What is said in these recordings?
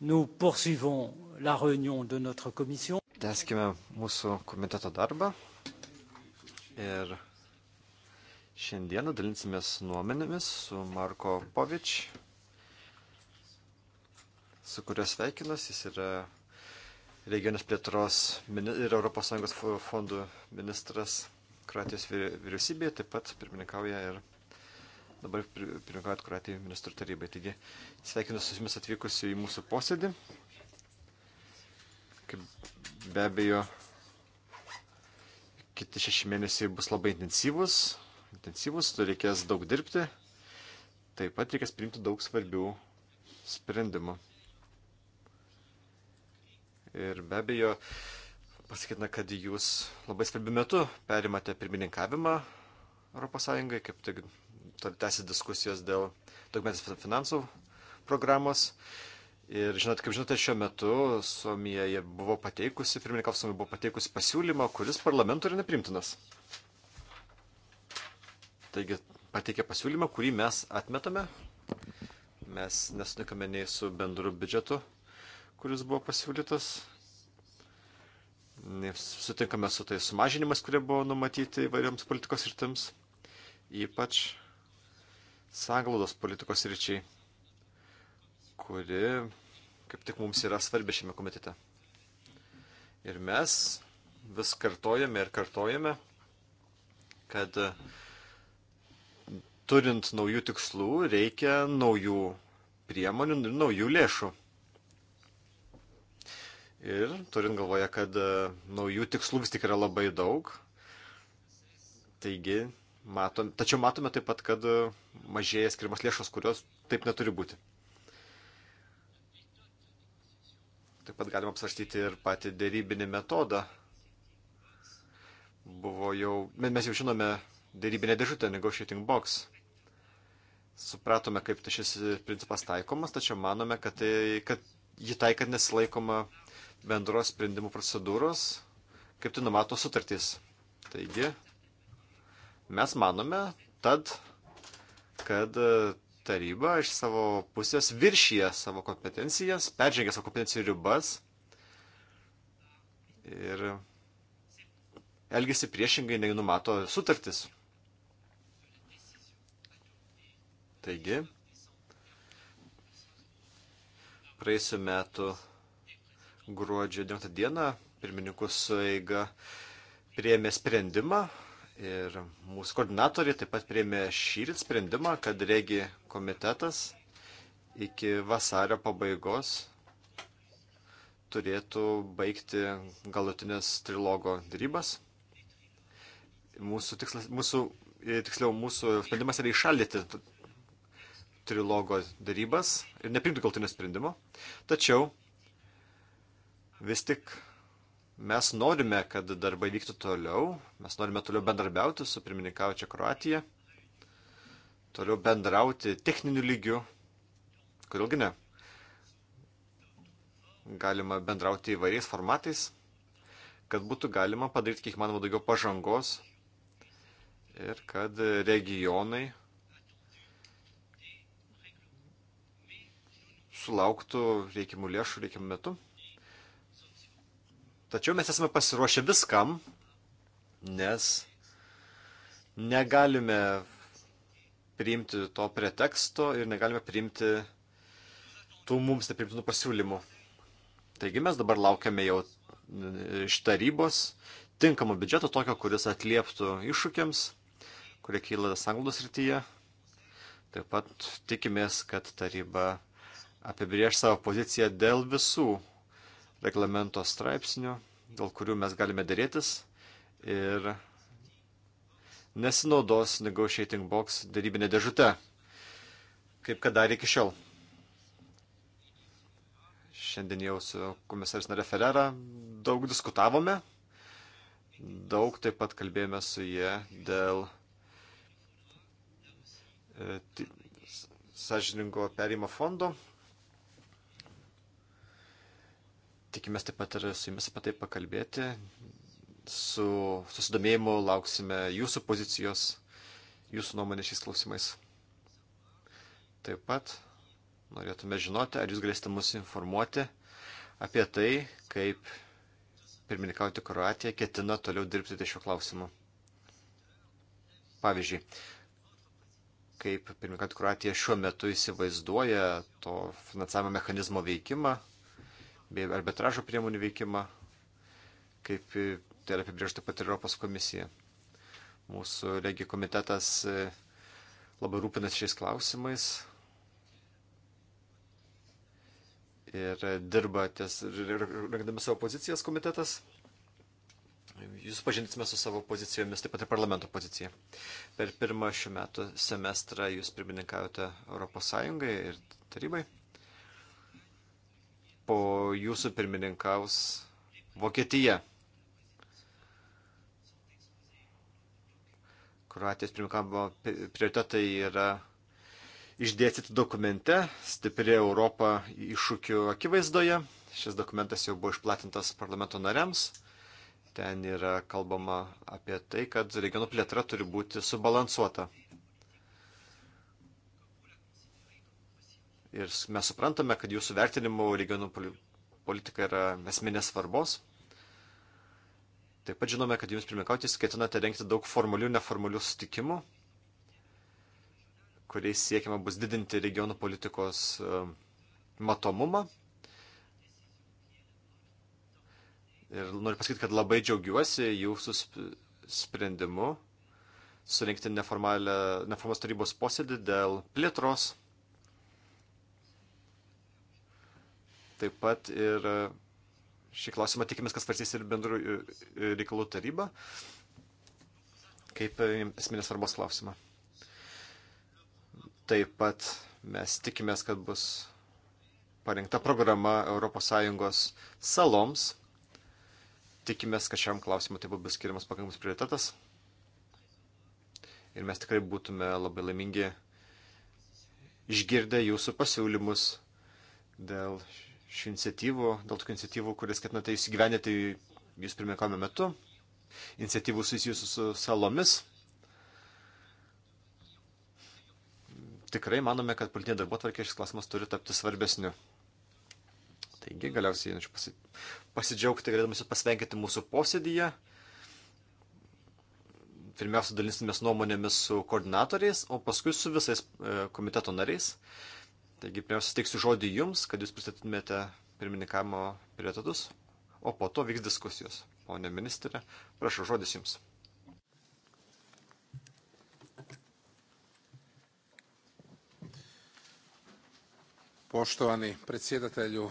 Nous poursuivons la réunion de notre commission. Tęskime mūsų komiteto darbą ir šiandieną dalinsimės nuomenėmis su Marko Povič, su kuria sveikinas, jis yra regionės plėtros ir ES fondų ministras Kroatijos vyriausybėje, taip pat pirmininkauja ir dabar pirmininkaujat Kroatijai ministrų tarybai. Taigi sveikinu su jumis atvykusiu į mūsų posėdį. Kaip be abejo, kiti šeši mėnesiai bus labai intensyvus, intensyvus, tu reikės daug dirbti, taip pat reikės priimti daug svarbių sprendimų. Ir be abejo, pasakytina, kad jūs labai svarbiu metu perimate pirmininkavimą ES, kaip tik tęsis diskusijos dėl dokumentinės finansų programos. Ir žinot, kaip žinote, šiuo metu Suomija buvo pateikusi, pirmininkav Suomija buvo pateikusi pasiūlymą, kuris parlamentui yra neprimtinas. Taigi pateikė pasiūlymą, kurį mes atmetame. Mes nesutikame nei su bendru biudžetu, kuris buvo pasiūlytas, sutinkame su tais sumažinimas, kurie buvo numatyti įvairioms politikos rytims, ypač sanglaudos politikos ryčiai, kuri kaip tik mums yra svarbi šiame komitete. Ir mes vis kartojame ir kartojame, kad turint naujų tikslų reikia naujų priemonių ir naujų lėšų. Ir turint galvoje, kad naujų tikslų vis tik yra labai daug, taigi Matom, tačiau matome taip pat, kad e, mažėja skirimas lėšos, kurios taip neturi būti. Taip pat galima apsvarstyti ir patį dėrybinį metodą. Buvo jau, mes jau žinome dėrybinę dėžutę, negotiating box. Supratome, kaip tai šis principas taikomas, tačiau manome, kad, tai, kad jį taikant nesilaikoma bendros sprendimų procedūros, kaip tai numato sutartys. Taigi, Mes manome, tad, kad e, taryba iš savo pusės viršyje savo kompetencijas, peržengia savo kompetencijų ribas ir elgesi priešingai, nei numato sutartis. Taigi, praėjusiu metu gruodžio 9 dieną pirmininkus eiga priėmė sprendimą Ir mūsų koordinatoriai taip pat priėmė šyrit sprendimą, kad regi komitetas iki vasario pabaigos turėtų baigti galutinės trilogo dėrybas. Mūsų tikslas, mūsų, e, tiksliau, mūsų sprendimas yra išaldyti trilogo dėrybas ir neprimti galutinio sprendimo. Tačiau vis tik Mes norime, kad darbai vyktų toliau, mes norime toliau bendarbiauti su pirmininkaučia Kroatija, toliau bendrauti techniniu lygiu. Kodėlgi ne? Galima bendrauti įvairiais formatais, kad būtų galima padaryti kiek manoma daugiau pažangos ir kad regionai sulauktų reikimų lėšų reikiamų metų. Tačiau mes esame pasiruošę viskam, nes negalime priimti to preteksto ir negalime priimti tų mums neprimtinų pasiūlymų. Taigi mes dabar laukiame jau iš tarybos tinkamo biudžeto, tokio, kuris atlieptų iššūkiams, kurie kyla sanglaudos rytyje. Taip pat tikimės, kad taryba apibrieš savo poziciją dėl visų reglamento straipsnių, dėl kurių mes galime dėrėtis ir nesinaudos negotiating box darybinė dėžute, kaip kad darė iki šiol. Šiandien jau su komisaris Nare Ferrera daug diskutavome, daug taip pat kalbėjome su jie dėl e, sąžiningo perimo fondo tikimės taip pat ir su jumis apie tai pakalbėti. Su susidomėjimu lauksime jūsų pozicijos, jūsų nuomonės šiais klausimais. Taip pat norėtume žinoti, ar jūs galėsite mus informuoti apie tai, kaip pirmininkauti Kroatija ketina toliau dirbti ties šiuo klausimu. Pavyzdžiui, kaip pirmininkauti Kroatija šiuo metu įsivaizduoja to finansavimo mechanizmo veikimą, bei arbitražo priemonių veikimą, kaip tai yra apibriežta pat ir Europos komisija. Mūsų regi komitetas e, labai rūpinasi šiais klausimais ir dirba ties, rengdami savo pozicijas komitetas. Jūs pažintisime su savo pozicijomis, taip pat ir parlamento pozicija. Per pirmą šių metų semestrą jūs pirmininkavote Europos Sąjungai ir tarybai po jūsų pirmininkaus Vokietija. Kroatijos pirmininkavimo prioritetai yra išdėstyti dokumente Stipri Europa iššūkių akivaizdoje. Šis dokumentas jau buvo išplatintas parlamento nariams. Ten yra kalbama apie tai, kad regionų plėtra turi būti subalansuota. ir mes suprantame, kad jūsų vertinimų regionų politika yra esminės svarbos. Taip pat žinome, kad jums pirmininkautis ketinate renkti daug formalių ir neformalių sutikimų, kuriais siekiama bus didinti regionų politikos e, matomumą. Ir noriu pasakyti, kad labai džiaugiuosi jūsų sprendimu surinkti neformalios tarybos posėdį dėl plėtros Taip pat ir e, šį klausimą tikimės, kad svarstys ir bendrų e, e, reikalų taryba, kaip esminės svarbos klausimą. Taip pat mes tikimės, kad bus parengta programa ES saloms. Tikimės, kad šiam klausimui taip pat bus skiriamas pakankamas prioritetas. Ir mes tikrai būtume labai laimingi išgirdę jūsų pasiūlymus dėl šių iniciatyvų, dėl tokių iniciatyvų, kurias ketinate įsigyvenėti jūs pirmininkavimo metu, iniciatyvų susijusių su salomis. Tikrai manome, kad politinė darbo tvarkė šis klausimas turi tapti svarbesniu. Taigi, galiausiai norėčiau pasi... pasidžiaugti, galėdamas jūs pasveikinti mūsų posėdyje. Pirmiausia, dalinsimės nuomonėmis su koordinatoriais, o paskui su visais e, komiteto nariais. Taigi, pirmiausia, teiksiu žodį jums, kad jūs pristatytumėte pirmininkavimo prioritetus, o po to vyks diskusijos. Pone ministrė, prašau, žodis jums. Poštovani predsjedatelju.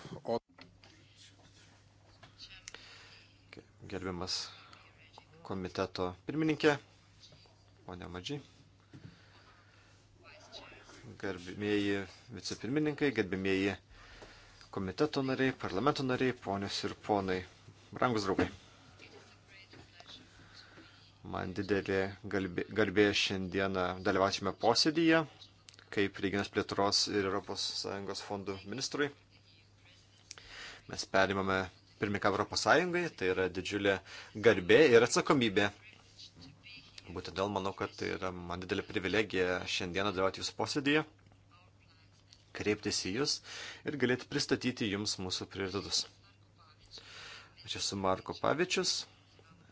Gerbiamas komiteto pirmininkė, ponia Madžiai garbimieji vicepirmininkai, garbimieji komiteto nariai, parlamento nariai, ponios ir ponai, brangus draugai. Man didelė garbė šiandieną dalyvačiame posėdyje, kaip regionės plėtros ir ES fondų ministrui. Mes perimame pirmininką ES, tai yra didžiulė garbė ir atsakomybė Būtent dėl manau, kad tai yra man didelė privilegija šiandieną dalyvauti jūsų posėdėje, kreiptis į jūs ir galėti pristatyti jums mūsų prioritetus. Aš esu Marko Pavičius,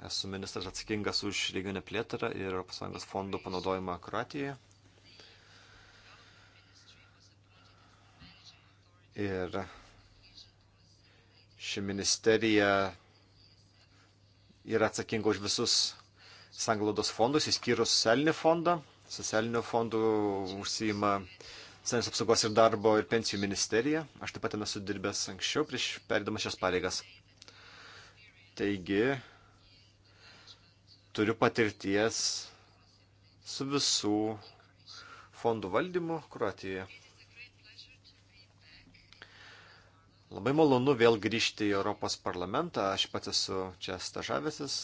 esu ministras atsakingas už regionę plėtrą ir ES fondų panaudojimą Kroatijoje. Ir ši ministerija yra atsakinga už visus sanglaudos fondus, įskyrus socialinį fondą. Socialinių fondų užsijima Senės apsaugos ir darbo ir pensijų ministerija. Aš taip pat ten esu dirbęs anksčiau, prieš perėdamas šias pareigas. Taigi, turiu patirties su visų fondų valdymu Kroatijoje. Labai malonu vėl grįžti į Europos parlamentą. Aš pats esu čia stažavęsis,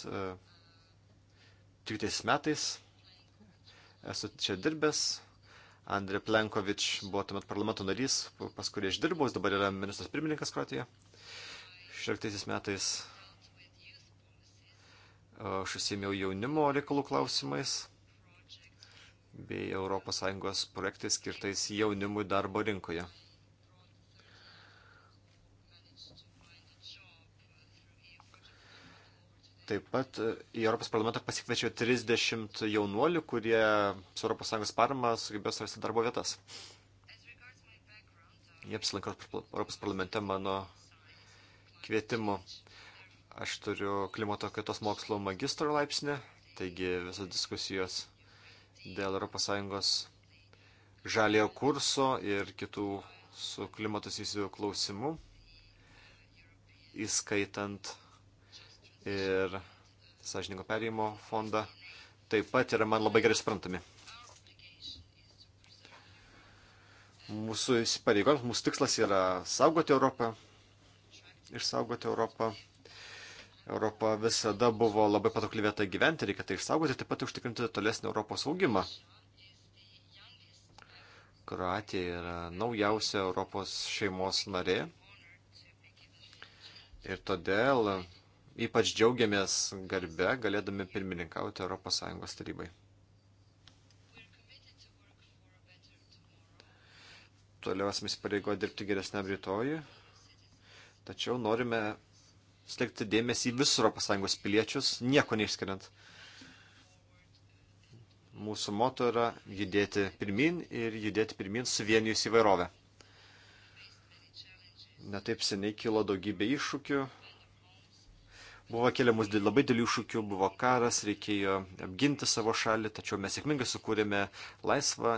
2013 metais. Esu čia dirbęs. Andrė Plenkovič buvo tuomet parlamento narys, pas kurį aš dirbau, jis dabar yra ministras pirmininkas Kroatijoje. 16 metais e, aš užsiemiau jaunimo reikalų klausimais bei ES projektais skirtais jaunimui darbo rinkoje. Taip pat e, į Europos parlamentą pasikviečiau 30 jaunuolių, kurie su ES parama sugebėjo surasti darbo vietas. Jie apsilankė Europos parlamente mano kvietimu. Aš turiu klimato kaitos mokslo magistro laipsnį, taigi visos diskusijos dėl ES žalėjo kurso ir kitų su klimatos įsivių klausimų, įskaitant ir sąžininko perėjimo fondą taip pat yra man labai gerai suprantami. Mūsų įsipareigojimas, mūsų tikslas yra saugoti Europą, išsaugoti Europą. Europa visada buvo labai patraukli vieta gyventi, reikia tai išsaugoti, taip pat užtikrinti tolesnį Europos augimą. Kroatija yra naujausia Europos šeimos narė ir todėl Ypač džiaugiamės garbe galėdami pirmininkauti ES tarybai. Toliau esame įsipareigoję dirbti geresniam rytojui, tačiau norime slėgti dėmesį į visus ES piliečius, nieko neišskiriant. Mūsų moto yra judėti pirmin ir judėti pirmin suvienijus įvairovę. Netaip seniai kilo daugybė iššūkių, Buvo keliamus labai dėl iššūkių, buvo karas, reikėjo apginti savo šalį, tačiau mes sėkmingai sukūrėme laisvą,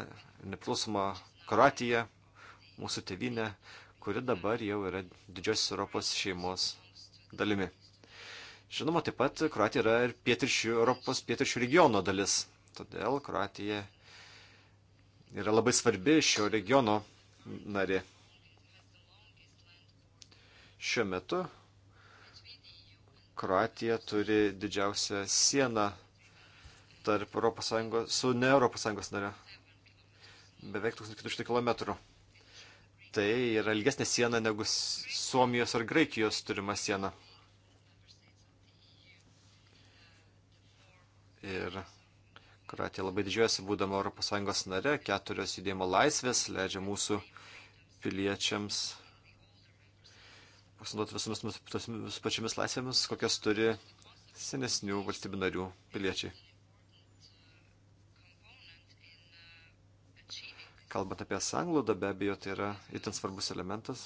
nepriklausomą Kroatiją, mūsų tevinę, kuri dabar jau yra didžiosios Europos šeimos dalimi. Žinoma, taip pat Kroatija yra ir pietričių Europos pietričių regiono dalis. Todėl Kroatija yra labai svarbi šio regiono narė. Šiuo metu Kroatija turi didžiausią sieną tarp Europos Sąjungos, su ne Europos Sąjungos nare. Beveik 1400 km. Tai yra ilgesnė siena negu Suomijos ar Graikijos turima siena. Ir Kroatija labai didžiuojasi būdama Europos Sąjungos nare, keturios judėjimo laisvės leidžia mūsų piliečiams pasinaudoti visomis mūsų pačiamis laisvėmis, kokias turi senesnių valstybių narių piliečiai. Kalbant apie sanglaudą, be abejo, tai yra itin svarbus elementas.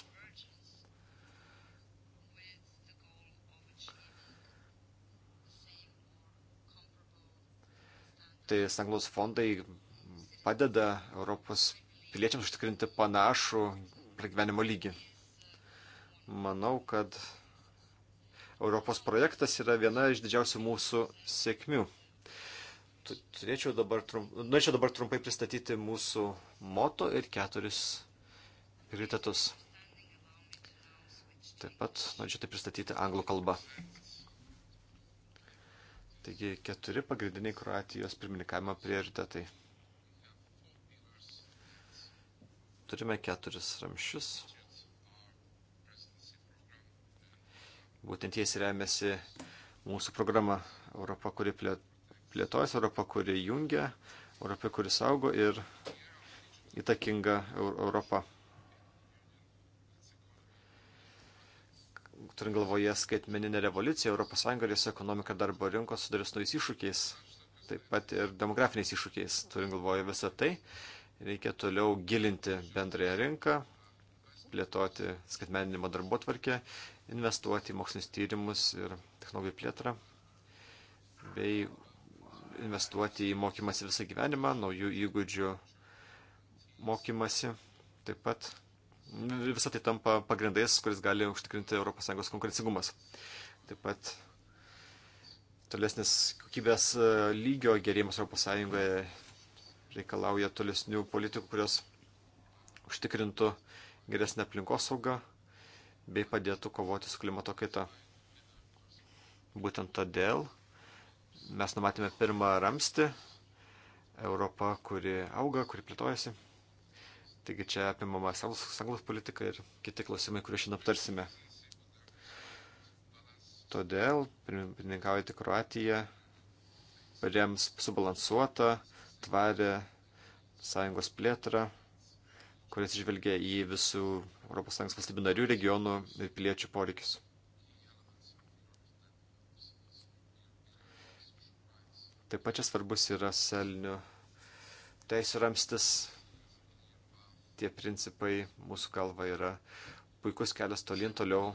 Tai sanglaudos fondai padeda Europos piliečiams užtikrinti panašų pragyvenimo lygį. Manau, kad Europos projektas yra viena iš didžiausių mūsų sėkmių. Turėčiau dabar, trump, norėčiau dabar trumpai pristatyti mūsų moto ir keturis prioritetus. Taip pat norėčiau tai pristatyti anglų kalbą. Taigi keturi pagrindiniai Kroatijos pirmininkavimo prioritetai. Turime keturis ramščius Būtent jais remiasi mūsų programa Europa, kuri plėtojas, Europa, kuri jungia, Europa, kuri saugo ir įtakinga Europa. Turint galvoje skaitmeninę revoliuciją, ES ir jos ekonomika darbo rinkos sudarys naujais iššūkiais, taip pat ir demografiniais iššūkiais. Turint galvoje visą tai, reikia toliau gilinti bendrąją rinką, plėtoti skaitmeninimo darbo tvarkę investuoti į mokslinius tyrimus ir technologijų plėtrą, bei investuoti į mokymasi visą gyvenimą, naujų įgūdžių mokymasi. Taip pat visą tai tampa pagrindais, kuris gali užtikrinti ES konkurencingumas. Taip pat tolesnis kokybės e, lygio gerėjimas ES reikalauja tolesnių politikų, kurios užtikrintų geresnę aplinkosaugą, bei padėtų kovoti su klimato kaita. Būtent todėl mes numatėme pirmą ramstį Europą, kuri auga, kuri plėtojasi. Taigi čia apimama sanglos politika ir kiti klausimai, kuriuos šiandien aptarsime. Todėl pirmininkaujate Kroatiją parems subalansuotą, tvarę sąjungos plėtrą, kuris išvelgia į visų ES valstybių narių, regionų ir piliečių poreikius. Taip pat čia svarbus yra selinių teisų ramstis. Tie principai mūsų kalva yra puikus kelias tolin toliau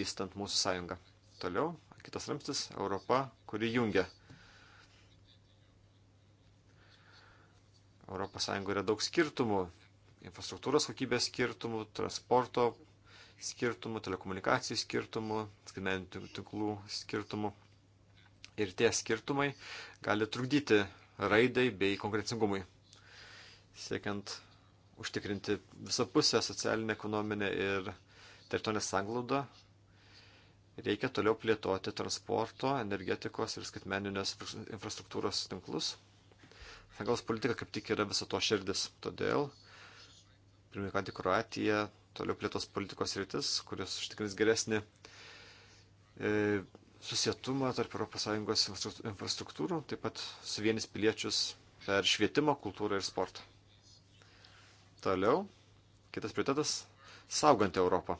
vystant mūsų sąjungą. Toliau kitas ramstis - Europa, kuri jungia. Europos sąjungoje yra daug skirtumų infrastruktūros kokybės skirtumų, transporto skirtumų, telekomunikacijų skirtumų, skaitmeninių tinklų skirtumų. Ir tie skirtumai gali trukdyti raidai bei konkurencingumui, siekiant užtikrinti visapusę socialinę, ekonominę ir teritorinę sanglaudą. Reikia toliau plėtoti transporto, energetikos ir skaitmeninės infrastruktūros tinklus. Sanglaus politika kaip tik yra viso to širdis. Todėl pirmininkantį Kroatiją toliau plėtos politikos rytis, kuris užtikrins geresnį e, susietumą tarp ES infrastruktūrų, taip pat suvienis piliečius per švietimą, kultūrą ir sportą. Toliau, kitas prioritetas - saugant Europą.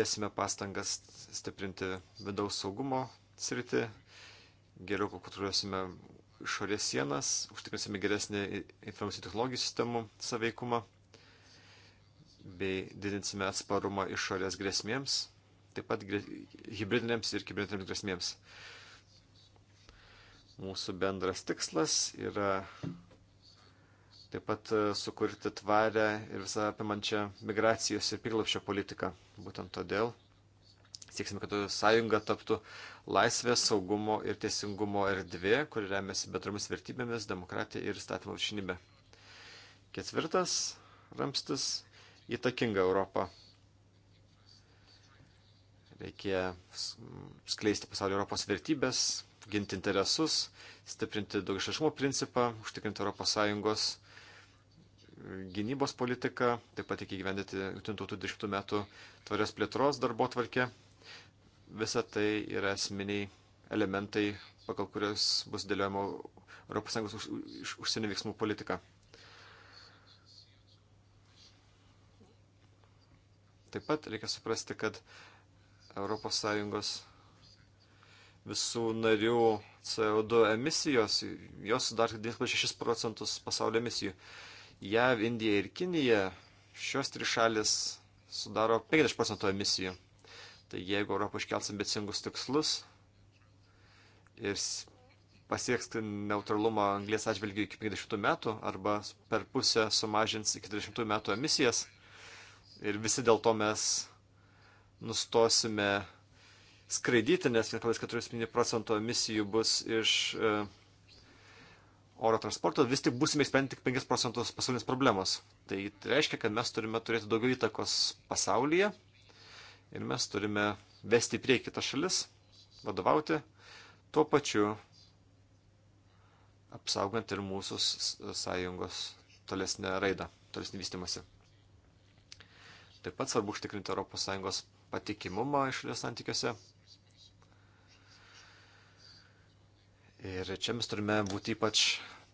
Dėsime pastangas stiprinti vidaus saugumo sritį, geriau kontroliuosime išorės sienas, užtikrinsime geresnį informacinių technologijų sistemų saveikumą bei didinsime atsparumą išorės grėsmėms, taip pat hybridinėms ir kibernetinėms grėsmėms. Mūsų bendras tikslas yra taip pat e, sukurti tvarę ir visą apimančią migracijos ir priglapšio politiką. Būtent todėl Sieksime, kad sąjunga taptų laisvės, saugumo ir teisingumo erdvė, kuri remiasi bendromis vertybėmis, demokratija ir statymo viršinybė. Ketvirtas ramstis - įtakinga Europa. Reikia skleisti pasaulio Europos vertybės, ginti interesus, stiprinti daugišašumo principą, užtikrinti ES gynybos politiką, taip pat iki gyvendyti 2020 metų tvarios plėtros darbo tvarkė Visa tai yra esminiai elementai, pagal kurios bus dėliojama ES už, už, užsienio veiksmų politika. Taip pat reikia suprasti, kad ES visų narių CO2 emisijos, jos sudaro 26 procentus pasaulio emisijų. JAV, Indija ir Kinija šios trys šalis sudaro 50 procentų emisijų. Tai jeigu Europą iškels ambicingus tikslus ir pasieks neutralumą anglės atžvilgių iki 50 metų arba per pusę sumažins iki 30 metų emisijas ir visi dėl to mes nustosime skraidyti, nes 1,4 procento emisijų bus iš e, oro transporto, vis tik būsime įsprendę tik 5 procentus pasaulinės problemos. Tai reiškia, kad mes turime turėti daugiau įtakos pasaulyje ir mes turime vesti į priekį tas šalis, vadovauti, tuo pačiu apsaugant ir mūsų sąjungos tolesnę raidą, tolesnį vystimąsi. Taip pat svarbu užtikrinti ES patikimumą išorės santykiuose. Ir čia mes turime būti ypač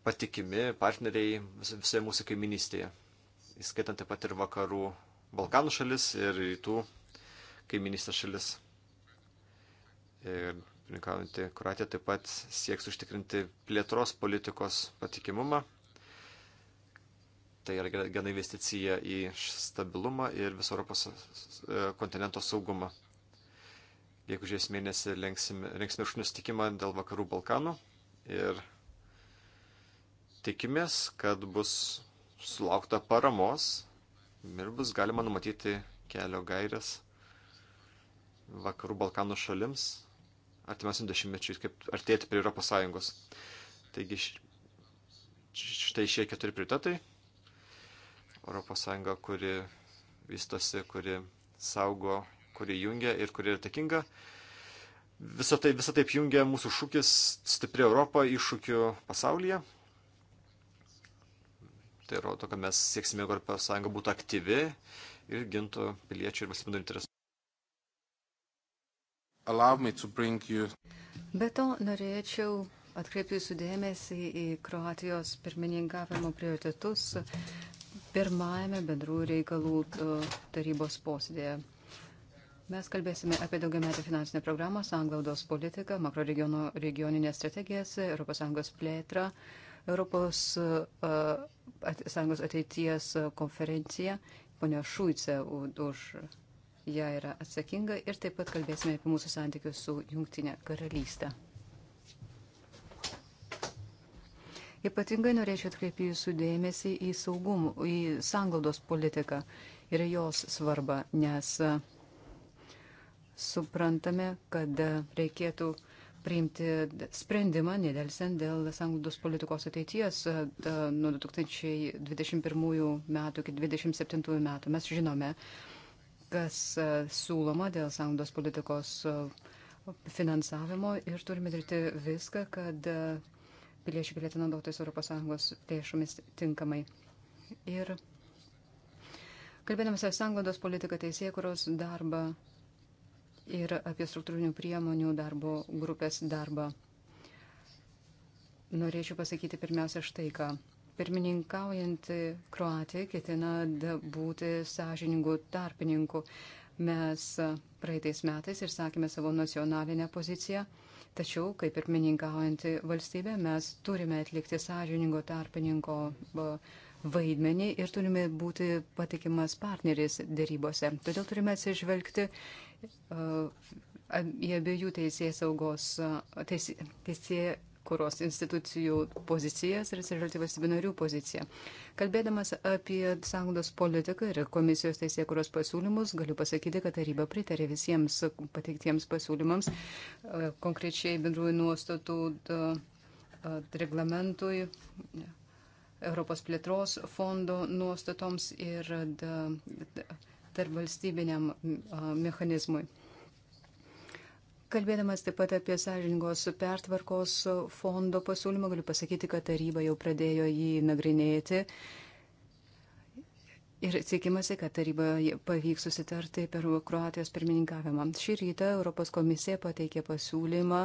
patikimi partneriai visoje mūsų kaiminystėje, įskaitant taip pat ir vakarų Balkanų šalis ir rytų kaiminystės šalis. Ir pirmininkaujantį Kroatiją taip pat sieks užtikrinti plėtros politikos patikimumą. Tai yra gana investicija į stabilumą ir viso Europos e, kontinento saugumą. Gegužės mėnesį rengsime viršūnių sutikimą dėl vakarų Balkanų ir tikimės, kad bus sulaukta paramos ir bus galima numatyti kelio gairias vakarų Balkanų šalims artimiausiam dešimtmečiui, kaip artėti prie ES. Taigi štai šie keturi prioritetai. ES, kuri vystosi, kuri saugo, kuri jungia ir kuri yra takinga. Visą tai, visą taip jungia mūsų šūkis stipri Europą iššūkių pasaulyje. Tai rodo, kad mes sieksime, kad ES būtų aktyvi ir gintų piliečių ir valstybinių interesų. You... Be to, norėčiau atkreipti jūsų dėmesį į Kroatijos pirmininkavimo prioritetus pirmajame bendrų reikalų e, tarybos posėdėje. Mes kalbėsime apie daugiametę finansinę programą, sanglaudos politiką, makroregioninės strategijas, ES plėtrą, ES e, ateities konferenciją. Pone Šuice už ją yra atsakinga ir taip pat kalbėsime apie mūsų santykius su Junktinė karalystė. Ypatingai norėčiau atkreipti jūsų dėmesį į saugumų, į sanglaudos politiką ir jos svarbą, nes e, suprantame, kad reikėtų priimti sprendimą, nedelsiant dėl sanglaudos politikos ateities e, nuo 2021 metų iki 2027 metų. Mes žinome, kas e, siūloma dėl sąjungos politikos e, finansavimo ir turime daryti viską, kad e, piliečiai galėtų naudotis ES lėšomis tinkamai. Ir kalbėdamas apie sąjungos politiką teisėkuros darbą ir apie struktūrinių priemonių darbo grupės darbą, norėčiau pasakyti pirmiausia štai ką. Pirmininkaujanti Kroatija ketina būti sąžiningų tarpininkų. Mes praeitais metais ir sakėme savo nacionalinę poziciją, tačiau kaip pirmininkaujanti valstybė mes turime atlikti sąžiningo tarpininko vaidmenį ir turime būti patikimas partneris dėrybose. Todėl turime atsižvelgti uh, į abiejų teisės saugos, teisė, teisė kuros institucijų pozicijas ir atsižvelgti valstybių narių poziciją. Kalbėdamas apie sąjungos politiką ir komisijos teisė, kurios pasiūlymus, galiu pasakyti, kad taryba pritarė visiems pateiktiems pasiūlymams, e, konkrečiai bendrųjų nuostatų e, e, reglamentui. Europos plėtros fondo nuostatoms ir tarp valstybiniam mechanizmui. Kalbėdamas taip pat apie sąžiningos pertvarkos fondo pasiūlymą, galiu pasakyti, kad taryba jau pradėjo jį nagrinėti. Ir tikimasi, kad taryba pavyks susitarti per Kroatijos pirmininkavimą. Šį rytą Europos komisija pateikė pasiūlymą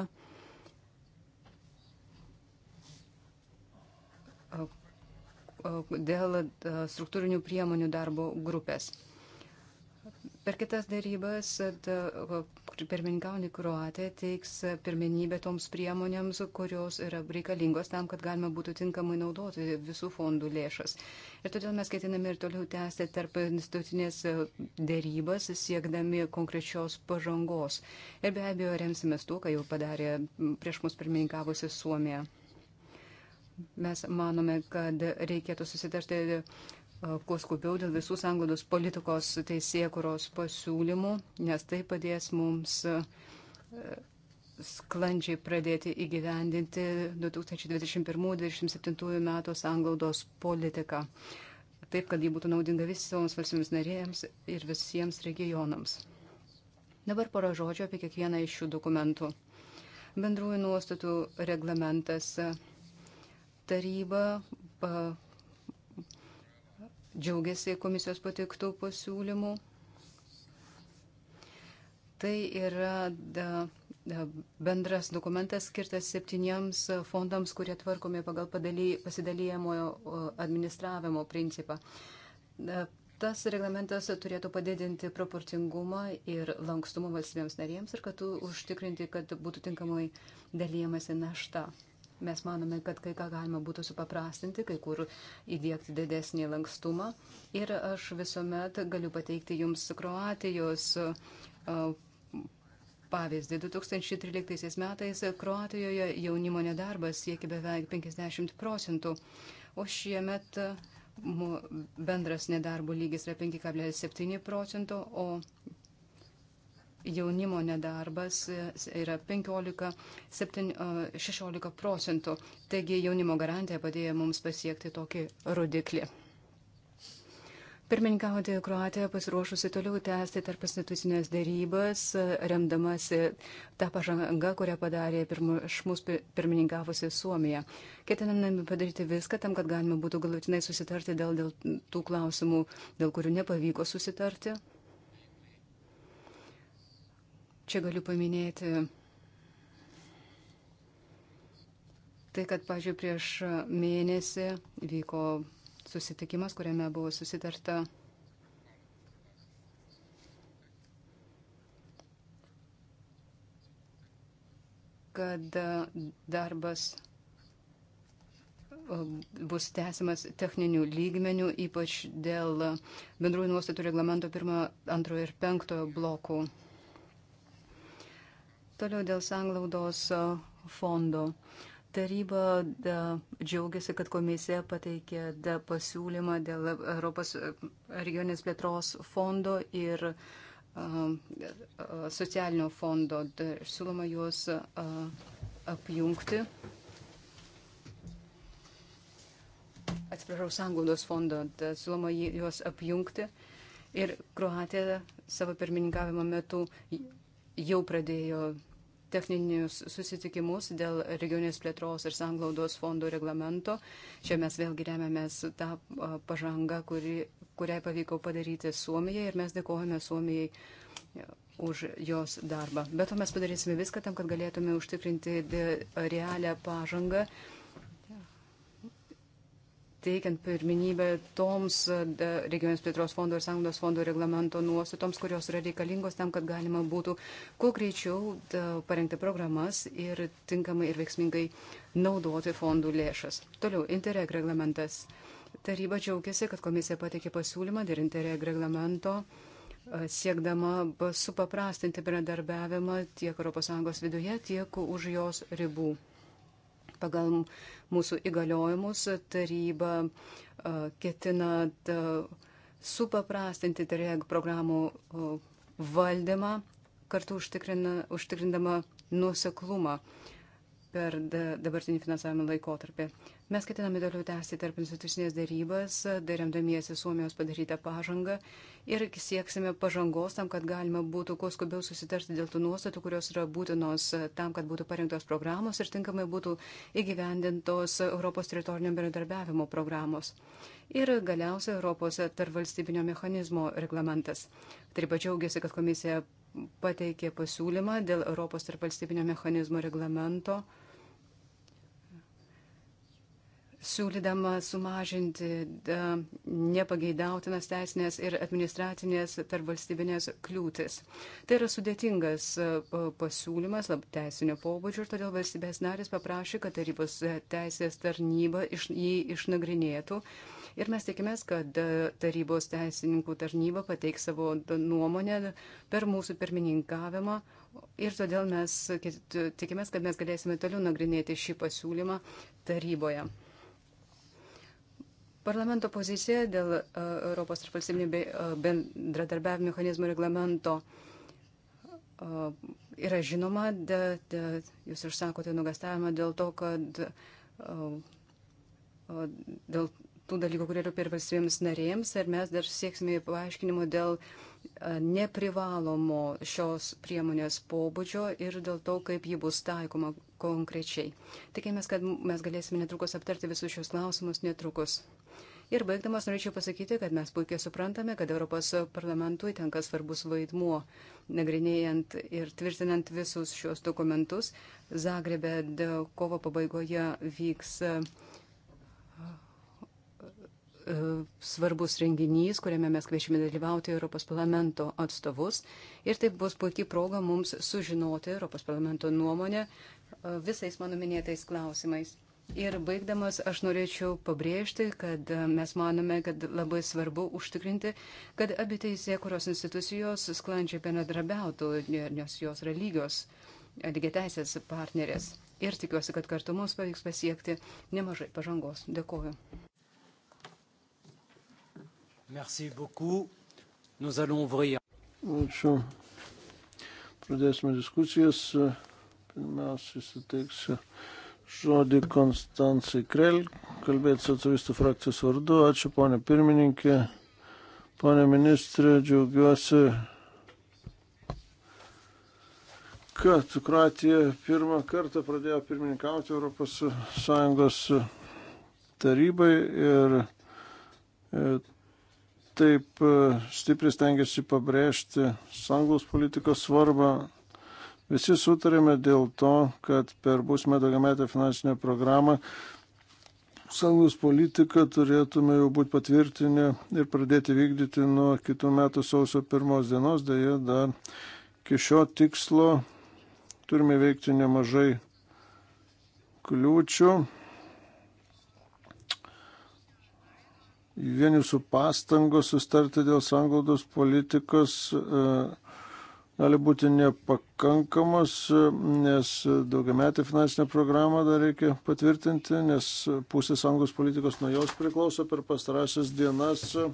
dėl struktūrinių priemonių darbo grupės. Per kitas darybas pirmininkaunį Kroatiją teiks pirmenybę toms priemonėms, kurios yra reikalingos tam, kad galima būtų tinkamai naudoti visų fondų lėšas. Ir todėl mes ketiname ir toliau tęsti tarp institucinės e, darybas, siekdami konkrečios pažangos. Ir be abejo, remsimės tuo, ką jau padarė prieš mus pirmininkavusi Suomija. Mes manome, kad reikėtų susitarti kuo skubiau dėl visų sanglados politikos teisėkuros pasiūlymų, nes tai padės mums sklandžiai pradėti įgyvendinti 2021-2027 metų sanglaudos politiką, taip, kad ji būtų naudinga visoms valstybėms narėjams ir visiems regionams. Dabar pora žodžio apie kiekvieną iš šių dokumentų. Bendrųjų nuostatų reglamentas taryba džiaugiasi komisijos pateiktų pasiūlymų. Tai yra da, da, bendras dokumentas skirtas septyniems fondams, kurie tvarkomi pagal pasidalyjamojo administravimo principą. Da, tas reglamentas turėtų padidinti proporcingumą ir lankstumą valstybėms narėms ir kad užtikrinti, kad būtų tinkamai dalyjamasi našta. Mes manome, kad kai ką galima būtų supaprastinti, kai kur įdėkti didesnį lankstumą. Ir aš visuomet galiu pateikti Jums Kroatijos Pavyzdį, 2013 metais Kroatijoje jaunimo nedarbas siekia beveik 50 procentų, o šiemet bendras nedarbo lygis yra 5,7 procento, o jaunimo nedarbas e, yra 15, 7, 16 procentų. Taigi jaunimo garantija padėjo mums pasiekti tokį rodiklį. Pirmininkauti Kroatija pasiruošusi toliau tęsti tarp institucinės darybas, e, remdamasi tą pažangą, kurią padarė iš mūsų pirmininkavusi Suomija. Ketiname padaryti viską tam, kad galima būtų galutinai susitarti dėl, dėl tų klausimų, dėl kurių nepavyko susitarti. Čia galiu paminėti tai, kad, pažiūrėjau, prieš mėnesį vyko susitikimas, kuriame buvo susitarta kad darbas bus tęsiamas techninių lygmenių, ypač dėl bendrųjų nuostatų reglamento pirmo, antrojo ir penktojo blokų. Toliau dėl sanglaudos fondo. Taryba da, džiaugiasi, kad komisija pateikė da, pasiūlymą dėl Europos regionės plėtros fondo ir a, socialinio fondo. Da, siūloma juos a, apjungti. Atsiprašau, sanglaudos fondo. Da, siūloma juos apjungti. Ir Kroatija savo pirmininkavimo metu jau pradėjo techninius susitikimus dėl regionės plėtros ir sanglaudos fondo reglamento. Čia mes vėlgi remiamės tą pažangą, kuri, kuriai pavyko padaryti Suomijai ir mes dėkojame Suomijai už jos darbą. Bet to mes padarysime viską tam, kad galėtume užtikrinti realią pažangą teikiant pirminybę toms e, regionės plėtros fondo ir sąjungos fondo reglamento nuostatoms, kurios yra reikalingos tam, kad galima būtų kuo greičiau parengti programas ir tinkamai ir veiksmingai naudoti fondų lėšas. Toliau, Interreg reglamentas. Taryba džiaugiasi, kad komisija pateikė pasiūlymą dėl Interreg reglamento e, siekdama supaprastinti bendradarbiavimą tiek ES viduje, tiek už jos ribų. Pagal mūsų įgaliojimus taryba ketina supaprastinti TREG tai programų valdymą, kartu užtikrindama nuseklumą per dabartinį finansavimo laikotarpį. Mes ketiname toliau tęsti tarp institucinės darybas, daremdamiesi Suomijos padarytą pažangą ir sieksime pažangos tam, kad galima būtų kuo skubiau susitarti dėl tų nuostatų, kurios yra būtinos tam, kad būtų parengtos programos ir tinkamai būtų įgyvendintos Europos teritorinio bendradarbiavimo programos. Ir galiausiai Europos tarvalstybinio mechanizmo reglamentas. Taip pat džiaugiasi, kad komisija pateikė pasiūlymą dėl Europos tarp valstybinio mechanizmo reglamento, siūlydama sumažinti nepageidautinas teisinės ir administracinės tarp valstybinės kliūtis. Tai yra sudėtingas pasiūlymas lab, teisinio pobūdžio ir todėl valstybės narės paprašė, kad tarybos e, teisės tarnyba iš, jį išnagrinėtų Ir mes tikimės, kad e, tarybos teisininkų tarnyba pateiks savo nuomonę per mūsų pirmininkavimą. Ir todėl mes tikimės, kad mes galėsime toliau nagrinėti šį pasiūlymą taryboje. Parlamento pozicija dėl e, Europos tarp valstybinių e, bendradarbiavimo mechanizmo reglamento yra žinoma, de, de, jūs išsakote nugastavimą dėl to, kad o, o, dėl tų dalykų, kurie yra per valstybėms narėms, ir mes dar sieksime paaiškinimo dėl neprivalomo šios priemonės pobūdžio ir dėl to, kaip ji bus taikoma konkrečiai. Tikėjomės, kad mes galėsime netrukus aptarti visus šios klausimus netrukus. Ir baigdamas norėčiau pasakyti, kad mes puikiai suprantame, kad Europos parlamentui tenka svarbus vaidmuo, nagrinėjant ir tvirtinant visus šios dokumentus. Zagrebė kovo pabaigoje vyks uh, E, svarbus renginys, kuriame mes kviečiame dalyvauti Europos parlamento atstovus. Ir tai bus puikiai proga mums sužinoti Europos parlamento nuomonę e, visais mano minėtais klausimais. Ir baigdamas aš norėčiau pabrėžti, kad e, mes manome, kad labai svarbu užtikrinti, kad abi teisėkuros institucijos sklandžiai bendradarbiautų, nes jos yra lygios lygiateisės partnerės. Ir tikiuosi, kad kartu mums pavyks pasiekti nemažai pažangos. Dėkuoju. Merci beaucoup. Nous allons ouvrir. Ačiū. Pradėsime diskusijas. Pirmiausia, suteiksiu žodį Konstancijai Krell, kalbėti socialistų frakcijos vardu. Ačiū, ponė pirmininkė. Pone ministrė, džiaugiuosi, kad Kroatija pirmą kartą pradėjo pirmininkauti ES tarybai ir e, taip e, stipriai stengiasi pabrėžti sanglaus politikos svarbą. Visi sutarėme dėl to, kad per būsimą daugiametę finansinę programą sanglaus politiką turėtume jau būti patvirtinę ir pradėti vykdyti nuo kitų metų sausio pirmos dienos. Deja, dar iki šio tikslo turime veikti nemažai kliūčių vien jūsų pastangos sustarti dėl sanglaudos politikos e, gali būti nepakankamos, nes daugiametį finansinę programą dar reikia patvirtinti, nes pusė sanglaudos politikos nuo jos priklauso per pastarąsias dienas. E,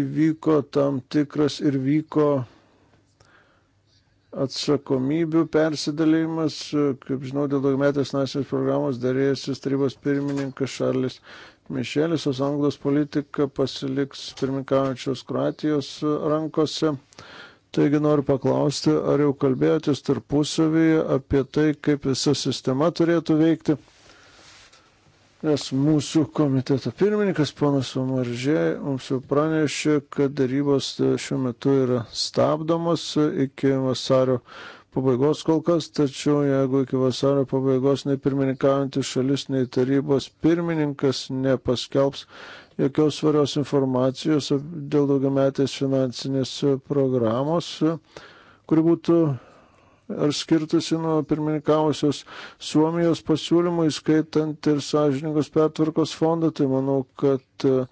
įvyko tam tikras ir vyko atsakomybių persidalėjimas. Kaip žinau, dėl daugmetės nacinės programos dėrėjusis tarybos pirmininkas Šarlis Mišelis, o Anglijos politika pasiliks pirmininkaujančios Kroatijos rankose. Taigi noriu paklausti, ar jau kalbėjotės tarpusavyje apie tai, kaip visa sistema turėtų veikti nes mūsų komiteto pirmininkas ponas Omaržė mums jau pranešė, kad darybos šiuo metu yra stabdomos iki vasario pabaigos kol kas, tačiau jeigu iki vasario pabaigos nei pirmininkaujantis šalis, nei tarybos pirmininkas nepaskelbs jokios svarios informacijos dėl daugiametės finansinės programos, kuri būtų ar skirtusi nuo pirmininkavusios Suomijos pasiūlymų, įskaitant ir sąžiningos pertvarkos fondą, tai manau, kad e,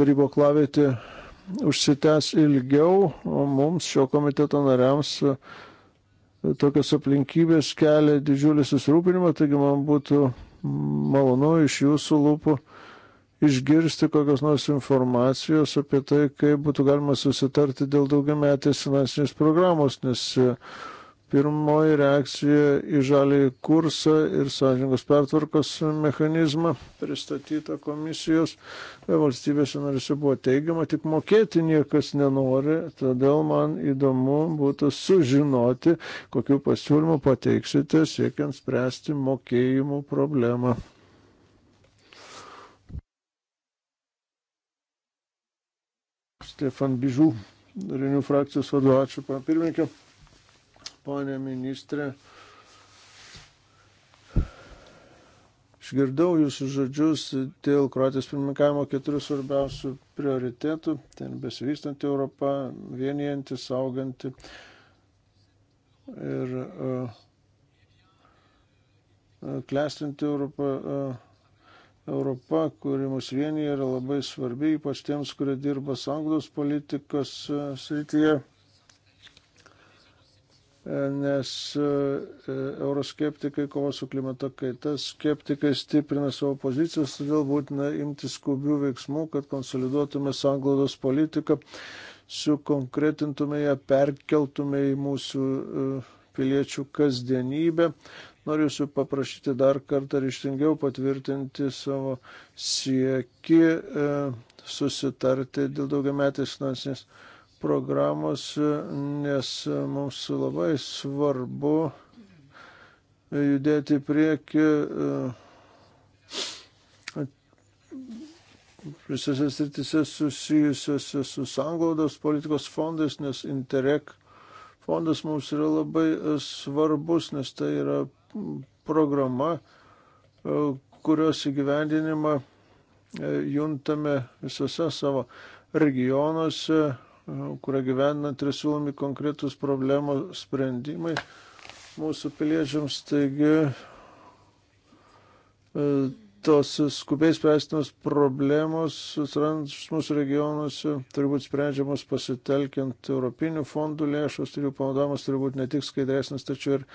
darybo klavėti užsitęs ilgiau, o mums šio komiteto nariams e, tokios aplinkybės kelia didžiulį susirūpinimą, taigi man būtų malonu iš jūsų lūpų išgirsti kokios nors informacijos apie tai, kaip būtų galima susitarti dėl daugiametės finansinės programos, nes e, pirmoji reakcija į žalį kursą ir sąžingos pertvarkos mechanizmą pristatytą komisijos e, valstybėse narise buvo teigiama, tik mokėti niekas nenori, todėl man įdomu būtų sužinoti, kokiu pasiūlymu pateiksite siekiant spręsti mokėjimų problemą. Stefan Bižų, Renių frakcijos vadovu. Ačiū, pana pirmininkė. Pane ministrė, išgirdau jūsų žodžius dėl Kroatijos pirmininkavimo keturių svarbiausių prioritetų. Ten besivystanti Europa, vienijanti, sauganti. Ir uh, klestinti Europą. Uh, Europa, kuri mus vienyje yra labai svarbi, ypač tiems, kurie dirba sanglaus politikos e, srityje, e, nes e, euroskeptikai kovo su klimato kaita, skeptikai stiprina savo pozicijas, todėl būtina imti skubių veiksmų, kad konsoliduotume sanglaudos politiką, sukonkretintume ją, perkeltume į mūsų piliečių kasdienybę, Noriu jūsų paprašyti dar kartą ryštingiau patvirtinti savo sieki e, susitarti dėl daugiametės finansinės programos, nes mums labai svarbu judėti į priekį e, visose sritise susijusiuose su sanglaudos politikos fondais, nes Interreg fondas mums yra labai e, svarbus, nes tai yra programa, e, kurios įgyvendinimą e, juntame visose savo regionuose, e, kurio gyvenant ir siūlomi konkretus problemų sprendimai mūsų piliečiams. Taigi tos skubiai spręstinos problemos atsirandančios mūsų regionuose turi būti sprendžiamos pasitelkiant Europinių fondų lėšos ir jų panaudojimas turi būti ne tik skaidresnis, tačiau ir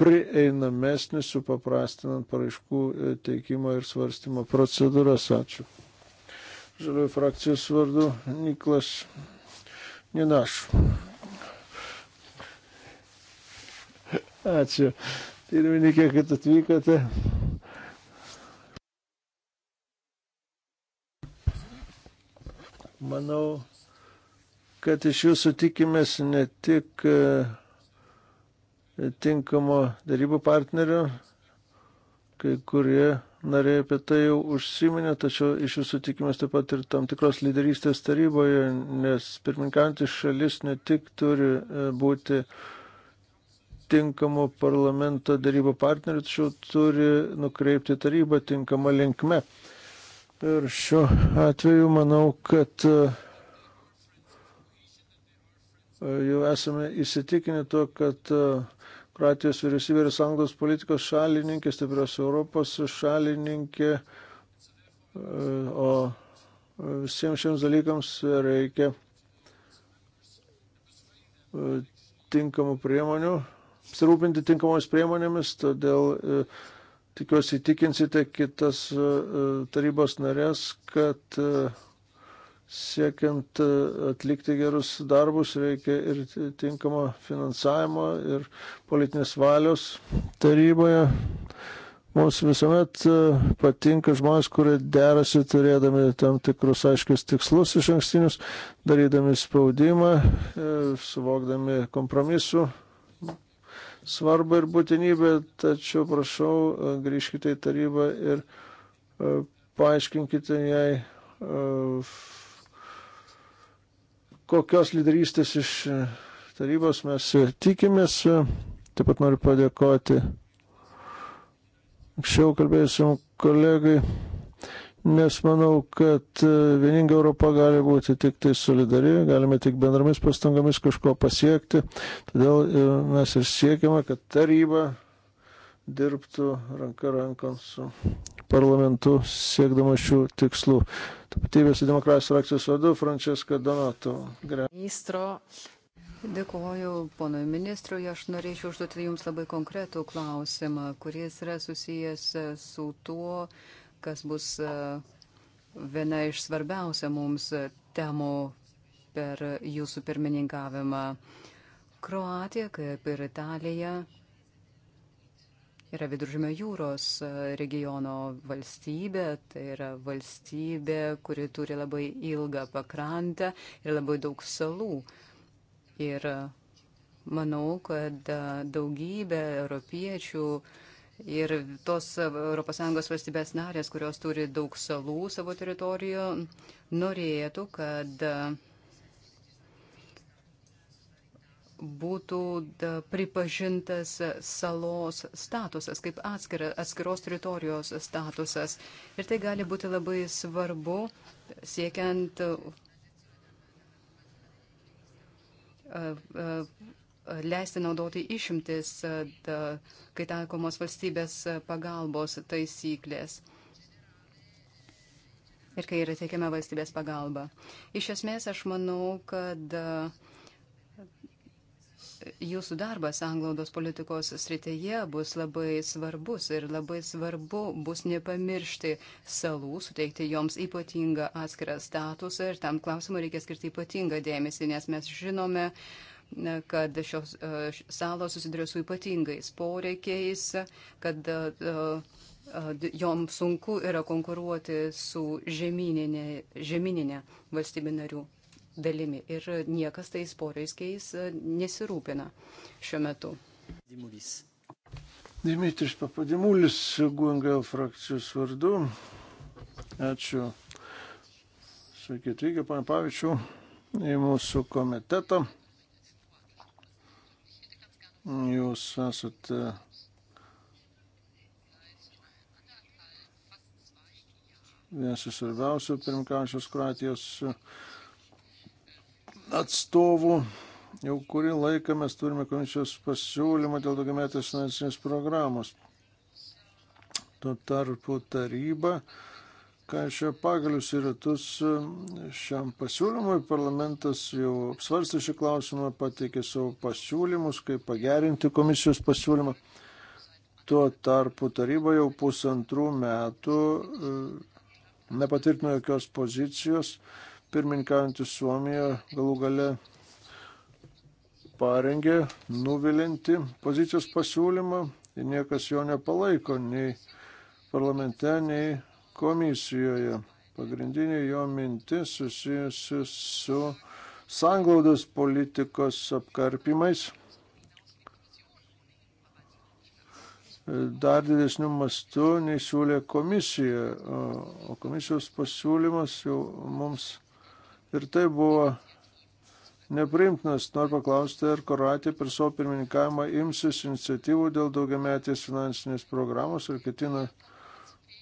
prieinamesnis, supaprastinant paraiškų e, teikimo ir svarstymo procedūras. Ačiū. Žaliųjų frakcijos vardu Niklas Ninaš. Ačiū. Pirmininkė, kad atvykote. Manau, kad iš jūsų tikimės ne tik uh, tinkamo darybų partnerio. Kai kurie nariai apie tai jau užsiminė, tačiau iš jūsų tikimės taip pat ir tam tikros lyderystės taryboje, nes pirmininkantis šalis ne tik turi e, būti tinkamų parlamento darybų partnerių, tačiau turi nukreipti tarybą tinkamą linkme. Ir šiuo atveju manau, kad e, jau esame įsitikinę tuo, kad e, Kroatijos vyriausybė yra sąjungos politikos šalininkė, stiprios Europos šalininkė, e, o visiems šiems dalykams reikia e, tinkamų priemonių, apsirūpinti tinkamomis priemonėmis, todėl e, tikiuosi įtikinsite kitas tarybos narės, kad siekiant e, atlikti gerus darbus reikia ir tinkamo finansavimo ir politinės valios taryboje. Mums visuomet e, patinka žmonės, kurie derasi turėdami tam tikrus aiškius tikslus iš ankstinius, darydami spaudimą, e, suvokdami kompromisų svarbą ir būtinybę, tačiau prašau grįžkite į tarybą ir paaiškinkite jai kokios lyderystės iš e, tarybos mes e, tikimės. E, taip pat noriu padėkoti anksčiau kalbėjusiam kolegai, nes manau, kad vieninga Europa gali būti tik tai solidari, galime tik bendromis pastangomis kažko pasiekti. Todėl mes ir siekiame, kad taryba dirbtų ranka rankon su parlamentu siekdama šių tikslų. Tapatybės ir demokratijos frakcijos vadu Frančiska Donato. Ministro, dėkoju ponui ministrui. Aš norėčiau užduoti Jums labai konkretų klausimą, kuris yra susijęs e, su tuo, kas bus e, viena iš svarbiausia mums e, temų per Jūsų pirmininkavimą. Kroatija, kaip ir Italija, yra Viduržmio jūros e, regiono valstybė, tai yra valstybė, kuri turi labai ilgą pakrantę ir labai daug salų. Ir e, manau, kad e, daugybė europiečių ir tos ES valstybės narės, kurios turi daug salų savo teritorijoje, norėtų, kad būtų pripažintas salos statusas, kaip atskira, atskiros teritorijos statusas. Ir tai gali būti labai svarbu siekiant leisti naudoti išimtis, kai taikomos valstybės pagalbos taisyklės ir kai yra teikiama valstybės pagalba. Iš esmės aš manau, kad uh, jūsų darbas anglaudos politikos srityje bus labai svarbus ir labai svarbu bus nepamiršti salų, suteikti joms ypatingą atskirą statusą ir tam klausimui reikia skirti ypatingą dėmesį, nes mes žinome, kad šios e, salos susiduria su ypatingais poreikiais, kad e, e, jom sunku yra konkuruoti su žemyninė, žemyninė valstybė narių dalimi ir niekas tais poreiskiais e, nesirūpina šiuo metu. Dimulis. Dimitris Papadimulis, Guangel frakcijos vardu. Ačiū. Sveiki atvykę, pane Pavičiu, į mūsų komitetą. Jūs esate vienas iš svarbiausių pirmkančios Kroatijos atstovų. Jau kurį laiką mes turime komisijos pasiūlymą dėl daugiametės finansinės programos. Tuo tarpu taryba kaišia pagalius į ratus šiam pasiūlymui. Parlamentas jau apsvarstė šį klausimą, pateikė savo pasiūlymus, kaip pagerinti komisijos pasiūlymą. Tuo tarpu taryba jau pusantrų metų e, nepatvirtino jokios pozicijos pirmininkaujantį Suomiją galų gale parengė nuvilinti pozicijos pasiūlymą ir niekas jo nepalaiko nei parlamente, nei komisijoje. Pagrindinė jo mintis susijusi su sanglaudos politikos apkarpimais, dar didesniu mastu nei siūlė komisija, o komisijos pasiūlymas jau mums ir tai buvo nepriimtinas. Noriu paklausti, ar Kroatija per savo pirmininkavimą imsis iniciatyvų dėl daugiametės finansinės programos ir ketina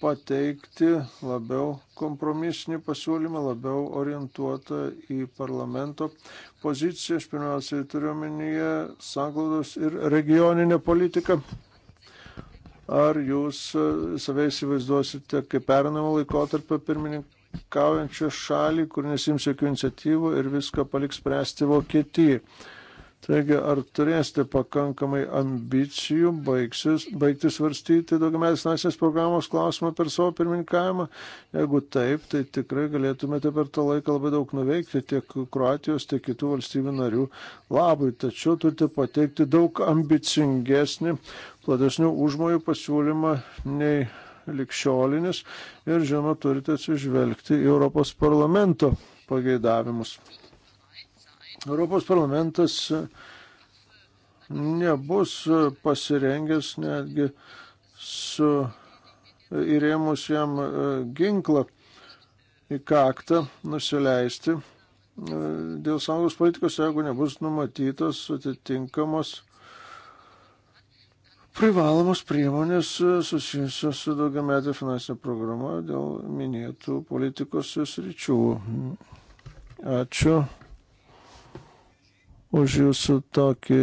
pateikti labiau kompromisinį pasiūlymą, labiau orientuotą į parlamento poziciją. Aš pirmiausiai turiu omenyje sanglaudos ir regioninę politiką. Ar jūs savai įsivaizduosite kaip pernamo laikotarpio pirmininką? kaujančią šalį, kur nesims jokių iniciatyvų ir viską paliks spręsti Vokietijai. Taigi, ar turėsite pakankamai ambicijų baigsis, baigti svarstyti daugiametės nacinės programos klausimą per savo pirmininkavimą? Jeigu taip, tai tikrai galėtumėte per tą laiką labai daug nuveikti tiek Kroatijos, tiek kitų valstybių narių labui. Tačiau turite pateikti daug ambicingesnį, platesnių užmojų pasiūlymą nei likščiolinis ir žinoma turite atsižvelgti į Europos parlamento pageidavimus. Europos parlamentas nebus pasirengęs netgi su įrėmus jam e, ginklą į kaktą nusileisti e, dėl sąjungos politikos, jeigu nebus numatytos atitinkamos privalomos priemonės e, susijusios su daugiametė finansinė programa dėl minėtų politikos sričių. Ačiū už jūsų tokį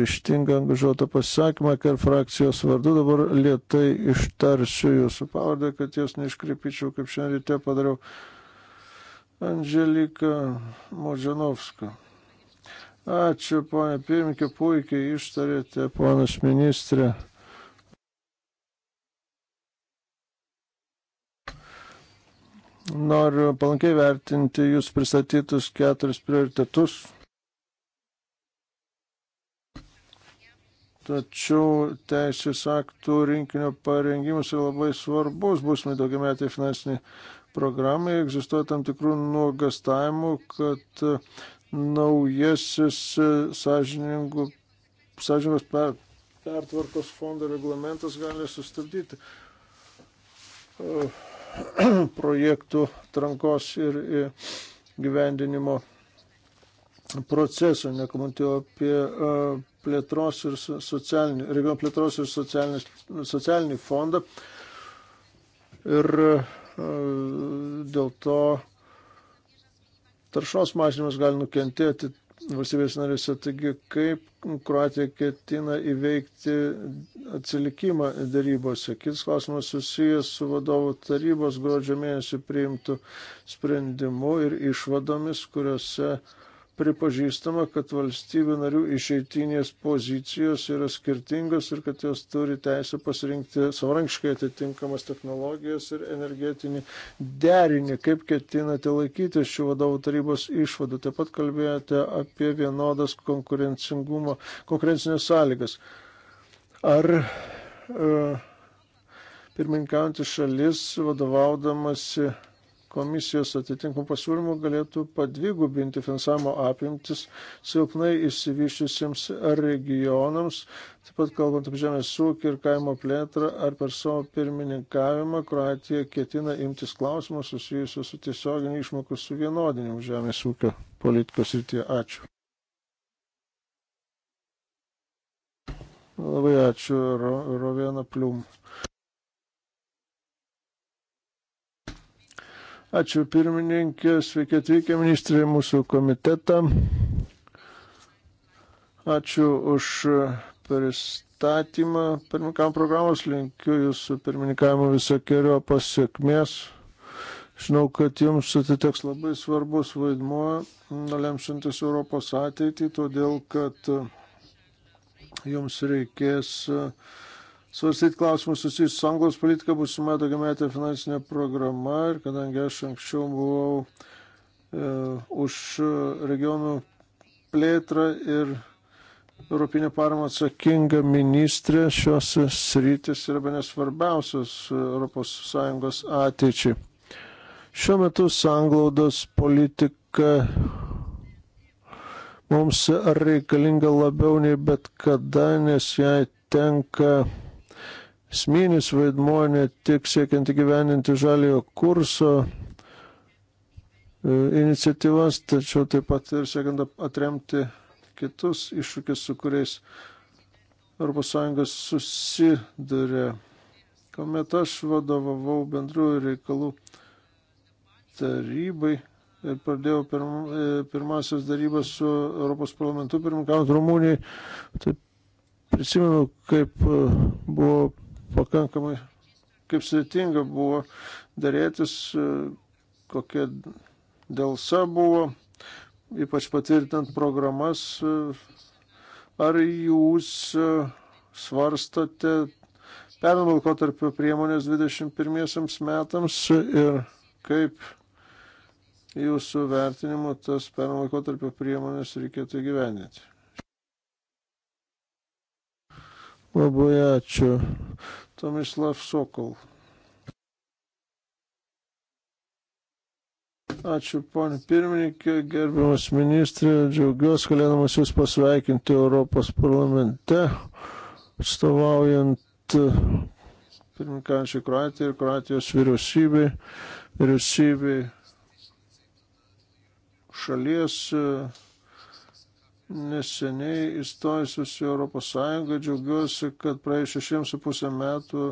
ryštingą angažuotą pasisakymą, kad frakcijos vardu dabar lietai ištarsiu jūsų pavardę, kad jos neiškreipičiau, kaip šiandien ryte padariau. Anželika Modžianovska. Ačiū, ponė pirmininkė, puikiai ištarėte, ponas ministrė. Noriu palankiai vertinti jūs pristatytus keturis prioritetus. Tačiau teisės aktų rinkinio parengimas yra labai svarbus, būsime daugiametį finansinį programai egzistuoja tam tikrų nuogastavimų, kad naujasis e, sąžiningos per, pertvarkos fondo reglamentas gali sustabdyti e, projektų trankos ir e, gyvendinimo procesą, nekomentuoju apie plėtros ir socialinį, regionų plėtros ir socialinį, socialinį fondą. Ir dėl to taršos mažinimas gali nukentėti valstybės narėse. Taigi, kaip Kroatija ketina įveikti atsilikimą darybose? Kitas klausimas susijęs su vadovų tarybos gruodžio mėnesį priimtų sprendimu ir išvadomis, kuriuose uh, pripažįstama, kad valstybių narių išeitinės pozicijos yra skirtingos ir kad jos turi teisę pasirinkti savarankiškai atitinkamas technologijas ir energetinį derinį. Kaip ketinate laikytis šių vadovų tarybos išvadų? Taip pat kalbėjote apie vienodas konkurencingumo, konkurencinės sąlygas. Ar e, pirmininkaujantis šalis vadovaudamasi komisijos atitinkamų pasiūlymų galėtų padvigubinti finansavimo apimtis silpnai išsivyščiusiems regionams, taip pat kalbant apie žemės ūkį ir kaimo plėtrą, ar per savo pirmininkavimą Kroatija ketina imtis klausimą susijusiu su tiesioginiu išmokų suvienodinimu žemės ūkio politikos rytyje. Ačiū. Labai ačiū, Rovėna Plium. Ačiū pirmininkė, sveiki atvykę ministrai mūsų komitetą. Ačiū už pristatymą. Pirmininkam programos linkiu jūsų pirmininkavimo visokiojo pasiekmės. Žinau, kad jums atiteks labai svarbus vaidmuo, nulemšantis Europos ateitį, todėl kad jums reikės uh, svarstyti klausimus susijusius su anglos politika būsima daugiametė finansinė programa ir kadangi aš anksčiau buvau e, už regionų plėtrą ir Europinė parama atsakinga ministrė šios sritis yra be nesvarbiausios ES ateičiai. Šiuo metu sanglaudos politika mums reikalinga labiau nei bet kada, nes jai tenka esminis vaidmuo ne tik siekiant įgyveninti žaliojo kurso e, iniciatyvas, tačiau taip pat ir siekiant atremti kitus iššūkius, su kuriais ES susiduria. Komet aš vadovavau bendrųjų reikalų tarybai ir pradėjau pirm, e, pirmasis darybas su Europos parlamentu, pirmkant Rumunijai, tai prisimenu, kaip e, buvo pakankamai kaip sudėtinga buvo dėrėtis, e, kokia dėlsa buvo, ypač patvirtinant programas. E, ar jūs e, svarstote pernamo laikotarpio priemonės 21 metams ir kaip jūsų vertinimu tas pernamo laikotarpio priemonės reikėtų įgyvendinti? Labai ačiū. Tomislav Sokol. Ačiū, ponė pirmininkė, gerbiamas ministrė, džiaugiuosi galėdamas Jūs pasveikinti Europos parlamente, atstovaujant e, pirmininkančiai Kroatijai ir Kroatijos vyriausybei, vyriausybei šalies e, neseniai įstojusius į Europos Sąjungą. Džiaugiuosi, kad praėjus šešiems su pusę metų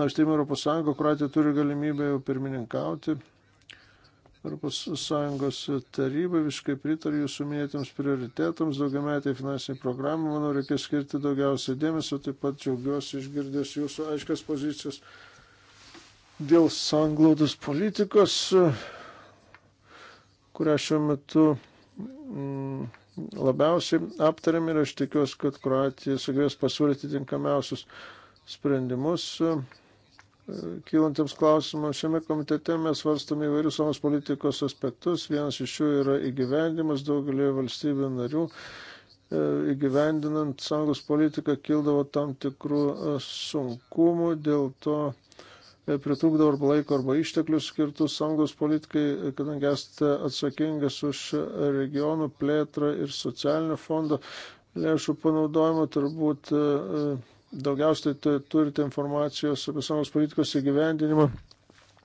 nors tai Europos Sąjunga, Kroatija turi galimybę jau pirmininkauti. Europos Sąjungos taryba visiškai pritarė jūsų minėtiems prioritetams, daugiametiai finansiniai programai, manau, reikia skirti daugiausiai dėmesio, taip pat džiaugiuosi išgirdęs jūsų aiškias pozicijas dėl sanglaudos politikos, kurią šiuo metu mm, labiausiai aptariami ir aš tikiuosi, kad Kroatija sugebės pasiūlyti tinkamiausius sprendimus. E, kylantiems klausimams šiame komitete mes varstame įvairius samos politikos aspektus. Vienas iš jų yra įgyvendimas daugelį valstybių narių. E, įgyvendinant sąjungos politiką kildavo tam tikrų e, sunkumų, dėl to pritrūkdavo arba laiko, arba išteklius skirtus sąjungos politikai, kadangi esate atsakingas už regionų plėtrą ir socialinio fondo lėšų panaudojimą, turbūt e, daugiausiai tai turite informacijos apie sąjungos politikos įgyvendinimą.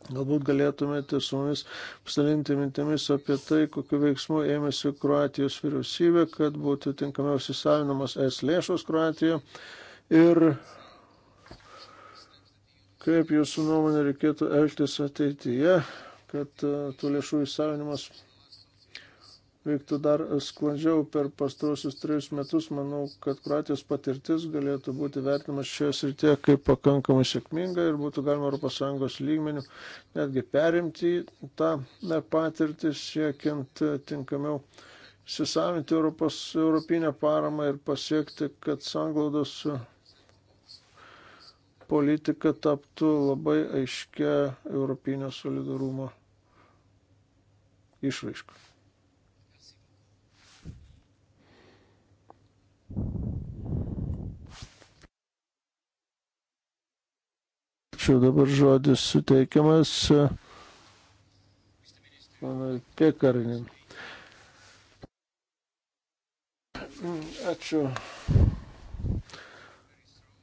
Galbūt galėtumėte su mumis pasidalinti mintimis apie tai, kokiu veiksmu ėmėsi Kroatijos vyriausybė, kad būtų tinkamiausiai savinamas es lėšos Kroatijoje ir Kaip jūsų nuomonė reikėtų elgtis ateityje, kad e, tų lėšų įsavinimas veiktų dar sklandžiau per pastarosius trejus metus, manau, kad Kroatijos patirtis galėtų būti vertinamas šioje srityje kaip pakankamai sėkminga ir būtų galima ES lygmenių netgi perimti tą e, patirtį, siekiant e, tinkamiau įsisavinti Europos, europinę paramą ir pasiekti, kad sanglaudos politika taptų labai aiškia europinio solidarumo išraiška. Ačiū dabar žodis suteikiamas panai Piekarinin. Ačiū.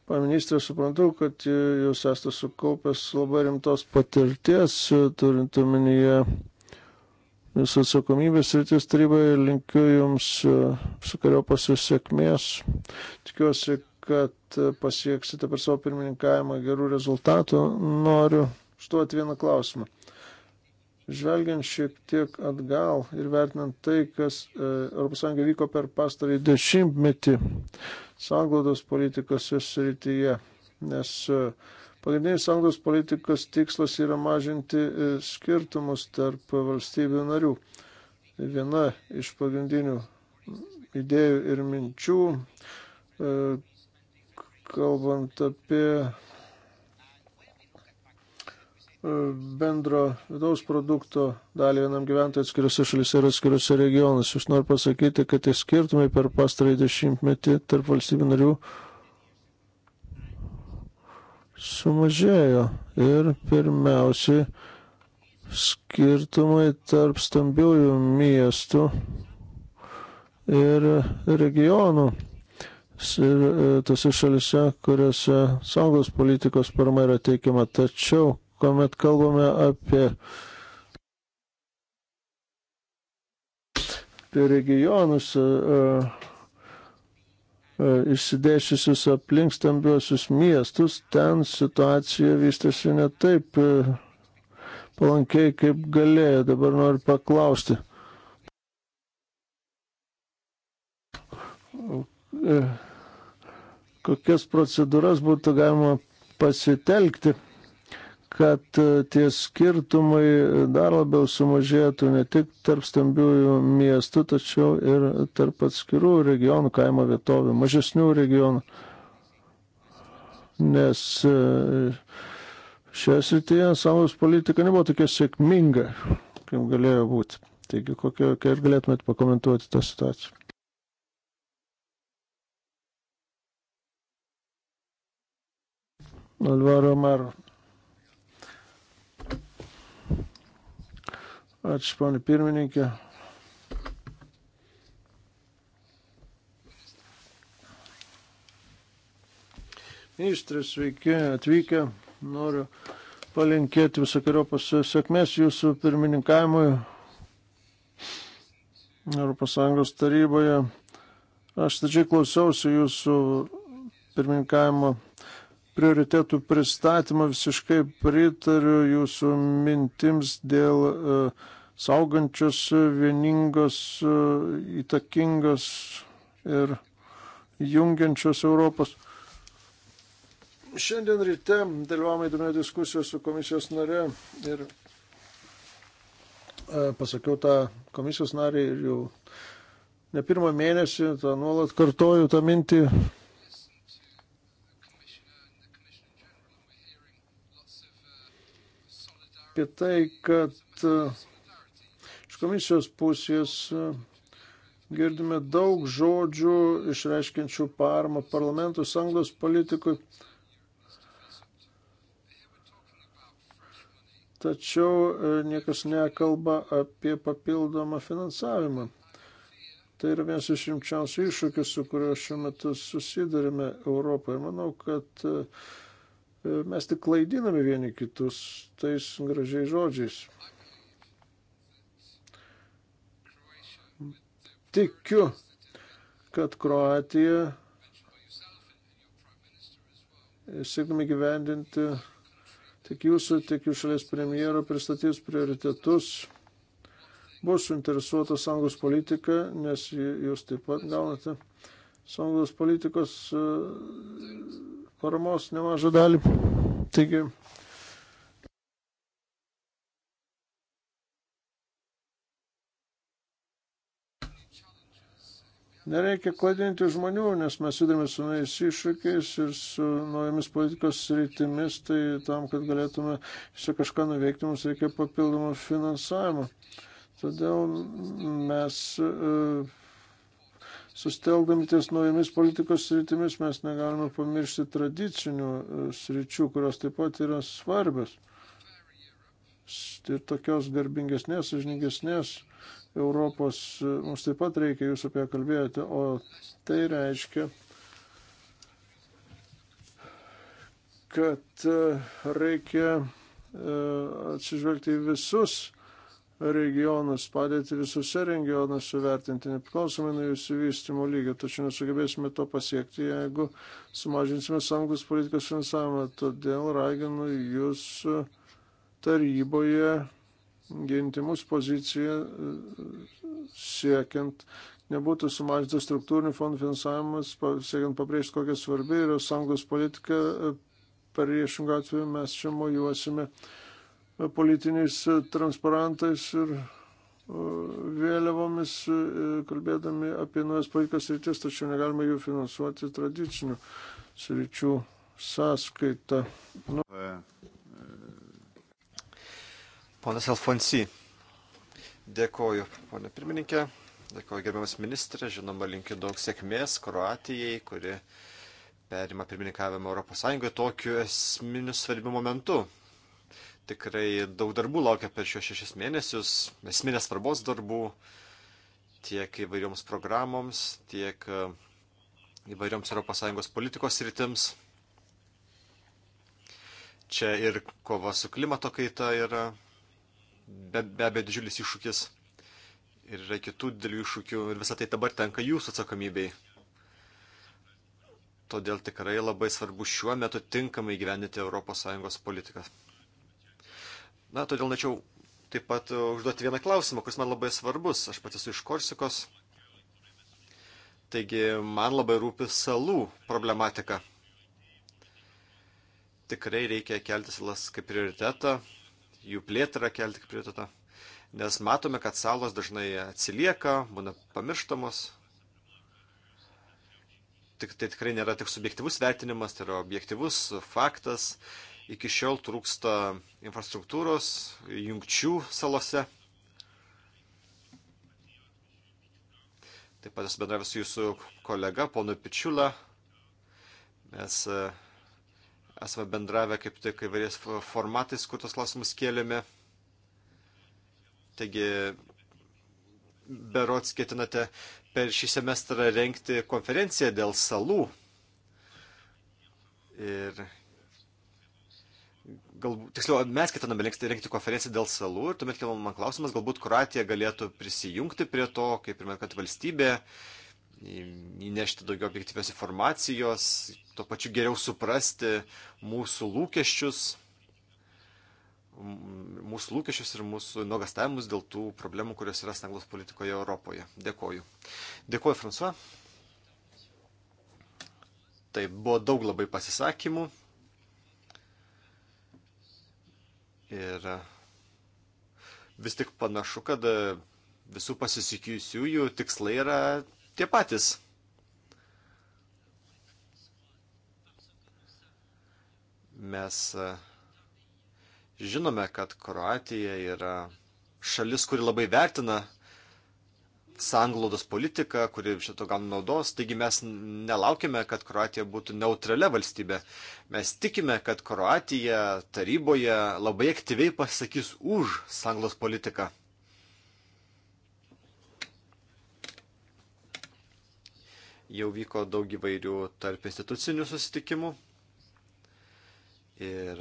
Pane ministrė, suprantu, kad jūs esate sukaupęs labai rimtos patirties, turint omenyje visą atsakomybės rytis tarybai, linkiu jums e, sukariopos ir sėkmės. Tikiuosi, kad pasieksite per savo pirmininkavimą gerų rezultatų. Noriu užduoti vieną klausimą. Žvelgiant šiek tiek atgal ir vertinant tai, kas ES vyko per pastarį dešimtmetį, sanglaudos politikos srityje, nes e, pagrindinis sanglaudos politikos tikslas yra mažinti e, skirtumus tarp valstybių narių. Tai viena iš pagrindinių idėjų ir minčių, e, kalbant apie E, bendro vidaus produkto dalį vienam gyventojui atskiriuose šalise ir atskiriuose regionuose. Aš noriu pasakyti, kad tie skirtumai per pastarąjį dešimtmetį tarp valstybių narių sumažėjo ir pirmiausiai skirtumai tarp stambiųjų miestų ir regionų. Ir e, tose šalise, kuriuose saugos politikos parama yra teikiama, tačiau kuomet kalbame apie regionus e, e, išsidėšiusius aplink stambiuosius miestus, ten situacija vystėsi ne taip e, palankiai, kaip galėjo. Dabar noriu paklausti. Kokias procedūras būtų galima pasitelkti, kad e, tie skirtumai dar labiau sumažėtų ne tik tarp stambiųjų miestų, tačiau ir tarp atskirų regionų, kaimo vietovių, mažesnių regionų. Nes e, šioje srityje sąjungos politika nebuvo tokia sėkminga, kaip galėjo būti. Taigi, kokią ir galėtumėte pakomentuoti tą situaciją? Alvaro Maro. Ačiū, ponė pirmininkė. Ministras, sveiki atvykę. Noriu palinkėti visokiojopos sėkmės jūsų pirmininkavimui ES taryboje. Aš tačiai klausiausi jūsų pirmininkavimo prioritėtų pristatymą visiškai pritariu jūsų mintims dėl e, saugančios, e, vieningos, e, įtakingos ir jungiančios Europos. Šiandien ryte dalyvavome įdomioje diskusijoje su komisijos nare ir pasakiau tą komisijos narį ir jau ne pirmą mėnesį tą nuolat kartoju tą mintį, apie tai, kad e, iš komisijos pusės e, girdime daug žodžių išreiškiančių paramą parlamentų sąjungos politikui. Tačiau e, niekas nekalba apie papildomą finansavimą. Tai yra vienas iš rimčiausių iššūkių, su kuriuo šiuo metu susidurime Europoje. Manau, kad uh, Mes tik klaidiname vieni kitus tais gražiais žodžiais. Tikiu, kad Kroatija, siekdami gyvendinti tiek jūsų, tiek jūsų šalies premjero pristatys prioritetus bus suinteresuota sąjungos politika, nes jūs taip pat gaunate sąjungos politikos paramos nemažą dalį. Taigi, Nereikia klaidinti žmonių, nes mes judame su naujais iššūkiais ir su naujomis politikos rytimis, tai tam, kad galėtume su kažką nuveikti, mums reikia papildomų finansavimo. Todėl mes uh, Susteldami ties naujomis politikos sritimis mes negalime pamiršti tradicinių e, sričių, kurios taip pat yra svarbios. Ir tokios garbingesnės, žiningesnės Europos e, mums taip pat reikia, jūs apie ją kalbėjote, o tai reiškia, kad e, reikia atsižvelgti į visus regionus, padėti visose regionuose vertinti, nepriklausomai nuo jų įsivystimo lygio, tačiau nesugebėsime to pasiekti, jeigu sumažinsime sangus politikos finansavimą. Todėl raginu jūs taryboje ginti mūsų poziciją siekiant nebūtų sumažintas struktūrinių fondų finansavimas, siekiant pabrėžti, kokia svarbi yra sąjungos politika, priešingą atveju mes čia mojuosime politiniais e, transparantais ir e, vėliavomis, e, kalbėdami apie naujas politikos rytis, tačiau negalime jų finansuoti tradicinių sričių sąskaita. Nu. Ponas Alfonsi, dėkoju, ponė pirmininkė, dėkoju gerbiamas ministrė, žinoma, linkiu daug sėkmės Kroatijai, kuri perima pirmininkavimą ES tokiu esminiu svarbiu momentu Tikrai daug darbų laukia per šios šešis mėnesius, esminės svarbos darbų, tiek įvairioms programoms, tiek e, įvairioms ES politikos rytims. Čia ir kova su klimato kaita yra be, be abejo didžiulis iššūkis ir yra kitų didelių iššūkių ir visą tai dabar tenka jūsų atsakomybei. Todėl tikrai labai svarbu šiuo metu tinkamai gyveninti ES politiką. Na, todėl norėčiau taip pat e, užduoti vieną klausimą, kuris man labai svarbus. Aš pats esu iš Korsikos. Taigi man labai rūpi salų problematika. Tikrai reikia kelti salas kaip prioritetą, jų plėtrą kelti kaip prioritetą. Nes matome, kad salos dažnai atsilieka, būna pamirštamos. Tik, tai tikrai nėra tik subjektivus vertinimas, tai yra objektivus faktas. Iki šiol trūksta infrastruktūros, jungčių salose. Taip pat esu bendravęs su jūsų kolega, ponu Pičiulą. Mes e, esame bendravę kaip tik įvairiais formatais, kur tos klausimus kėlėme. Taigi, berots ketinate per šį semestrą renkti konferenciją dėl salų. Ir galbūt, tiksliau, mes ketiname rengti konferenciją dėl salų ir tuomet kilo man klausimas, galbūt Kroatija galėtų prisijungti prie to, kaip ir man, kad valstybė įnešti daugiau objektyvios informacijos, tuo pačiu geriau suprasti mūsų lūkesčius, mūsų lūkesčius ir mūsų nuogastavimus dėl tų problemų, kurios yra snaglos politikoje Europoje. Dėkoju. Dėkoju, Fransuo. Taip, buvo daug labai pasisakymų. Ir e, vis tik panašu, kad e, visų pasisikiusiųjų tikslai yra tie patys. Mes e, žinome, kad Kroatija yra šalis, kuri labai vertina sanglaudos politika, kuri šito gauna naudos. Taigi mes nelaukime, kad Kroatija būtų neutralia valstybė. Mes tikime, kad Kroatija taryboje labai aktyviai pasakys už sanglaudos politiką. Jau vyko daug įvairių tarp institucinių susitikimų. Ir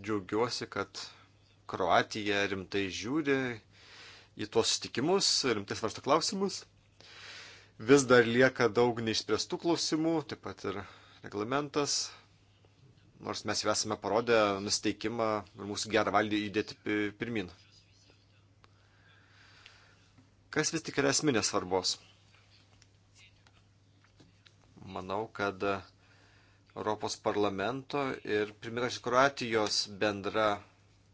džiaugiuosi, kad Kroatija rimtai žiūri į tuos sutikimus, rimtai svarsto klausimus. Vis dar lieka daug neišspręstų klausimų, taip pat ir reglamentas. Nors mes jau esame parodę nusteikimą ir mūsų gerą valdį judėti pirmin. Kas vis tik yra esminės svarbos? Manau, kad Europos parlamento ir pirmininkas Kroatijos bendra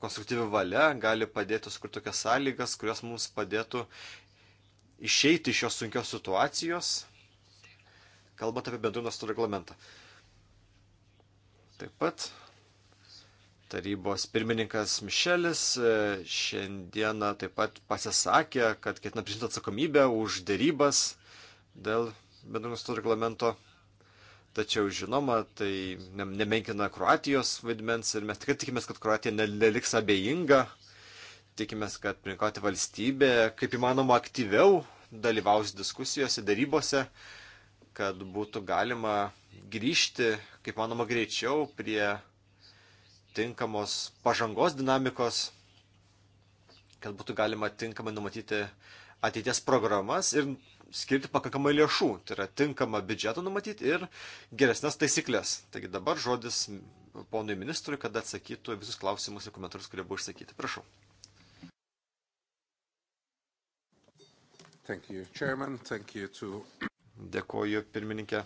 konstruktyvi valia gali padėti sukurti tokias sąlygas, kurios mums padėtų išeiti iš šios sunkios situacijos, kalbant apie bendrų nuostų reglamentą. Taip pat tarybos pirmininkas Mišelis e, šiandieną taip pat pasisakė, kad ketina prisimti atsakomybę už dėrybas dėl bendrų nuostų reglamento Tačiau, žinoma, tai nemenkina Kroatijos vaidmens ir mes tikrai tikimės, kad Kroatija neliks abejinga. Tikimės, kad prinkoti valstybė kaip įmanoma aktyviau dalyvaus diskusijose, darybose, kad būtų galima grįžti kaip manoma greičiau prie tinkamos pažangos dinamikos, kad būtų galima tinkamai numatyti ateities programas ir skirti pakankamai lėšų, tai yra tinkamą biudžetą numatyti ir geresnės taisyklės. Taigi dabar žodis ponui ministrui, kad atsakytų visus klausimus ir komentarus, kurie buvo išsakyti. Prašau. Thank you, Chairman. Thank you to... Dėkoju pirmininkė,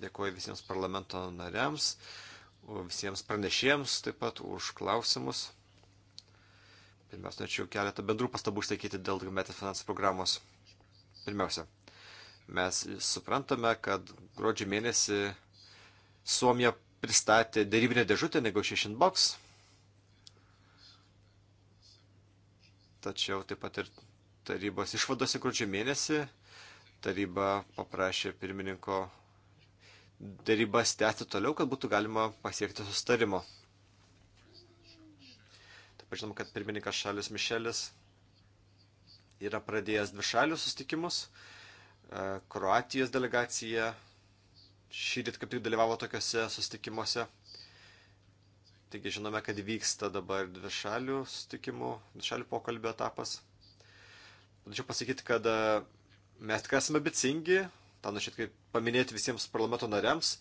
dėkoju visiems parlamento nariams, visiems pranešėjams taip pat už klausimus. Pirmiausia, norėčiau keletą bendrų pastabų išsakyti dėl daugiametės finansų programos. Pirmiausia, mes suprantame, kad gruodžio mėnesį Suomija pristatė dėrybinę dėžutę Negotiation Box, tačiau taip pat ir tarybos išvadose gruodžio mėnesį taryba paprašė pirmininko dėrybas tęsti toliau, kad būtų galima pasiekti sustarimo. Taip pat žinoma, kad pirmininkas Šalis Mišelis yra pradėjęs dvišalius sustikimus. E, Kroatijos delegacija šį rytą kaip tik dalyvavo tokiuose sustikimuose. Taigi žinome, kad vyksta dabar dvišalių sustikimų, dvišalių pokalbio etapas. Tačiau pasakyti, kad e, mes tikrai esame ambicingi, tą nušit kaip paminėti visiems parlamento nariams,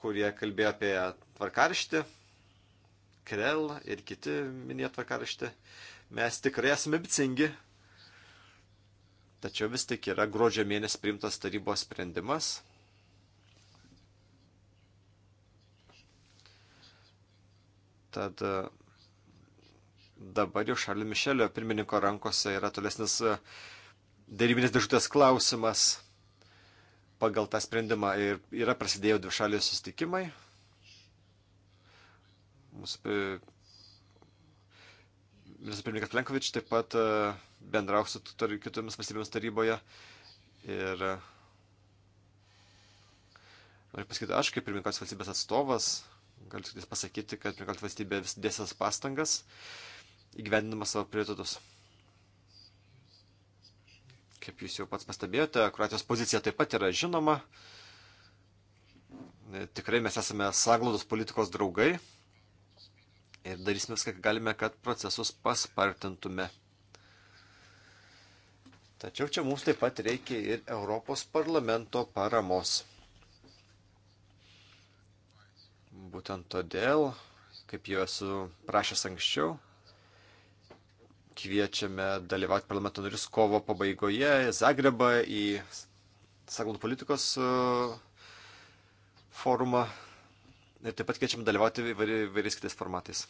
kurie kalbėjo apie tvarkaraštį, Krell ir kiti minėjo tvarkaraštį. Mes tikrai esame ambicingi, Tačiau vis tik yra gruodžio mėnesį priimtas tarybos sprendimas. Tad e, dabar jau Šarliu Mišelio pirmininko rankose yra tolesnis e, dėrybinės dėžutės klausimas pagal tą sprendimą ir yra prasidėjo dvišaliai susitikimai. Mūsų e, ministras pirmininkas Plenkovič taip pat uh, bendrauk su kitomis valstybėmis taryboje. Ir e, noriu pasakyti, aš kaip pirmininkas valstybės atstovas galiu tik pasakyti, kad pirmininkas valstybė vis dėsias pastangas įgyvendinama savo prioritetus. Kaip jūs jau pats pastebėjote, Kroatijos pozicija taip pat yra žinoma. E, tikrai mes esame sąglaudos politikos draugai ir darysime viską, ką galime, kad procesus paspartintume. Tačiau čia mums taip pat reikia ir Europos parlamento paramos. Būtent todėl, kaip jau esu prašęs anksčiau, kviečiame dalyvauti parlamento narius kovo pabaigoje į Zagrebą, į Saglų politikos e, forumą ir taip pat kviečiame dalyvauti įvairiais kitais formatais.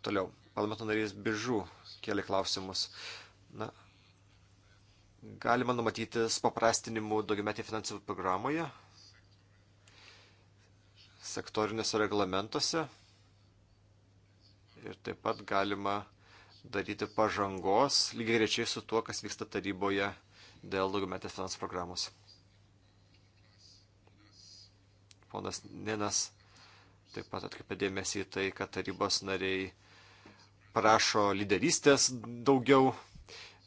Toliau, parlamento narys Bižų kėlė klausimus. Na, galima numatyti supaprastinimų daugiametį finansų programoje, sektorinėse reglamentuose ir taip pat galima daryti pažangos lygiai grečiai su tuo, kas vyksta taryboje dėl daugiametės finansų programos. Ponas Ninas taip pat atkreipė dėmesį į tai, kad tarybos nariai prašo lyderystės daugiau.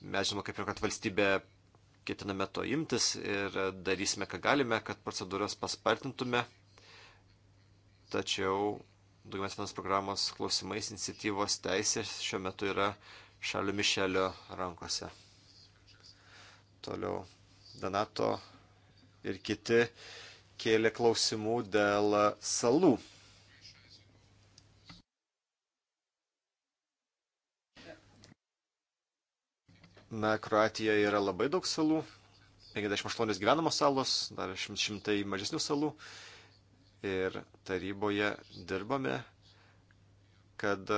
Mes žinome, kaip ir kad valstybė ketiname to imtis ir darysime, ką galime, kad procedūras paspartintume. Tačiau daugiametės finansinės programos klausimais iniciatyvos teisė šiuo metu yra Šaliu Mišelio rankose. Toliau Danato ir kiti kėlė klausimų dėl salų. Na, Kroatijoje yra labai daug salų, 58 gyvenamos salos, dar šimtai mažesnių salų. Ir taryboje dirbame, kad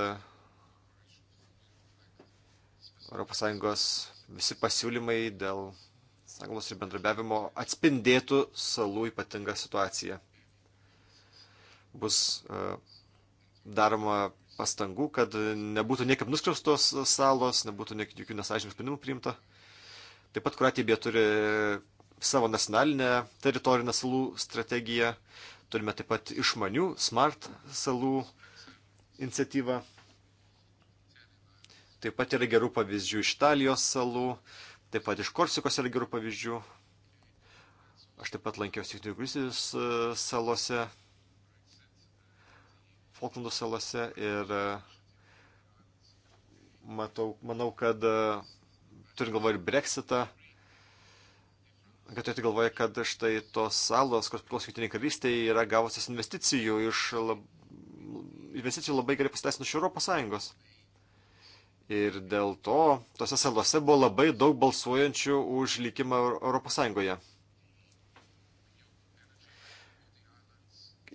ES visi pasiūlymai dėl sąjungos ir bendrabiavimo atspindėtų salų ypatingą situaciją. Bus e, daroma pastangų, kad nebūtų niekaip nuskriaustos salos, nebūtų jokių nesažininkų sprendimų priimta. Taip pat Kroatija turi savo nacionalinę teritorinę salų strategiją, turime taip pat išmanių smart salų iniciatyvą. Taip pat yra gerų pavyzdžių iš Italijos salų, taip pat iš Korsikos yra gerų pavyzdžių. Aš taip pat lankiausi Jungtinių Kristijos e, salose, Falklandų salose ir e, matau, manau, kad e, turint galvoje ir Brexitą, kad turėti galvoje, kad štai tos salos, kurios priklauso Junktiniai karalystėje, yra gavusios investicijų iš lab... investicijų labai gerai pasiteisino iš Europos Sąjungos. Ir dėl to tose salose buvo labai daug balsuojančių už likimą Europos Sąjungoje.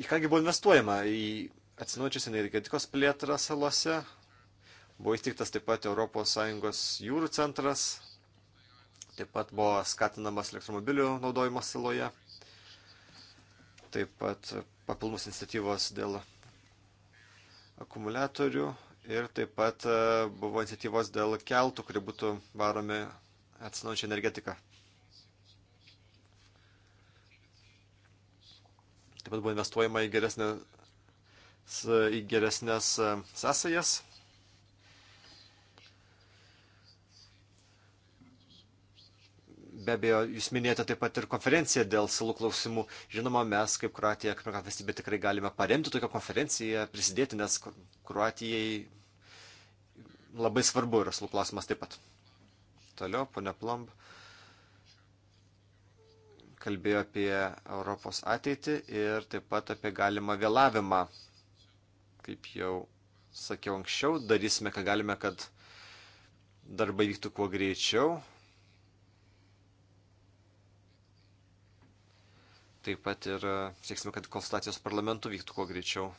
Į kągi buvo investuojama? Į atsinaujančios energetikos plėtrą salose. Buvo įsteigtas taip pat ES jūrų centras, taip pat buvo skatinamas elektromobilių naudojimas saloje, taip pat papilmus iniciatyvos dėl akumuliatorių ir taip pat e, buvo iniciatyvos dėl keltų, kurie būtų varomi atsinaujančią energetiką. Taip pat buvo investuojama į geresnę E, į geresnės e, sąsajas. Be abejo, jūs minėjote taip pat ir konferenciją dėl salų klausimų. Žinoma, mes kaip Kroatija, kaip Kroatija valstybė tikrai galime paremti tokią konferenciją, prisidėti, nes Kroatijai labai svarbu yra salų klausimas taip pat. Toliau, ponia Plomb kalbėjo apie Europos ateitį ir taip pat apie galimą vėlavimą kaip jau sakiau anksčiau, darysime, ką galime, kad darbai vyktų kuo greičiau. Taip pat ir e, sieksime, kad konsultacijos parlamentu vyktų kuo greičiau.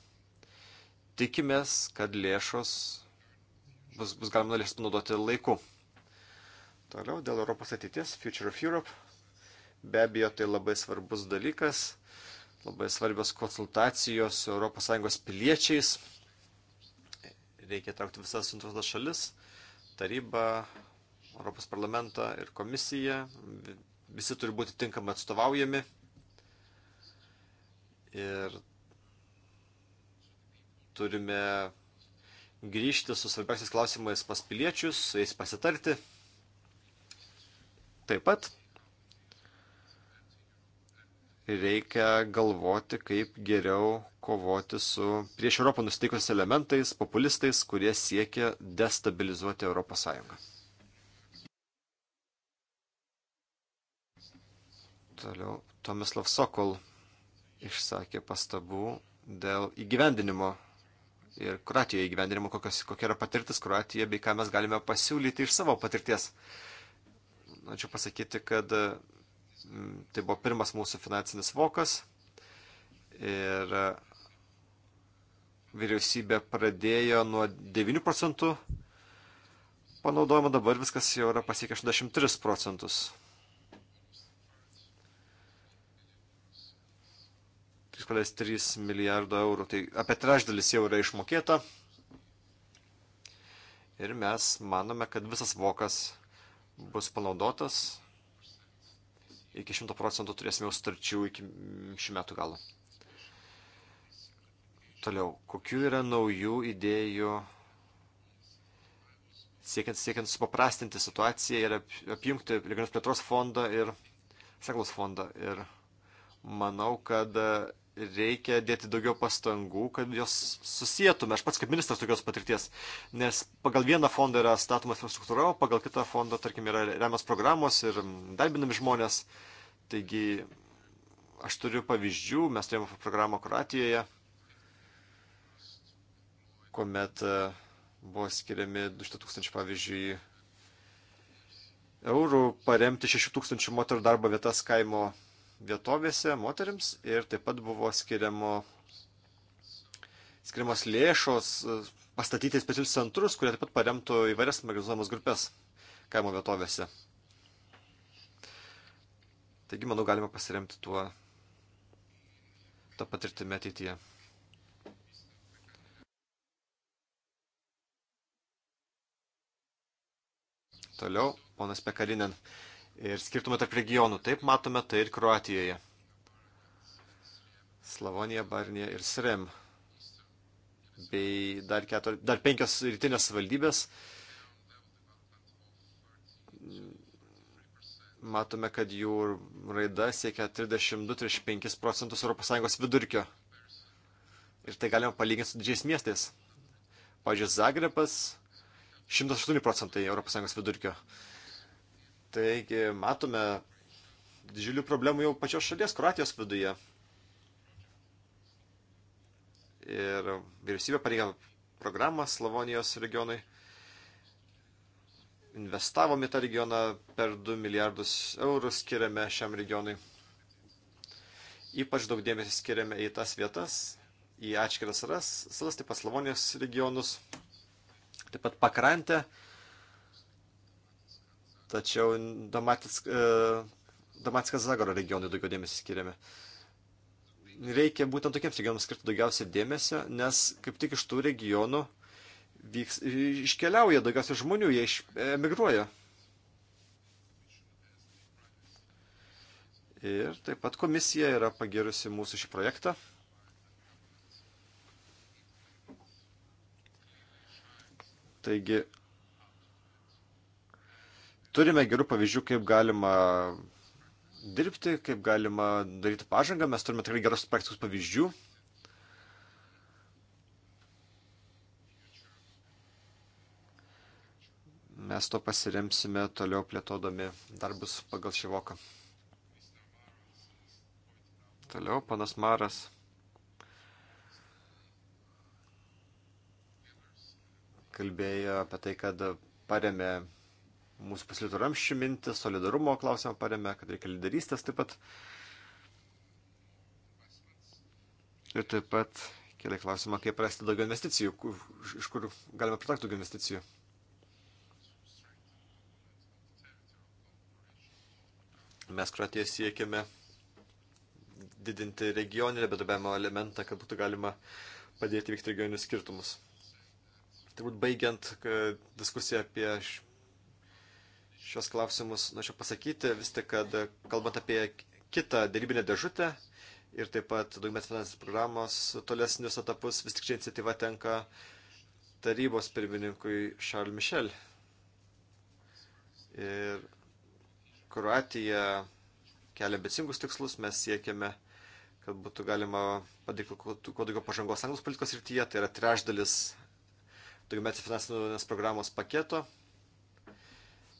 Tikimės, kad lėšos bus, bus galima lėšas panaudoti laiku. Toliau dėl Europos ateities, Future of Europe. Be abejo, tai labai svarbus dalykas labai svarbios konsultacijos su ES piliečiais. Reikia traukti visas suinteresuotas šalis - tarybą, Europos parlamentą ir komisiją. Visi turi būti tinkamai atstovaujami. Ir turime grįžti su svarbiausiais klausimais pas piliečius, su jais pasitarti. Taip pat reikia galvoti, kaip geriau kovoti su prieš Europą nusiteikusiais elementais, populistais, kurie siekia destabilizuoti Europos Sąjungą. Toliau Tomislav Sokol išsakė pastabų dėl įgyvendinimo ir Kroatijoje įgyvendinimo, kokios, kokia yra patirtis Kroatijoje bei ką mes galime pasiūlyti iš savo patirties. Norėčiau pasakyti, kad Tai buvo pirmas mūsų finansinis vokas ir e, vyriausybė pradėjo nuo 9 procentų panaudojimo, dabar viskas jau yra pasiekę 63 procentus. 3,3 milijardo eurų. Tai apie trečdalis jau yra išmokėta. Ir mes manome, kad visas vokas bus panaudotas iki 100 procentų turėsime jau starčių iki šių metų galo. Toliau, kokiu yra naujų idėjų siekiant, siekiant supaprastinti situaciją ir ap, apjungti Ligonės plėtros fondą ir Seklos fondą. Ir manau, kad reikia dėti daugiau pastangų, kad jos susijėtume. Aš pats kaip ministras tokios patirties, nes pagal vieną fondą yra statoma infrastruktūra, o pagal kitą fondą, tarkim, yra remiamas programos ir darbinami žmonės. Taigi, aš turiu pavyzdžių, mes turėjome programą Kroatijoje, kuomet e, buvo skiriami 200 tūkstančių, pavyzdžiui, eurų paremti 6 tūkstančių moterų darbo vietas kaimo vietovėse moteriams ir taip pat buvo skiriamo, skiriamos lėšos e, pastatyti specialius centrus, kurie taip pat paremtų įvairias marginalizuojamas grupės kaimo vietovėse. Taigi, manau, galima pasiremti tuo, tą patirtimį ateityje. Toliau, ponas Pekarinen ir skirtumą tarp regionų. Taip matome tai ir Kroatijoje. Slavonija, Barnija ir Srem. Bei dar, ketur, dar penkios rytinės valdybės. Matome, kad jų raida siekia 32-35 procentus ES vidurkio. Ir tai galima palyginti su didžiais miestais. Pavyzdžiui, Zagrebas 108 procentai ES vidurkio. Taigi matome didžiulių problemų jau pačios šalies, Kroatijos viduje. Ir vyriausybė pareigė programą Slavonijos regionui. Investavome tą regioną per 2 milijardus eurų skiriame šiam regionui. Ypač daug dėmesio skiriame į tas vietas, į atskiras salas, salas taip pat Slavonijos regionus, taip pat pakrantę, tačiau Damatskas e, Zagoro regionui daugiau dėmesio skiriame. Reikia būtent tokiems regionams skirti daugiausia dėmesio, nes kaip tik iš tų regionų vyks, iškeliauja daugiausia žmonių, jie iš, emigruoja. Ir taip pat komisija yra pagirusi mūsų šį projektą. Taigi turime gerų pavyzdžių, kaip galima dirbti, kaip galima daryti pažangą, mes turime tikrai geros praktikos pavyzdžių. Mes to pasiremsime toliau plėtodami darbus pagal šį voką. Toliau panas Maras. Kalbėjo apie tai, kad paremė mūsų pasiūlytų ramščių mintį, solidarumo klausimą paremė, kad reikia lyderystės taip pat. Ir taip pat kelia klausimą, kaip rasti daugiau investicijų, kur, iš kur galima pritraukti daugiau investicijų. Mes Kroatijoje siekiame didinti regioninį bedarbiavimo elementą, kad būtų galima padėti vykti regioninius skirtumus. Turbūt baigiant diskusiją apie šios klausimus. Norėčiau pasakyti vis tik, kad e, kalbant apie kitą dėrybinę dėžutę ir taip pat daugmet finansinės programos tolesnius etapus, vis tik čia iniciatyva tenka tarybos pirmininkui Charles Michel. Ir Kroatija kelia ambicingus tikslus, mes siekiame, kad būtų galima padaryti kuo daugiau pažangos anglos politikos rytyje, tai yra trešdalis daugiau metų finansinės programos paketo.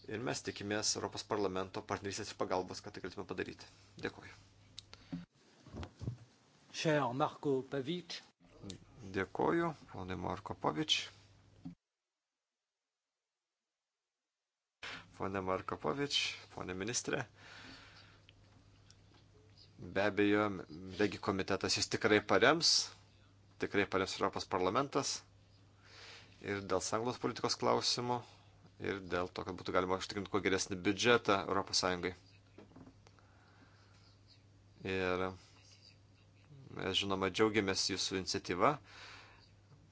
Ir mes tikimės Europos parlamento partnerystės ir pagalbos, kad tai galėtume padaryti. Dėkuoju. Cher Marko Pavič. Dėkuoju, ponai Marko Pavič. Pone Marko Pavič, ponė ministrė. Be abejo, regi komitetas jis tikrai parems, tikrai parems Europos parlamentas. Ir dėl sanglos politikos klausimų ir dėl to, kad būtų galima užtikrinti kuo geresnį biudžetą ES. Ir mes, žinoma, džiaugiamės jūsų iniciatyva,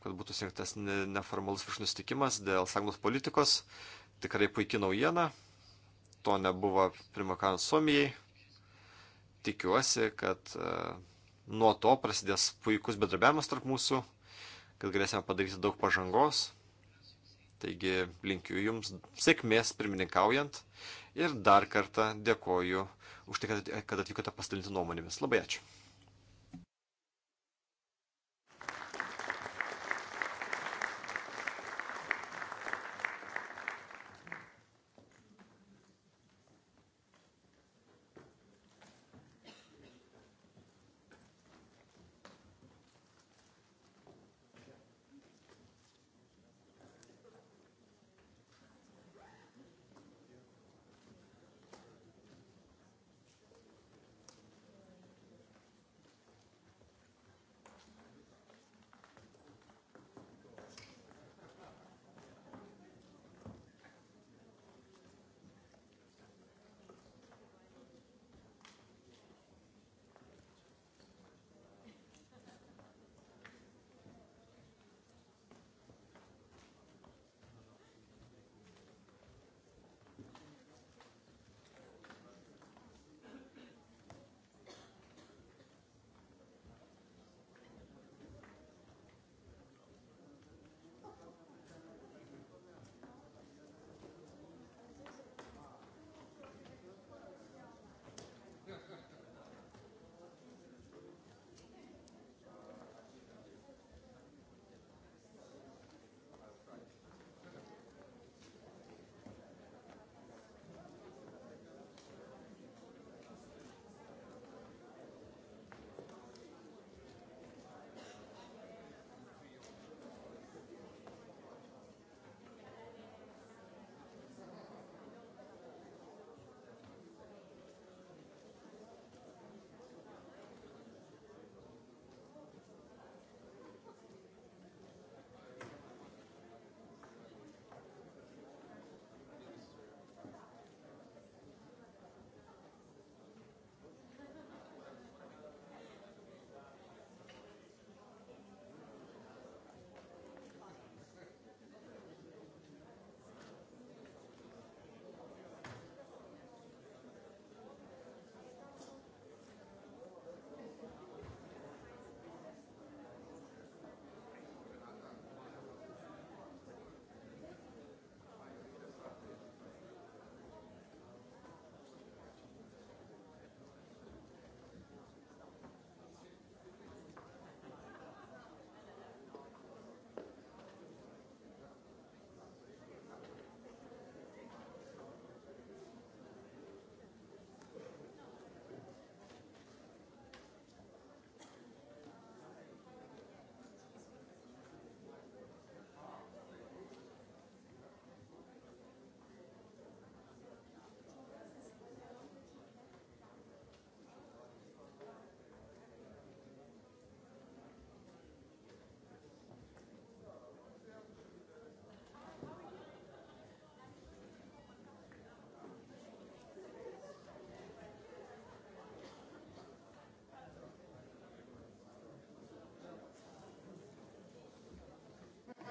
kad būtų surinktas neformalus viršinus tikimas dėl sąjungos politikos. Tikrai puikia naujiena. To nebuvo primakant Suomijai. Tikiuosi, kad e, nuo to prasidės puikus bedrabiavimas tarp mūsų, kad galėsime padaryti daug pažangos Taigi linkiu Jums sėkmės pirmininkaujant ir dar kartą dėkoju už tai, kad atvykote pasidalinti nuomonėmis. Labai ačiū.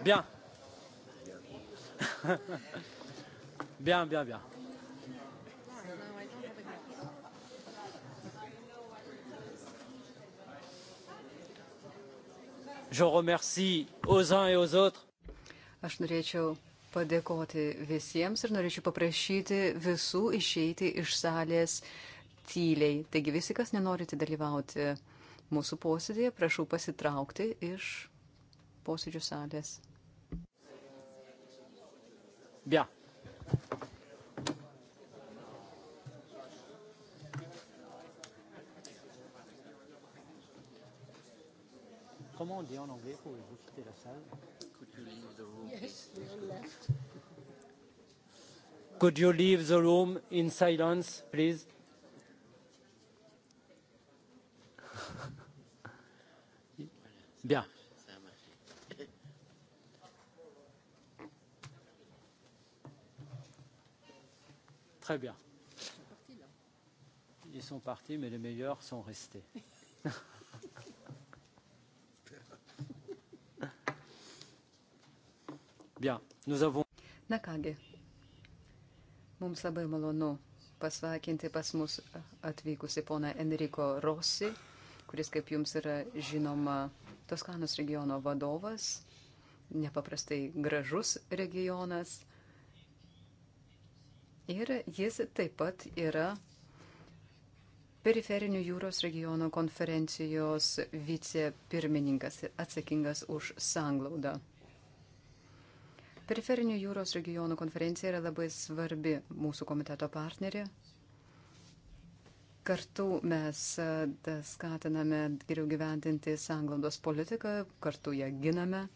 Bien. bien, bien, bien. Je remercie aux uns et aux autres. Aš norėčiau padėkoti visiems ir norėčiau paprašyti visų išeiti iš salės tyliai. Taigi visi, kas nenorite dalyvauti mūsų posėdėje, prašau pasitraukti iš posėdžių salės. Bien. Comment on dit en anglais pour vous quitter la salle Could you leave the room? Yes, we all left. Could you leave the room in silence, please? Très bien. Ils sont partis, mais les meilleurs sont restés. Bien, nous avons. Na kągi, mums labai malonu pasveikinti pas mus atvykusi pona Enrico Rossi, kuris, kaip jums yra žinoma, Toskanos regiono vadovas, nepaprastai gražus regionas. Ir jis taip pat yra periferinių jūros regiono konferencijos vicepirmininkas atsakingas už sanglaudą. Periferinių jūros regionų konferencija yra labai svarbi mūsų komiteto partnerė. Kartu mes e, skatiname geriau gyventinti sanglaudos politiką, kartu ją giname.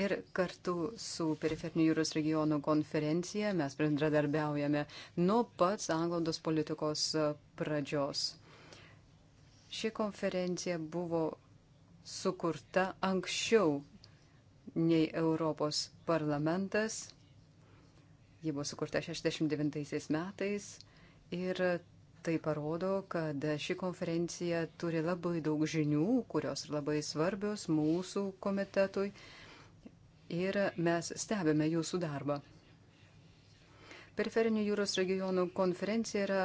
Ir kartu su periferinių jūros regionų konferencija mes bendradarbiaujame nuo pats anglodos politikos e, pradžios. Ši konferencija buvo sukurta anksčiau nei Europos parlamentas. Ji buvo sukurta 69 metais ir tai parodo, kad ši konferencija turi labai daug žinių, kurios labai svarbios mūsų komitetui ir mes stebime jūsų darbą. Periferinių jūros regionų konferencija yra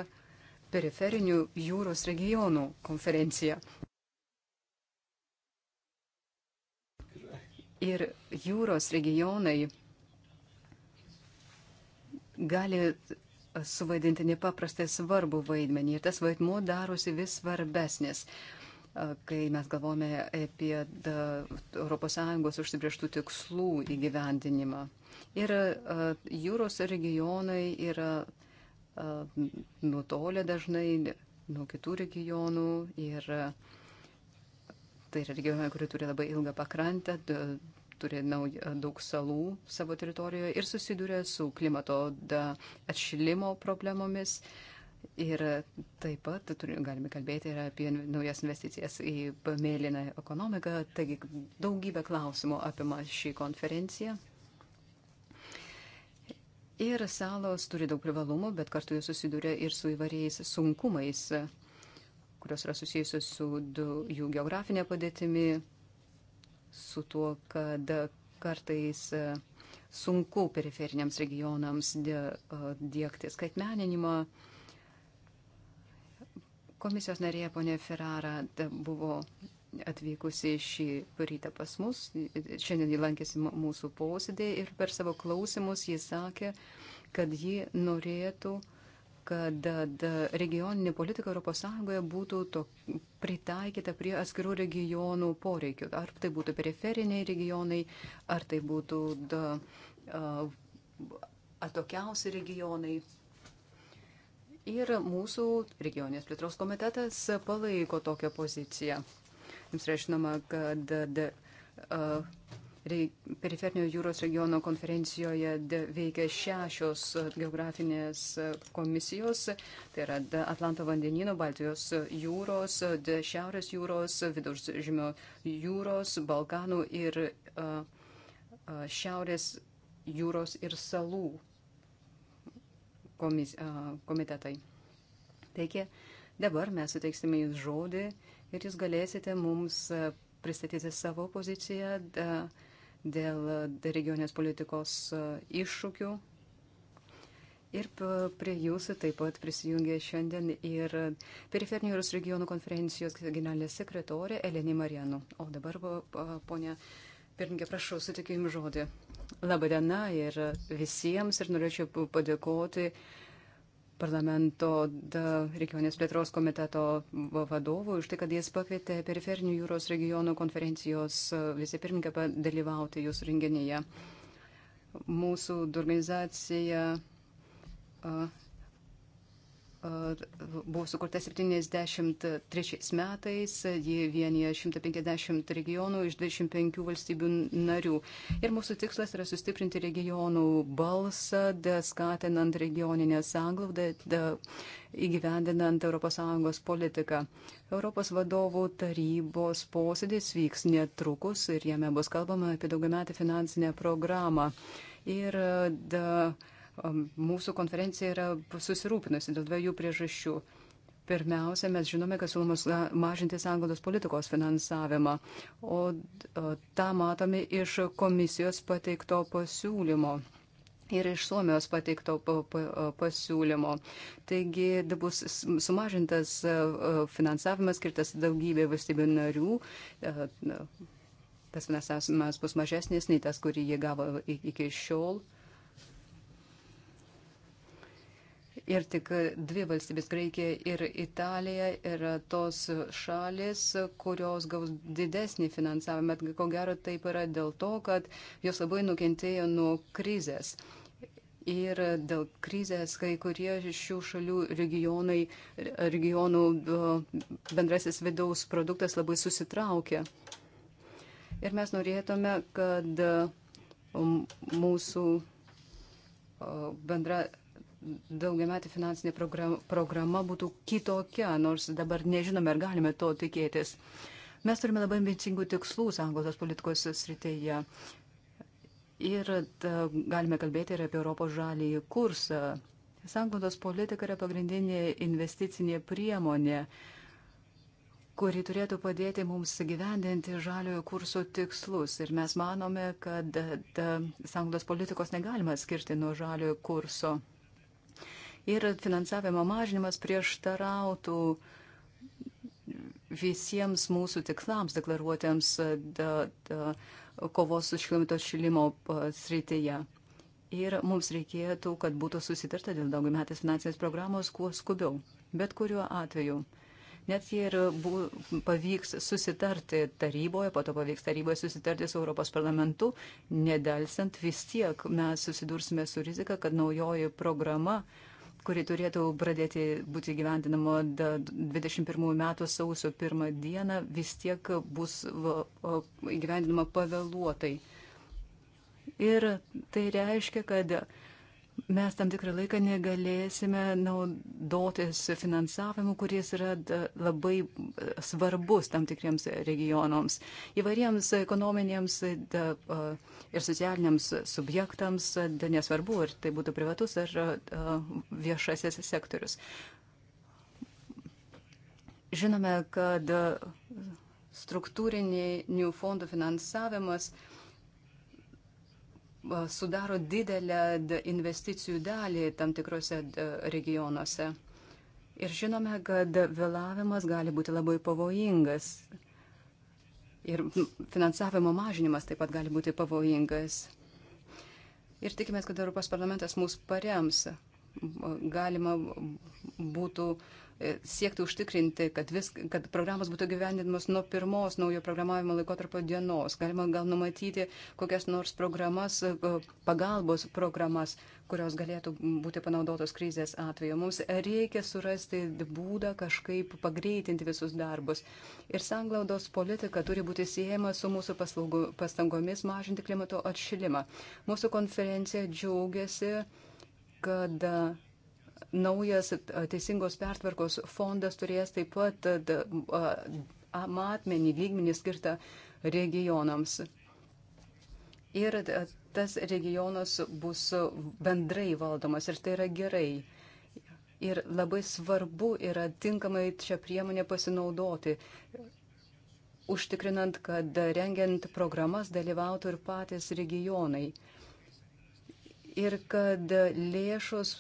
periferinių jūros regionų konferencija. Ir jūros regionai gali suvaidinti nepaprastai svarbu vaidmenį ir tas vaidmuo darosi vis svarbesnis. Uh, kai mes galvome apie ES užsibrieštų tikslų įgyvendinimą. Ir jūros regionai yra nutolę dažnai nuo kitų regionų ir tai yra regionai, kurie turi labai ilgą pakrantę, turi nauj, daug salų savo teritorijoje ir susiduria su klimato atšilimo problemomis. Uh, Ir taip pat turi, galime kalbėti ir apie naujas investicijas į mėlyną ekonomiką. Taigi daugybė klausimų apima šį konferenciją. Ir salos turi daug privalumų, bet kartu jis susiduria ir su įvairiais sunkumais, kurios yra susijusios su jų geografinė padėtimi, su tuo, kad kartais e, sunku periferiniams regionams dėkti e, skaitmeninimą. Die, Komisijos narė ponė Ferrara e, buvo atvykusi šį rytą pas mus. Šiandien jį lankėsi mūsų posėdė ir per savo klausimus jis sakė, kad ji norėtų, kad regioninė politika ES būtų to, pritaikyta prie atskirų regionų poreikių. Ar tai būtų periferiniai regionai, ar tai būtų da, a, atokiausi regionai. Ir mūsų regionės plėtros komitetas palaiko tokią poziciją. Jums reišinama, kad periferinio jūros regiono konferencijoje veikia šešios geografinės komisijos, tai yra Atlanto vandenino, Baltijos jūros, Šiaurės jūros, Viduržymio jūros, Balkanų ir Šiaurės jūros ir salų komis, komitetai. Taigi, dabar mes suteiksime jums žodį ir jūs galėsite mums pristatyti savo poziciją dėl regionės politikos iššūkių. Ir prie jūsų taip pat prisijungė šiandien ir periferinių ir regionų konferencijos generalinė sekretorė Eleni Marianu. O dabar, ponia. Po, Pirmininkė, prašau, sutikiu Jums žodį. Labadiena ir visiems ir norėčiau padėkoti parlamento regionės plėtros komiteto vadovui už tai, kad jis pakvietė periferinių jūros regionų konferencijos vicepirmininką dalyvauti jūsų renginyje. Mūsų organizacija buvo sukurta 73 metais, ji vienyje 150 regionų iš 25 valstybių narių. Ir mūsų tikslas yra sustiprinti regionų balsą, skatinant regioninę sąglaudą, įgyvendinant ES politiką. Europos vadovų tarybos posėdis vyks netrukus ir jame bus kalbama apie daugiametę finansinę programą. Ir da, uh, Mūsų konferencija yra susirūpinusi dėl dviejų priežasčių. Pirmiausia, mes žinome, kad siūlomas mažinti sąnglaudos politikos finansavimą, o tą matome iš komisijos pateikto pasiūlymo. Ir iš Suomijos pateikto pasiūlymo. Taigi bus sumažintas finansavimas skirtas daugybė valstybių narių. Tas finansavimas bus mažesnis nei tas, kurį jie gavo iki šiol. Ir tik dvi valstybės, Graikija ir Italija, yra tos šalis, kurios gaus didesnį finansavimą. Bet ko gero taip yra dėl to, kad jos labai nukentėjo nuo krizės. Ir dėl krizės kai kurie šių šalių regionai, regionų bendrasis vidaus produktas labai susitraukė. Ir mes norėtume, kad mūsų bendra daugiametė finansinė programa būtų kitokia, nors dabar nežinome, ar galime to tikėtis. Mes turime labai ambicingų tikslų sąjungos politikos srityje. Ir ta, galime kalbėti ir apie Europos žalį kursą. Sąjungos politika yra pagrindinė investicinė priemonė kuri turėtų padėti mums gyvendinti žaliojo kurso tikslus. Ir mes manome, kad sąjungos politikos negalima skirti nuo žaliojo kurso ir finansavimo mažinimas prieštarautų visiems mūsų tikslams deklaruotiems da, da, kovos su šilumito šilimo srityje. Ir mums reikėtų, kad būtų susitarta dėl daugiametės finansinės programos kuo skubiau. Bet kuriuo atveju net jei ir bu, pavyks susitarti taryboje, po to pavyks taryboje susitarti su Europos parlamentu, nedelsiant vis tiek mes susidursime su rizika, kad naujoji programa kuri turėtų pradėti būti gyvendinama 21 metų sausio 1 dieną, vis tiek bus gyvendinama pavėluotai. Ir tai reiškia, kad mes tam tikrą laiką negalėsime naudotis finansavimu, kuris yra e, labai e, svarbus tam tikriems regionams, įvariems ekonominiams e, ir socialiniams subjektams, nesvarbu, ar tai būtų privatus ar viešasis sektorius. Žinome, kad struktūriniai new fondų finansavimas uh, sudaro didelę investicijų dalį tam tikrose regionuose. Ir žinome, kad vėlavimas gali būti labai pavojingas. Ir finansavimo mažinimas taip pat gali būti pavojingas. Ir tikimės, kad Europos parlamentas mūsų parems. Galima būtų uh, E, siekti užtikrinti, kad, vis, kad programos būtų gyvendinamas nuo pirmos naujo programavimo laikotarpio dienos. Galima gal numatyti kokias nors programas, e, pagalbos programas, kurios galėtų būti panaudotos krizės atveju. Mums reikia surasti būdą kažkaip pagreitinti visus darbus. Ir sanglaudos politika turi būti siejama su mūsų paslaugų, pastangomis mažinti klimato atšilimą. Mūsų konferencija džiaugiasi kad naujas teisingos pertvarkos fondas turės taip pat matmenį lygmenį skirtą regionams. Ir tas regionas bus bendrai valdomas ir tai yra gerai. Ir labai svarbu yra tinkamai šią priemonę pasinaudoti, užtikrinant, kad rengiant programas dalyvautų ir patys regionai. Ir kad lėšos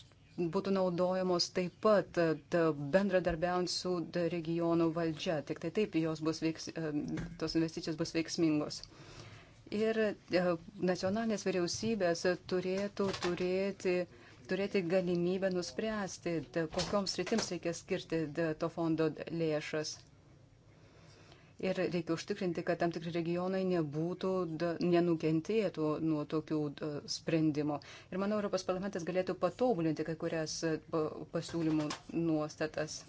būtų naudojamos taip pat e, bendradarbiaujant su regionų valdžia. Tik tai taip jos bus veiks, e, tos investicijos bus veiksmingos. Ir e, nacionalinės vyriausybės turėtų turėti, turėti galimybę nuspręsti, kokioms rytims reikia skirti to fondo lėšas ir reikia užtikrinti, kad tam tikri regionai nebūtų, nenukentėtų nuo tokių sprendimų. Ir manau, Europos parlamentas galėtų patobulinti kai kurias pasiūlymų nuostatas.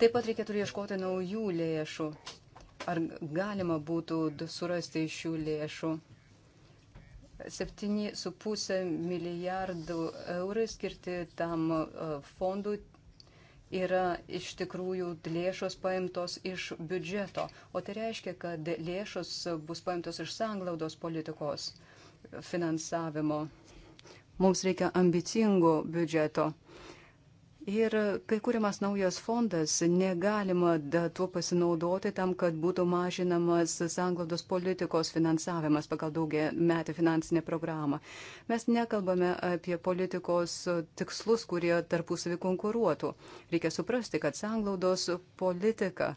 Taip pat reikėtų ieškoti naujų lėšų. Ar galima būtų surasti iš šių lėšų? 7,5 milijardų eurų skirti tam fondui yra iš tikrųjų lėšos paimtos iš biudžeto, o tai reiškia, kad lėšos bus paimtos iš sanglaudos politikos finansavimo. Mums reikia ambicingo biudžeto. Ir kai kuriamas naujas fondas, negalima da, tuo pasinaudoti tam, kad būtų mažinamas sanglaudos politikos finansavimas pagal daugia metį finansinę programą. Mes nekalbame apie politikos tikslus, kurie tarpusavį konkuruotų. Reikia suprasti, kad sanglaudos politika.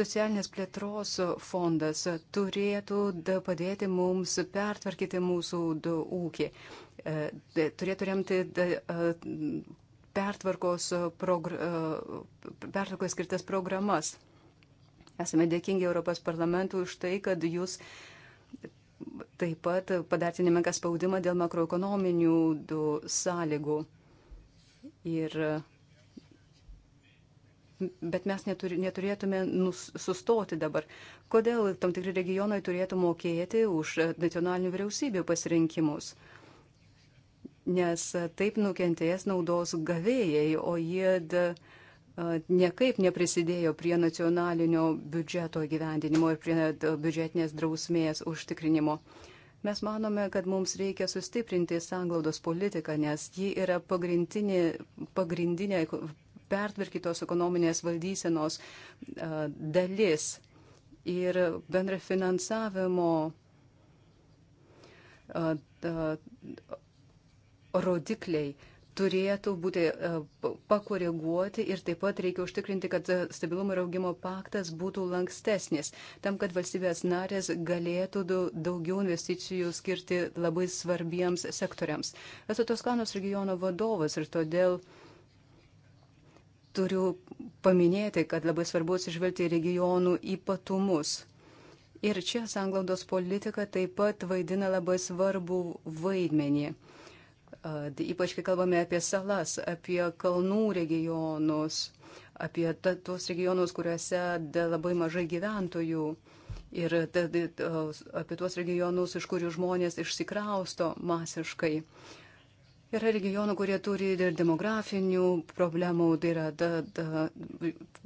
Socialinės plėtros fondas turėtų da, padėti mums pertvarkyti mūsų da, ūkį e, turėtų remti e, pertvarkos, e, progr e, pertvarkos skirtas programas. Esame dėkingi Europos parlamentui už tai, kad jūs taip pat padarėte nemenką spaudimą dėl makroekonominių sąlygų. Ir, bet mes neturi, neturėtume nus, sustoti dabar. Kodėl tam tikri regionai turėtų mokėti už nacionalinių vyriausybių pasirinkimus? Uh, nes taip nukentėjęs naudos gavėjai, o jie da, niekaip neprisidėjo prie nacionalinio biudžeto gyvendinimo ir prie biudžetinės drausmės užtikrinimo. Mes manome, kad mums reikia sustiprinti sanglaudos politiką, nes ji yra pagrindinė, pagrindinė pertvarkytos ekonominės valdysenos dalis ir bendra finansavimo rodikliai turėtų būti e, pakoreguoti ir taip pat reikia užtikrinti, kad e, stabilumo ir augimo paktas būtų lankstesnis, tam, kad valstybės narės galėtų daugiau investicijų skirti labai svarbiems sektoriams. Esu Toskanos regiono vadovas ir todėl turiu paminėti, kad labai svarbu atsižvelgti regionų ypatumus. Ir čia sanglaudos politika taip pat vaidina labai svarbų vaidmenį ypač kai kalbame apie salas, apie kalnų regionus, apie ta, tos regionus, kuriuose labai mažai gyventojų ir ta, ta, apie tuos regionus, iš kurių žmonės išsikrausto masiškai. Yra regionų, kurie turi ir demografinių problemų, tai yra, da, da,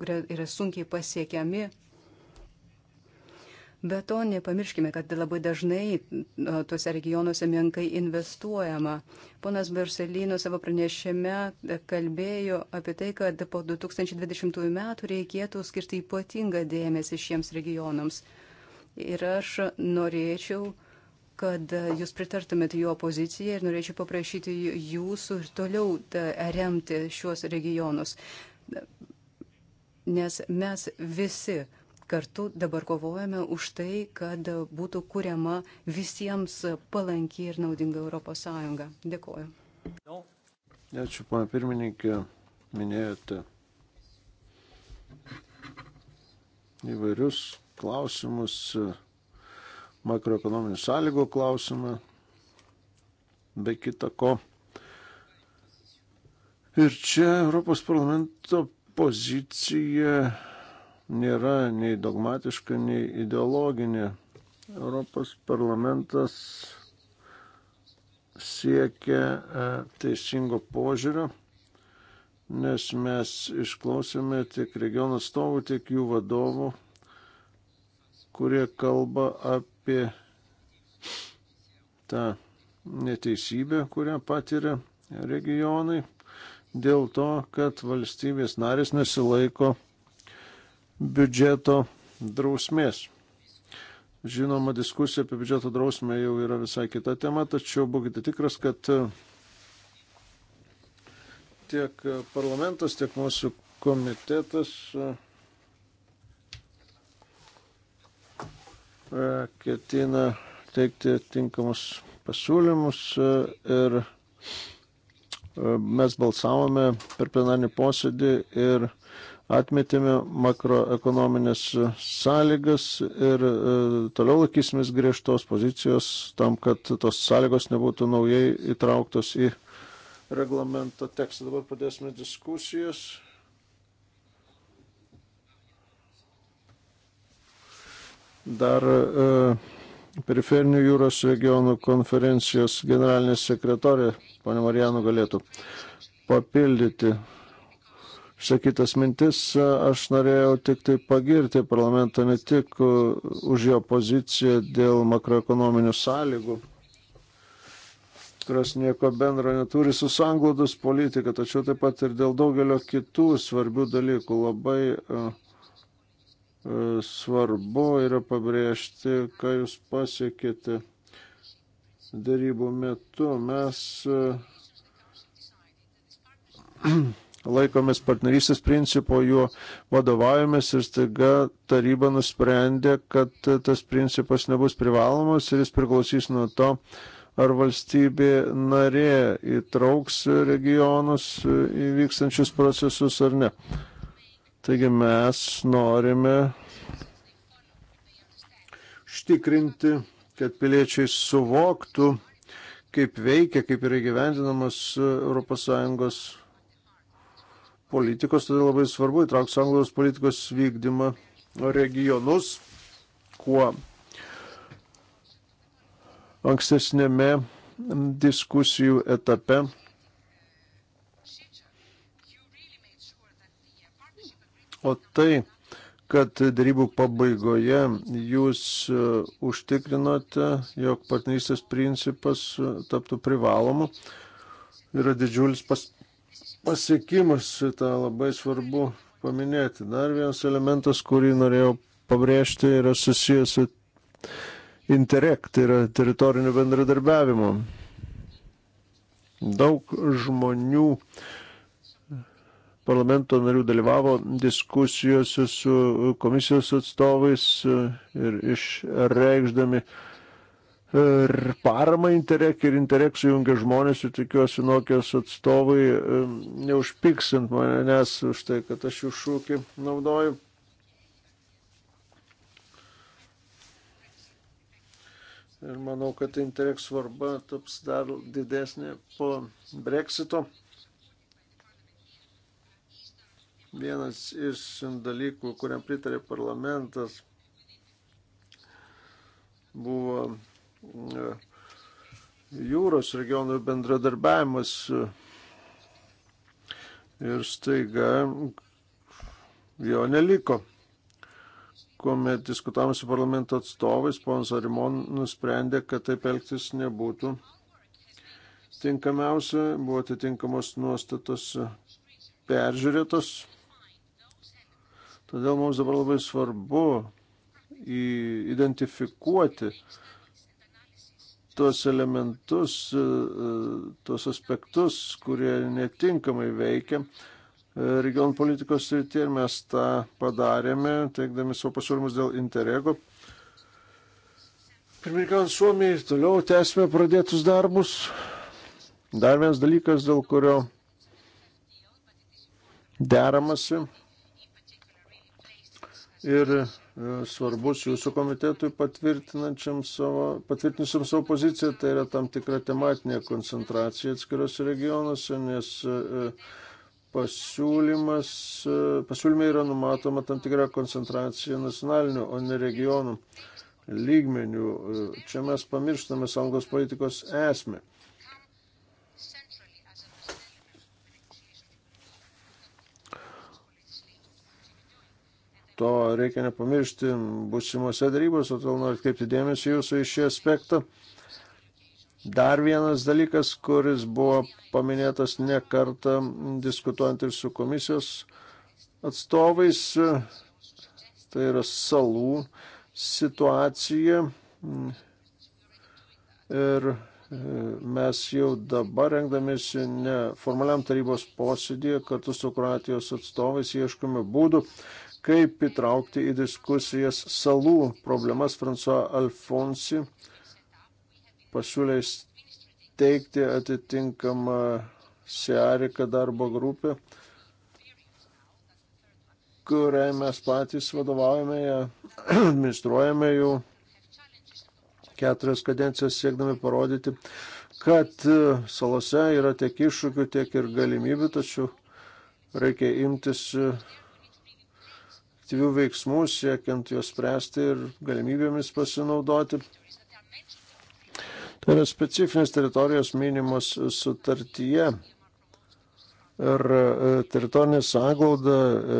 yra sunkiai pasiekiami Be to, nepamirškime, kad labai dažnai tuose regionuose menkai investuojama. Ponas Berselino savo pranešime e, kalbėjo apie tai, kad po 2020 metų reikėtų skirti ypatingą dėmesį šiems regionams. Ir aš norėčiau, kad e, jūs pritartumėte jo poziciją ir norėčiau paprašyti jūsų ir toliau e, remti šiuos regionus. Nes mes visi kartu dabar kovojame už tai, kad būtų kuriama visiems palanki ir naudinga Europos Sąjunga. Dėkuoju. Ačiū, pana pirmininkė, minėjote įvairius klausimus, makroekonominių sąlygų klausimą, be kita ko. Ir čia Europos parlamento pozicija nėra nei dogmatiška, nei ideologinė. Europos parlamentas siekia e, teisingo požiūrio, nes mes išklausėme tiek regionų atstovų, tiek jų vadovų, kurie kalba apie tą neteisybę, kurią patiria regionai, dėl to, kad valstybės narės nesilaiko biudžeto drausmės. Žinoma, diskusija apie biudžeto drausmę jau yra visai kita tema, tačiau būkite tikras, kad e, tiek parlamentas, tiek mūsų komitetas e, ketina teikti tinkamus pasiūlymus e, ir mes balsavome per plenarinį posėdį ir atmetėme makroekonominės sąlygas ir e, toliau laikysimės griežtos pozicijos tam, kad tos sąlygos nebūtų naujai įtrauktos į reglamento tekstą. Dabar pradėsime diskusijas. Dar e, periferinių jūros regionų konferencijos generalinė sekretorė, ponė Marijanu, galėtų papildyti Šakytas mintis, aš norėjau tik tai pagirti parlamentą ne tik už jo poziciją dėl makroekonominių sąlygų, kurios nieko bendro neturi su sanglaudos politika, tačiau taip pat ir dėl daugelio kitų svarbių dalykų. Labai e, e, svarbu yra pabrėžti, ką jūs pasiekėte darybų metu. Mes e, laikomės partnerystės principo, juo vadovaujamės ir staiga taryba nusprendė, kad tas principas nebus privalomas ir jis priklausys nuo to, ar valstybė narė įtrauks regionus įvykstančius procesus ar ne. Taigi mes norime štikrinti, kad piliečiai suvoktų, kaip veikia, kaip yra gyvendinamas ES politikos, todėl labai svarbu įtraukti sanglaudos politikos vykdymą regionus, kuo ankstesnėme diskusijų etape. O tai, kad darybų pabaigoje jūs e, užtikrinote, jog partnerystės principas e, taptų privalomu, yra didžiulis pas, pasiekimas, šitą labai svarbu paminėti. Dar vienas elementas, kurį norėjau pabrėžti, yra susijęs su Interreg, tai yra teritoriniu bendradarbiavimu. Daug žmonių parlamento narių dalyvavo diskusijose su komisijos atstovais ir išreikšdami uh, ir paramą Interreg ir Interreg sujungia žmonės ir tikiuosi Nokijos atstovai neužpiksint mane, nes už tai, kad aš jų šūkį naudoju. Ir manau, kad Interreg svarba taps dar didesnė po Brexito. Vienas iš dalykų, kuriam pritarė parlamentas, buvo jūros regionų bendradarbiavimas e, ir staiga jo neliko. Kuomet diskutavome su parlamento atstovais, ponas Arimon nusprendė, kad taip elgtis nebūtų tinkamiausia, buvo atitinkamos nuostatos peržiūrėtos. Todėl mums dabar labai svarbu identifikuoti uh, tuos elementus, e, e, tuos aspektus, kurie netinkamai veikia e, regionų politikos srityje ir mes tą padarėme, teikdami savo pasiūlymus dėl interego. Pirmininkant Suomijai, toliau tęsime pradėtus darbus. Dar vienas dalykas, dėl kurio deramasi. Ir E, svarbus jūsų komitetui patvirtinusiam savo, savo poziciją, tai yra tam tikra tematinė koncentracija atskiriuose regionuose, nes e, pasiūlymas, e, pasiūlyme yra numatoma tam tikra koncentracija nacionalinių, o ne regionų lygmenių. Čia mes pamirštame saugos politikos esmę. To reikia nepamiršti busimuose darybose, todėl noriu atkreipti dėmesį jūsų iš šį aspektą. Dar vienas dalykas, kuris buvo paminėtas ne kartą diskutuojant ir su komisijos atstovais, tai yra salų situacija. Ir mes jau dabar rengdamėsi neformaliam tarybos posėdėje kartu su Kroatijos atstovais ieškome būdų, kaip įtraukti į diskusijas salų problemas. François Alfonsi pasiūlė steigti atitinkamą Searika darbo grupę, kuriai mes patys vadovaujame, ją administruojame jau keturias kadencijas siekdami parodyti, kad e, salose yra tiek iššūkių, tiek ir galimybių, tačiau reikia imtis e, aktyvių veiksmų, siekiant juos spręsti ir galimybėmis pasinaudoti. Tai yra specifinės teritorijos minimos sutartyje. Ir e, teritorinė sągauda e,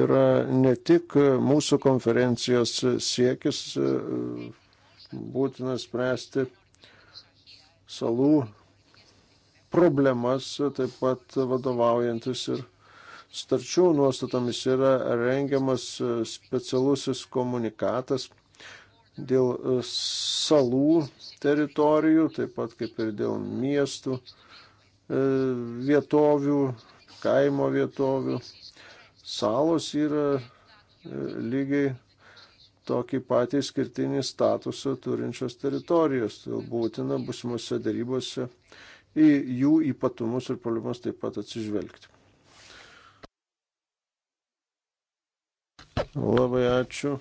yra ne tik mūsų konferencijos siekis e, būtina spręsti salų problemas, taip pat vadovaujantis ir starčių nuostatomis yra rengiamas e, specialusis komunikatas dėl e, salų teritorijų, taip pat kaip ir dėl miestų e, vietovių, kaimo vietovių. Salos yra lygiai tokį patį skirtinį statusą turinčios teritorijos. Tai būtina busimuose darybose į jų ypatumus ir problemas taip pat atsižvelgti. Labai ačiū.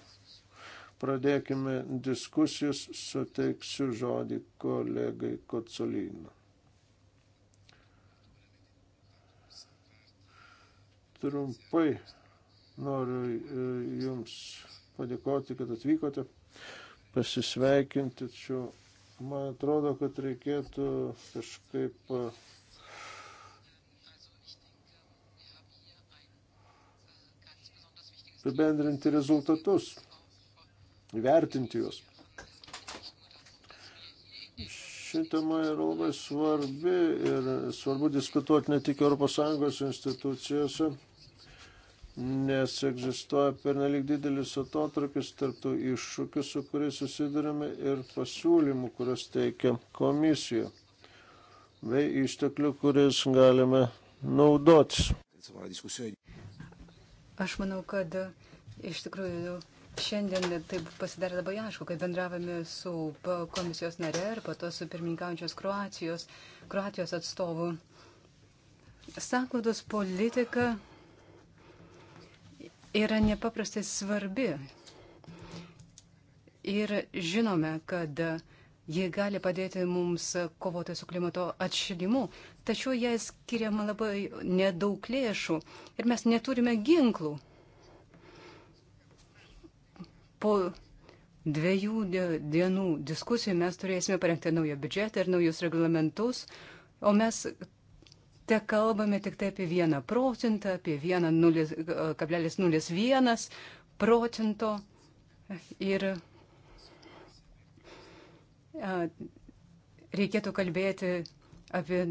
Pradėkime diskusijos, suteiksiu žodį kolegai Kocolino. Trumpai noriu e, Jums padėkoti, kad atvykote, pasisveikinti, tačiau man atrodo, kad reikėtų kažkaip e, apibendrinti rezultatus, įvertinti juos. Ši tema yra labai svarbi ir svarbu diskutuoti ne tik ES institucijose, nes egzistuoja pernelik didelis atotrukis tarptų iššūkių, su kuriais susidurime ir pasiūlymų, kurias teikia komisija, bei išteklių, kuriais galime naudotis. Aš manau, kad e, iš tikrųjų šiandien taip pasidarė labai aišku, kai bendravome su komisijos nare ir po to su pirmininkaujančios Kroatijos, Kroatijos atstovu. Saklados politika yra nepaprastai svarbi. Ir žinome, kad uh, Ji gali padėti mums kovoti su klimato atšilimu, tačiau jai skiriama labai nedaug lėšų ir mes neturime ginklų. Po dviejų dienų diskusijų mes turėsime parengti naują biudžetą ir naujus reglamentus, o mes te kalbame tik tai apie vieną procentą, apie 1,01 e, procento. Ir reikėtų kalbėti apie,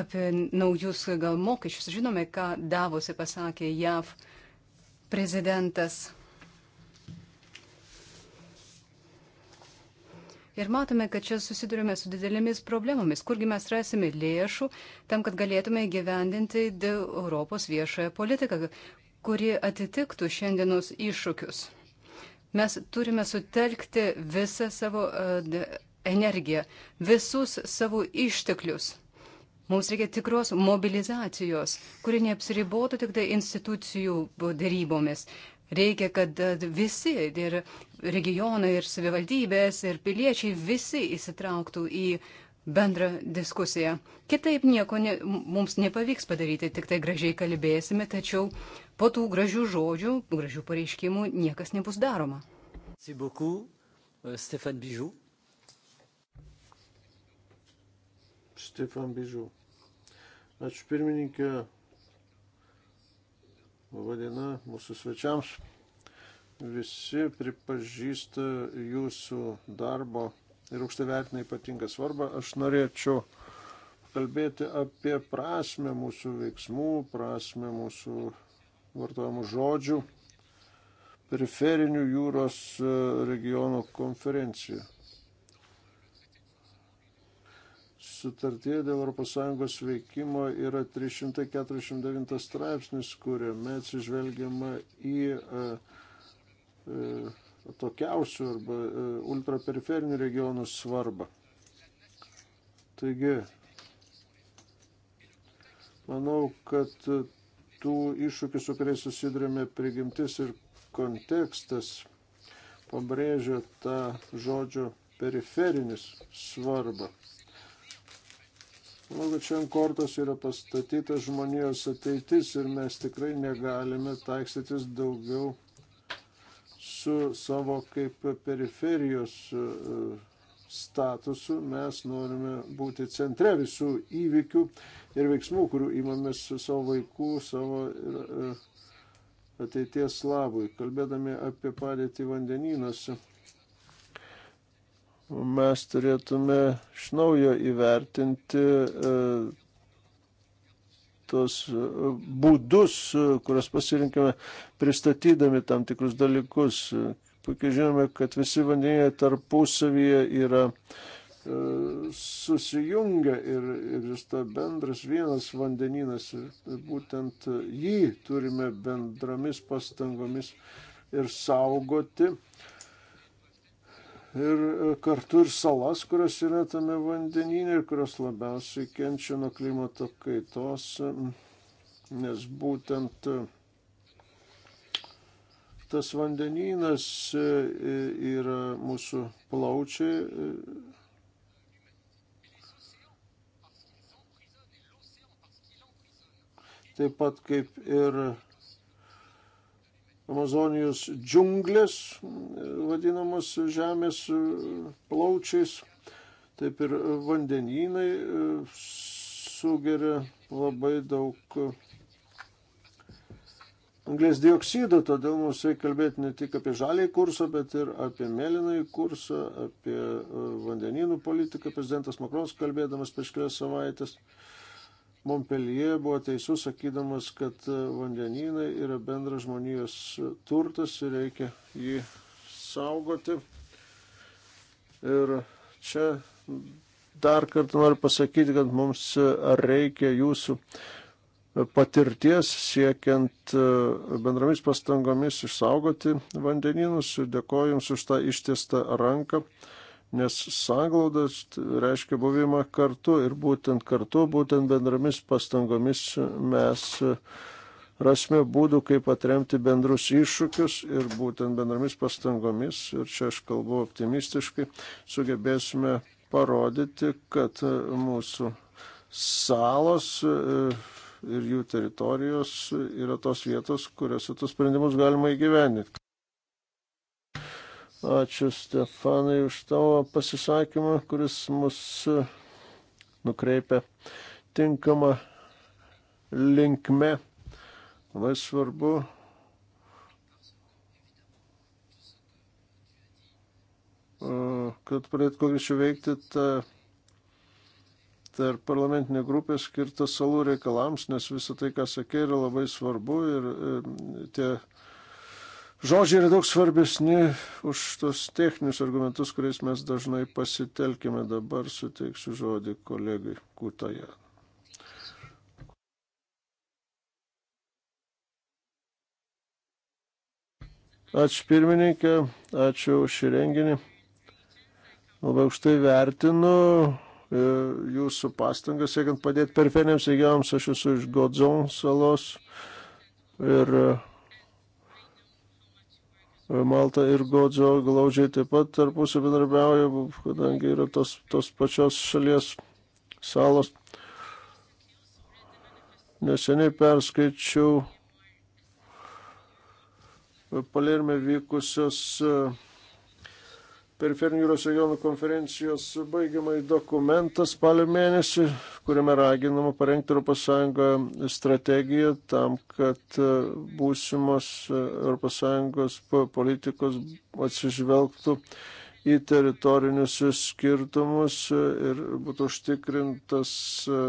apie naujus gal mokesčius. Žinome, ką Davosi pasakė JAV prezidentas. Ir matome, kad čia susidurime su didelėmis problemomis, kurgi mes rasime lėšų tam, kad galėtume įgyvendinti Europos viešąją politiką, kuri atitiktų šiandienos iššūkius. Mes turime sutelkti visą savo e, energiją, visus savo išteklius. Mums reikia tikros mobilizacijos, kuri neapsiribotų tik tai institucijų darybomis. Reikia, kad e, visi, ir regionai, ir savivaldybės, ir piliečiai, visi įsitrauktų į uh, bendrą diskusiją. Kitaip nieko ne, mums nepavyks padaryti, tik tai gražiai kalbėsime, tačiau po tų gražių žodžių, gražių pareiškimų niekas nebus daroma. Euh, Stefan Bijou. Stefan Bijou. Ačiū pirmininkė. Labadiena mūsų svečiams. Visi pripažįsta jūsų darbo ir aukštai vertina ypatingą svarbą. Aš norėčiau kalbėti apie prasme mūsų veiksmų, prasme mūsų vartojamų žodžių periferinių jūros e, regionų konferencijų. Sutartie dėl ES veikimo yra 349 straipsnis, kuriame atsižvelgiama į uh, uh, atokiausių arba e, ultraperiferinių regionų svarbą. Taigi, manau, kad e, tų iššūkių, su kuriais susidurėme, prigimtis ir kontekstas pabrėžia tą žodžio periferinis svarbą. Manau, kad šiandien kortos yra pastatytas žmonijos ateitis ir mes tikrai negalime taikstytis daugiau su savo kaip periferijos e, statusu mes norime būti centre visų įvykių ir veiksmų, kurių įmamės savo vaikų, savo ir, e, ateities labui. Kalbėdami apie padėtį vandenynuose, mes turėtume iš naujo įvertinti e, tos e, būdus, e, kurias pasirinkime pristatydami tam tikrus dalykus. E, puikiai žinome, kad visi vandenynai tarpusavyje yra susijungia ir egzistuoja bendras vienas vandenynas ir būtent jį turime bendromis pastangomis ir saugoti. Uh, ir e, kartu ir salas, kurios yra tame vandenyne ir kurios labiausiai kenčia nuo klimato kaitos, mm, nes būtent e, tas vandenynas e, yra mūsų plaučiai. Taip pat kaip ir Amazonijos džiunglės, vadinamos žemės e, plaučiais, taip ir vandenynai e, sugeria labai daug e, anglės dioksido, todėl mums reikia kalbėti ne tik apie žalį kursą, bet ir apie mėlynąjį kursą, apie vandenynų politiką. Prezidentas Makronas kalbėdamas prieš kelias savaitės Montpellier buvo teisus, sakydamas, kad e, vandenynai yra bendras žmonijos turtas ir reikia jį saugoti. Ir čia dar kartą noriu pasakyti, kad mums reikia jūsų patirties siekiant e, bendromis pastangomis išsaugoti vandeninus. Dėkoju Jums už tą ištiestą ranką nes sąglaudas reiškia buvimą kartu ir būtent kartu, būtent bendromis pastangomis mes rasime būdų, kaip atremti bendrus iššūkius ir būtent bendromis pastangomis, ir čia aš kalbu optimistiškai, sugebėsime parodyti, kad mūsų salos e, ir jų teritorijos yra tos vietos, kuriuose tos sprendimus galima įgyveninti. Ačiū Stefanai už tavo pasisakymą, kuris mus e, nukreipia tinkamą linkme. Labai svarbu e, kad pradėtų kuo greičiau veikti tą tarp parlamentinė grupė skirta salų reikalams, nes visą tai, ką sakė, yra labai svarbu ir, ir tie Žodžiai yra daug svarbesni už tos techninius argumentus, kuriais mes dažnai pasitelkime. Dabar suteiksiu žodį kolegai Kutaje. Ačiū pirmininkė, ačiū už šį renginį. Labai aukštai vertinu e, jūsų pastangas, siekiant padėti periferiniams regionams. Aš esu iš Godzon salos ir Malta ir Godžio glaudžiai taip pat tarpusio bendarbiauja, kadangi yra tos, tos pačios šalies salos. Neseniai perskaičiau Palerme vykusios uh, periferinių jūros regionų konferencijos baigiamai dokumentas spalio mėnesį, kuriame raginama parengti ES strategiją tam, kad e, būsimos ES politikos atsižvelgtų į teritorinius skirtumus e, ir būtų užtikrintas e,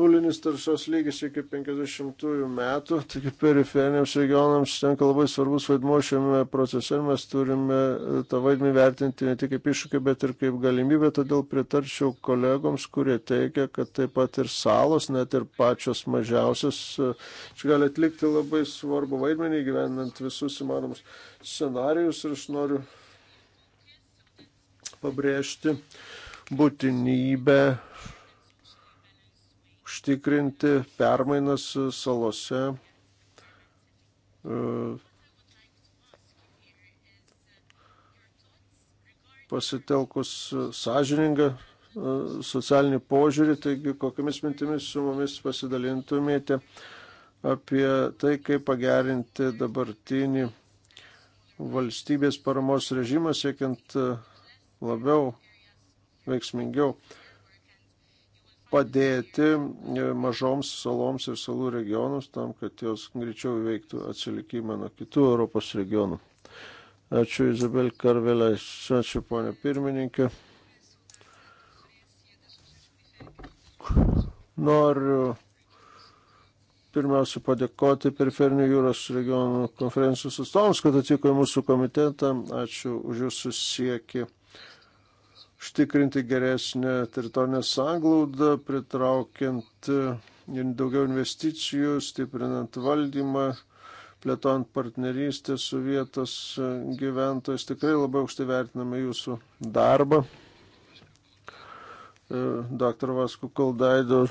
nulinis taršos lygis iki 50 metų, taigi periferiniams regionams tenka labai svarbus vaidmuo šiame procese ir mes turime e, tą vaidmenį vertinti ne tik kaip iššūkį, bet ir kaip galimybę, todėl pritarčiau kolegoms, kurie teikia, kad taip pat ir salos, net ir pačios mažiausios, e, čia gali atlikti labai svarbu vaidmenį gyvenant visus įmanomus scenarius ir aš noriu pabrėžti būtinybę užtikrinti permainas salose. E, pasitelkus sąžiningą e, socialinį požiūrį, taigi kokiamis mintimis su mumis pasidalintumėte apie tai, kaip pagerinti dabartinį valstybės paramos režimą, siekiant e, labiau, veiksmingiau padėti e, mažoms saloms ir salų regionams tam, kad jos greičiau veiktų atsilikimą nuo kitų Europos regionų. Ačiū Izabel Karvelė, ačiū ponė pirmininkė. Noriu pirmiausia padėkoti periferinių jūros regionų konferencijos atstovams, kad atvyko į mūsų komitetą. Ačiū už jūsų siekį užtikrinti geresnę teritorinę sąglaudą, pritraukiant e, daugiau investicijų, stiprinant valdymą, plėtojant partnerystę su vietos e, gyventojais. Tikrai labai aukštai vertiname jūsų darbą. E, Dr. Vasku Kaldaido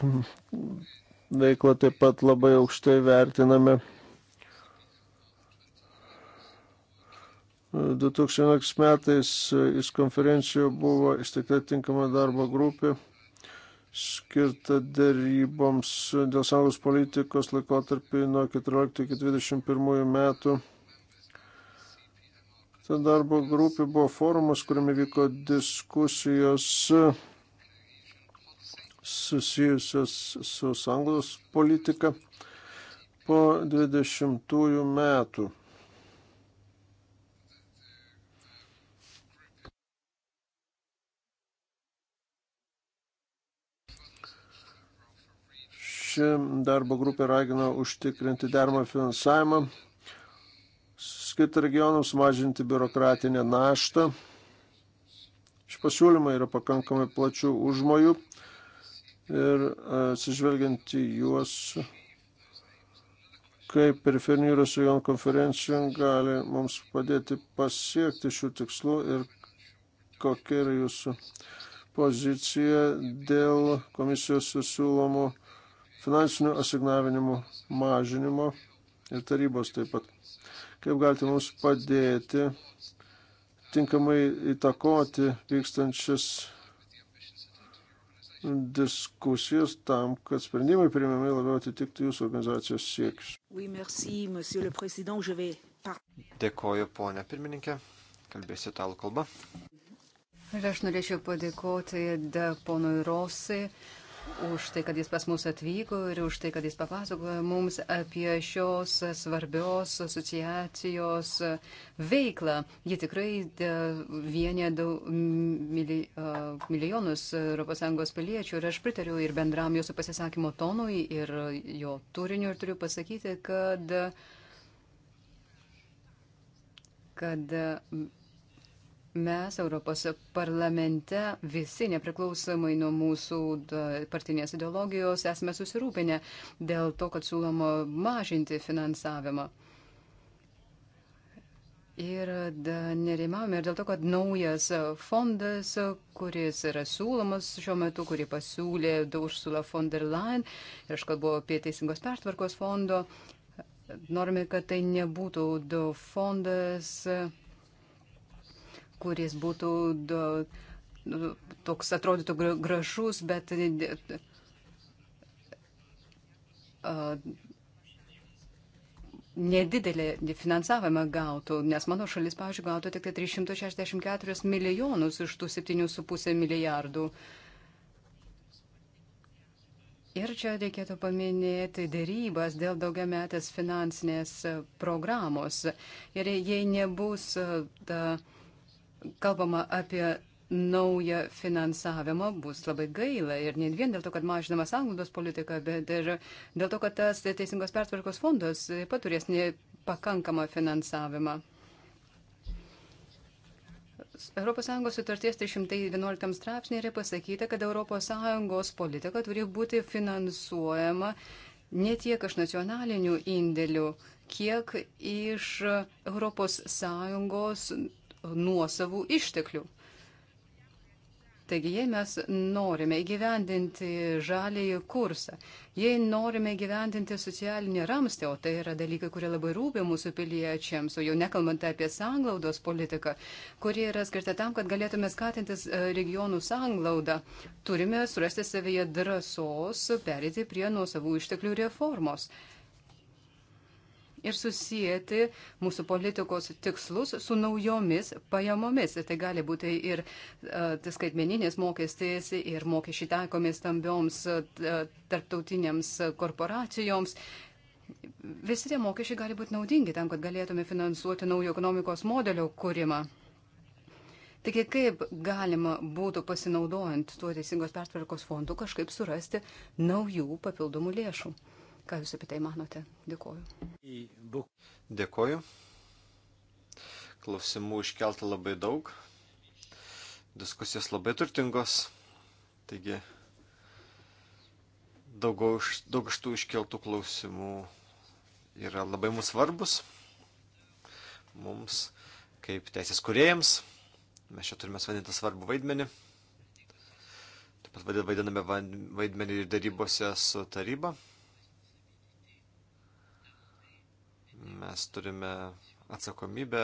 veiklą taip pat labai aukštai vertiname. 2011 metais e, iš konferencijoje buvo įsteigta tinkama darbo grupė skirta dėryboms dėl sąjungos politikos laikotarpį nuo 14 iki 21 metų. Ta darbo grupė buvo forumas, kuriame vyko diskusijos susijusios su sąjungos politika po 20 metų. Ši darbo grupė ragino užtikrinti dermą finansavimą, skirtą regionams mažinti biurokratinę naštą. Šį pasiūlymą yra pakankamai plačių užmojų ir atsižvelgiant į juos, kaip periferinių regionų konferencijų gali mums padėti pasiekti šių tikslų ir kokia yra jūsų pozicija dėl komisijos siūlomų finansinių asignavinimų mažinimo ir tarybos taip pat. Kaip galite mums padėti tinkamai įtakoti vykstančias diskusijos tam, kad sprendimai priimami labiau atitiktų jūsų organizacijos siekius. Oui, merci, Dėkoju, ponė pirmininkė. Kalbėsiu italų kalbą. Ir aš norėčiau padėkoti ponui Rosai už tai, kad jis pas mus atvyko ir už tai, kad jis papasakojo mums apie šios svarbios asociacijos veiklą. Ji tikrai e, vienė mili, e, milijonus ES piliečių ir aš pritariu ir bendram jūsų pasisakymo tonui ir jo turiniu ir turiu pasakyti, kad kad mes Europos parlamente visi, nepriklausomai nuo mūsų partinės ideologijos, esame susirūpinę dėl to, kad siūloma mažinti finansavimą. Ir nerimavome ir dėl to, kad naujas fondas, kuris yra siūlomas šiuo metu, kurį pasiūlė Daužsula von der Leyen, ir aš kalbu apie Teisingos pertvarkos fondo, norime, kad tai nebūtų fondas kuris būtų do, toks atrodytų gražus, bet nedidelį finansavimą gautų, nes mano šalis, pavyzdžiui, gautų tik tai 364 milijonus iš tų 7,5 milijardų. Ir čia reikėtų paminėti dėrybas dėl daugiametės finansinės programos. Ir jei nebus ta, uh, kalbama apie naują finansavimą, bus labai gaila. Ir ne vien dėl to, kad mažinama sąnaudos politika, bet ir dėl to, kad tas Teisingos pertvarkos fondas paturės nepakankamą finansavimą. ES sutarties 311 straipsnė yra pasakyta, kad ES politika turi būti finansuojama ne tiek iš nacionalinių indėlių, kiek iš ES nuosavų išteklių. Taigi, jei mes norime įgyvendinti žalėjį kursą, jei norime įgyvendinti socialinį ramstį, o tai yra dalykai, kurie labai rūpia mūsų piliečiams, o jau nekalbant apie sanglaudos politiką, kuri yra skirta tam, kad galėtume skatintis e, regionų sanglaudą, turime surasti savyje drąsos perėti prie nuosavų išteklių reformos ir susijęti mūsų politikos tikslus su naujomis pajamomis. Tai gali būti ir uh, e, skaitmeninės mokestis, ir mokesčiai taikomi stambioms uh, tarptautinėms korporacijoms. Visi tie mokesčiai gali būti naudingi tam, kad galėtume finansuoti naujo ekonomikos modelio kūrimą. Taigi kaip galima būtų pasinaudojant tuo teisingos pertvarkos fondu kažkaip surasti naujų papildomų lėšų? Ką Jūs apie tai manote? Dėkoju. Dėkoju. Klausimų iškelta labai daug. Diskusijos labai turtingos. Taigi, daug, daug iš tų iškeltų klausimų yra labai mums svarbus. Mums, kaip teisės kuriejams, mes čia turime vadinti svarbų vaidmenį taip pat vaidiname vaidmenį ir darybose su taryba. Mes turime atsakomybę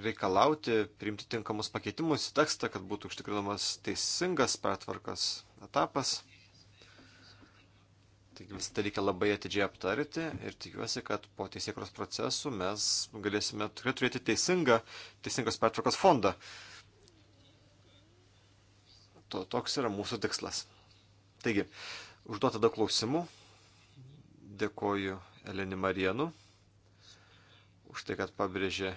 reikalauti, priimti tinkamus pakeitimus į tekstą, kad būtų užtikrinamas teisingas pertvarkas etapas. Taigi visą tai reikia labai atidžiai aptarti ir tikiuosi, kad po teisėkros procesų mes galėsime tikrai turėti teisingą, teisingos pertvarkos fondą. To, toks yra mūsų tikslas. Taigi, užduota daug klausimų. Dėkoju Eleni Marienu už tai, kad pabrėžė,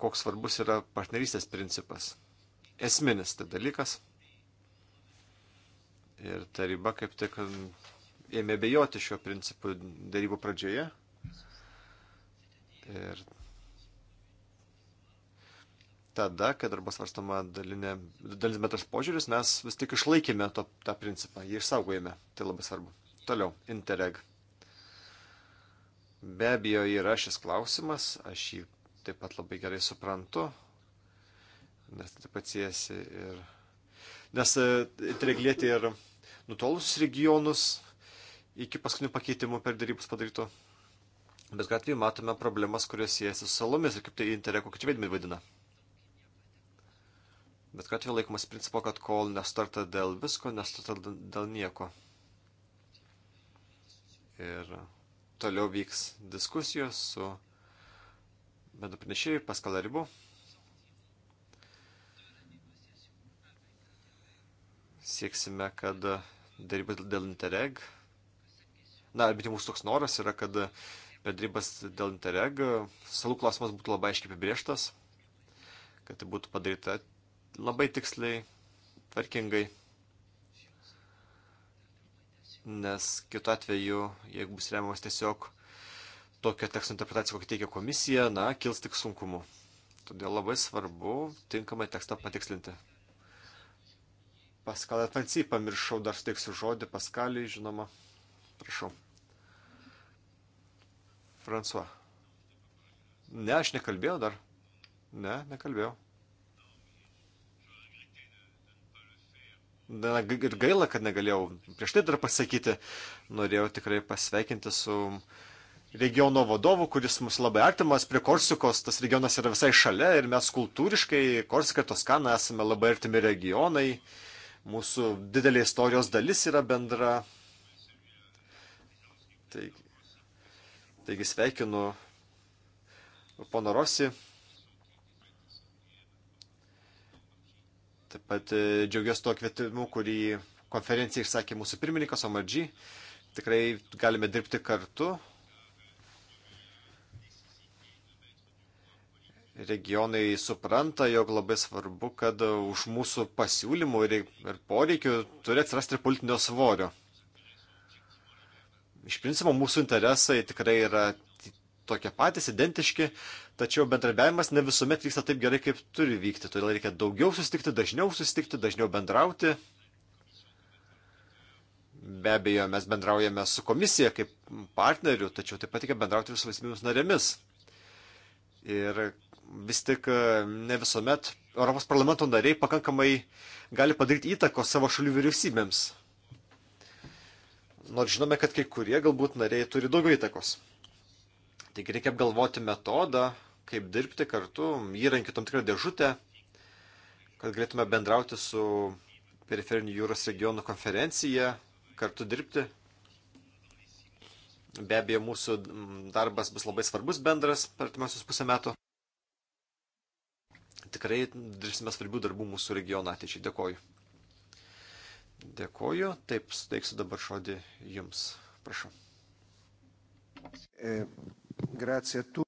koks svarbus yra partnerystės principas. Esminis tai dalykas. Ir taryba kaip tik ėmė bejoti šiuo principu darybų pradžioje. Ir tada, kai dar buvo svarstama dalinis metras požiūris, mes vis tik išlaikėme to, tą principą, jį išsaugojame. Tai labai svarbu. Toliau, Interreg. Be abejo, yra šis klausimas, aš jį taip pat labai gerai suprantu, nes taip pat siejasi ir. Nes e, Interreglėti ir nutolusius regionus iki paskutinių pakeitimų per darybus padarytų. Bet ką atveju matome problemas, kurios siejasi su salomis ir kaip tai Interreg kokį vaidmenį vadina. Bet ką atveju laikomas principo, kad kol nestarta dėl visko, nestarta dėl nieko ir toliau vyks diskusijos su bendru pranešėju Paskalaribu. Sieksime, kad darybas dėl Interreg, na, bet mūsų toks noras yra, kad per darybas dėl Interreg salų klausimas būtų labai aiškiai apibrieštas, kad tai būtų padaryta labai tiksliai, tvarkingai nes kitu atveju, jeigu bus remiamas tiesiog tokio teksto interpretacija, kokią teikia komisija, na, kils tik sunkumu. Todėl labai svarbu tinkamai tekstą patikslinti. Paskal Atvancy, pamiršau, dar steiksiu žodį Paskaliui, žinoma. Prašau. François. Ne, aš nekalbėjau dar. Ne, nekalbėjau. Na, ir gaila, kad negalėjau prieš tai dar pasakyti. Norėjau tikrai pasveikinti su regiono vadovu, kuris mus labai artimas prie Korsikos. Tas regionas yra visai šalia ir mes kultūriškai, Korsika ir Toskana esame labai artimi regionai. Mūsų didelė istorijos dalis yra bendra. Taigi, taigi sveikinu pono Rosi Taip pat e, džiaugiuosi tuo kvietimu, kurį konferencija išsakė mūsų pirmininkas Omardžiai. Tikrai galime dirbti kartu. Regionai supranta, jog labai svarbu, kad už mūsų pasiūlymų ir poreikių turi atsirasti ir politinio svorio. Iš principo mūsų interesai tikrai yra tokie patys, identiški, tačiau bendradarbiavimas ne visuomet vyksta taip gerai, kaip turi vykti. Todėl reikia daugiau susitikti, dažniau susitikti, dažniau bendrauti. Be abejo, mes bendraujame su komisija kaip partneriu, tačiau taip pat reikia bendrauti ir su valstybėmis narėmis. Ir vis tik ne visuomet Europos parlamento nariai pakankamai gali padaryti įtakos savo šalių vyriausybėms. Nors žinome, kad kai kurie galbūt nariai turi daugiau įtakos. Taigi reikia apgalvoti metodą, kaip dirbti kartu, įrankį tam tikrą dėžutę, kad galėtume bendrauti su periferinių jūros regionų konferencija, kartu dirbti. Be abejo, mūsų darbas bus labai svarbus bendras per artimiausius pusę metų. Tikrai dirbsime svarbių darbų mūsų regiono ateičiai. Dėkoju. Dėkoju. Taip, suteiksiu dabar žodį Jums. Prašau. E... Grazie tu.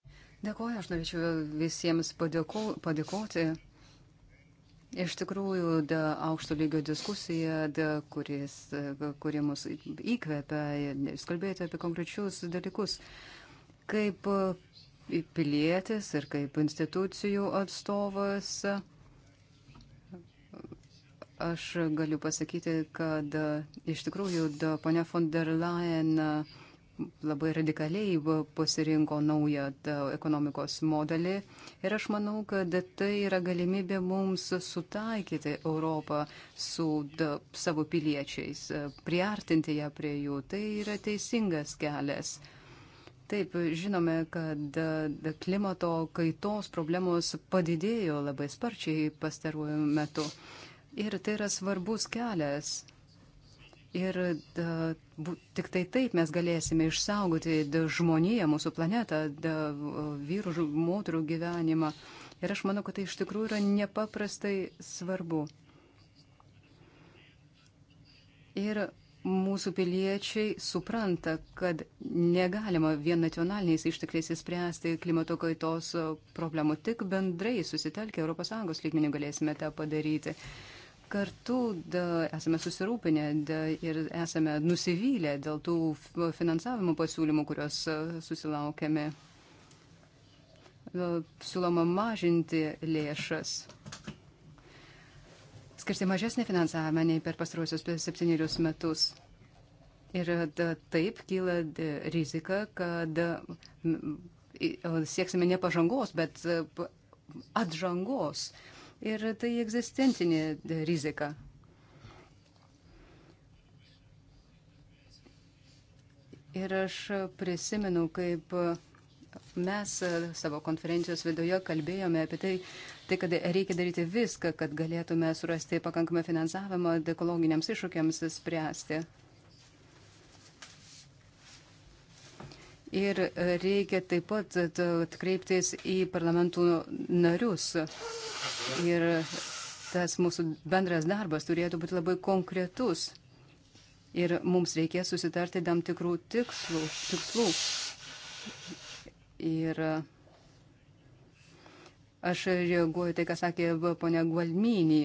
Dėkuoju, aš norėčiau visiems padėko, padėkoti. Iš tikrųjų, da, aukšto lygio diskusija, da, kuris, kuri mus įkvepia, jūs kalbėjote apie konkrečius dalykus. Kaip e, pilietis ir kaip institucijų atstovas, aš galiu pasakyti, kad iš tikrųjų da, ponia von der Leyen. Uh, labai radikaliai pasirinko naują ekonomikos modelį. Ir aš manau, kad tai yra galimybė mums sutaikyti Europą su da, savo piliečiais, e, priartinti ją prie jų. Tai yra teisingas kelias. Taip, žinome, kad klimato kaitos problemos padidėjo labai sparčiai pastaruoju metu. Ir tai yra svarbus kelias Ir da, bu, tik tai taip mes galėsime išsaugoti da, žmoniją, mūsų planetą, da, vyrų, moterų gyvenimą. Ir aš manau, kad tai iš tikrųjų yra nepaprastai svarbu. Ir mūsų piliečiai supranta, kad negalima vien nacionaliniais ištekliais įspręsti klimato kaitos problemų, tik bendrai susitelkę ES lygmenių galėsime tą padaryti kartu da, esame susirūpinę da, ir esame nusivylę dėl tų finansavimo pasiūlymų, kurios susilaukėme. Siūloma mažinti lėšas. Skirti mažesnį finansavimą nei per pastaruosius septynerius metus. Ir da, taip kyla da, rizika, kad sieksime ne pažangos, bet atžangos. Uh, ir tai egzistentinė rizika. Ir aš prisimenu, kaip mes savo konferencijos viduje kalbėjome apie tai, tai, kad reikia daryti viską, kad galėtume surasti pakankamą finansavimą ekologiniams iššūkiams spręsti. Ir e, reikia taip pat e, kreiptis į parlamentų narius. Ir tas mūsų bendras darbas turėtų būti labai konkretus. Ir mums reikės susitarti tam tikrų tikslų. tikslų. Ir e, aš reaguoju tai, ką sakė ponia Gualminį.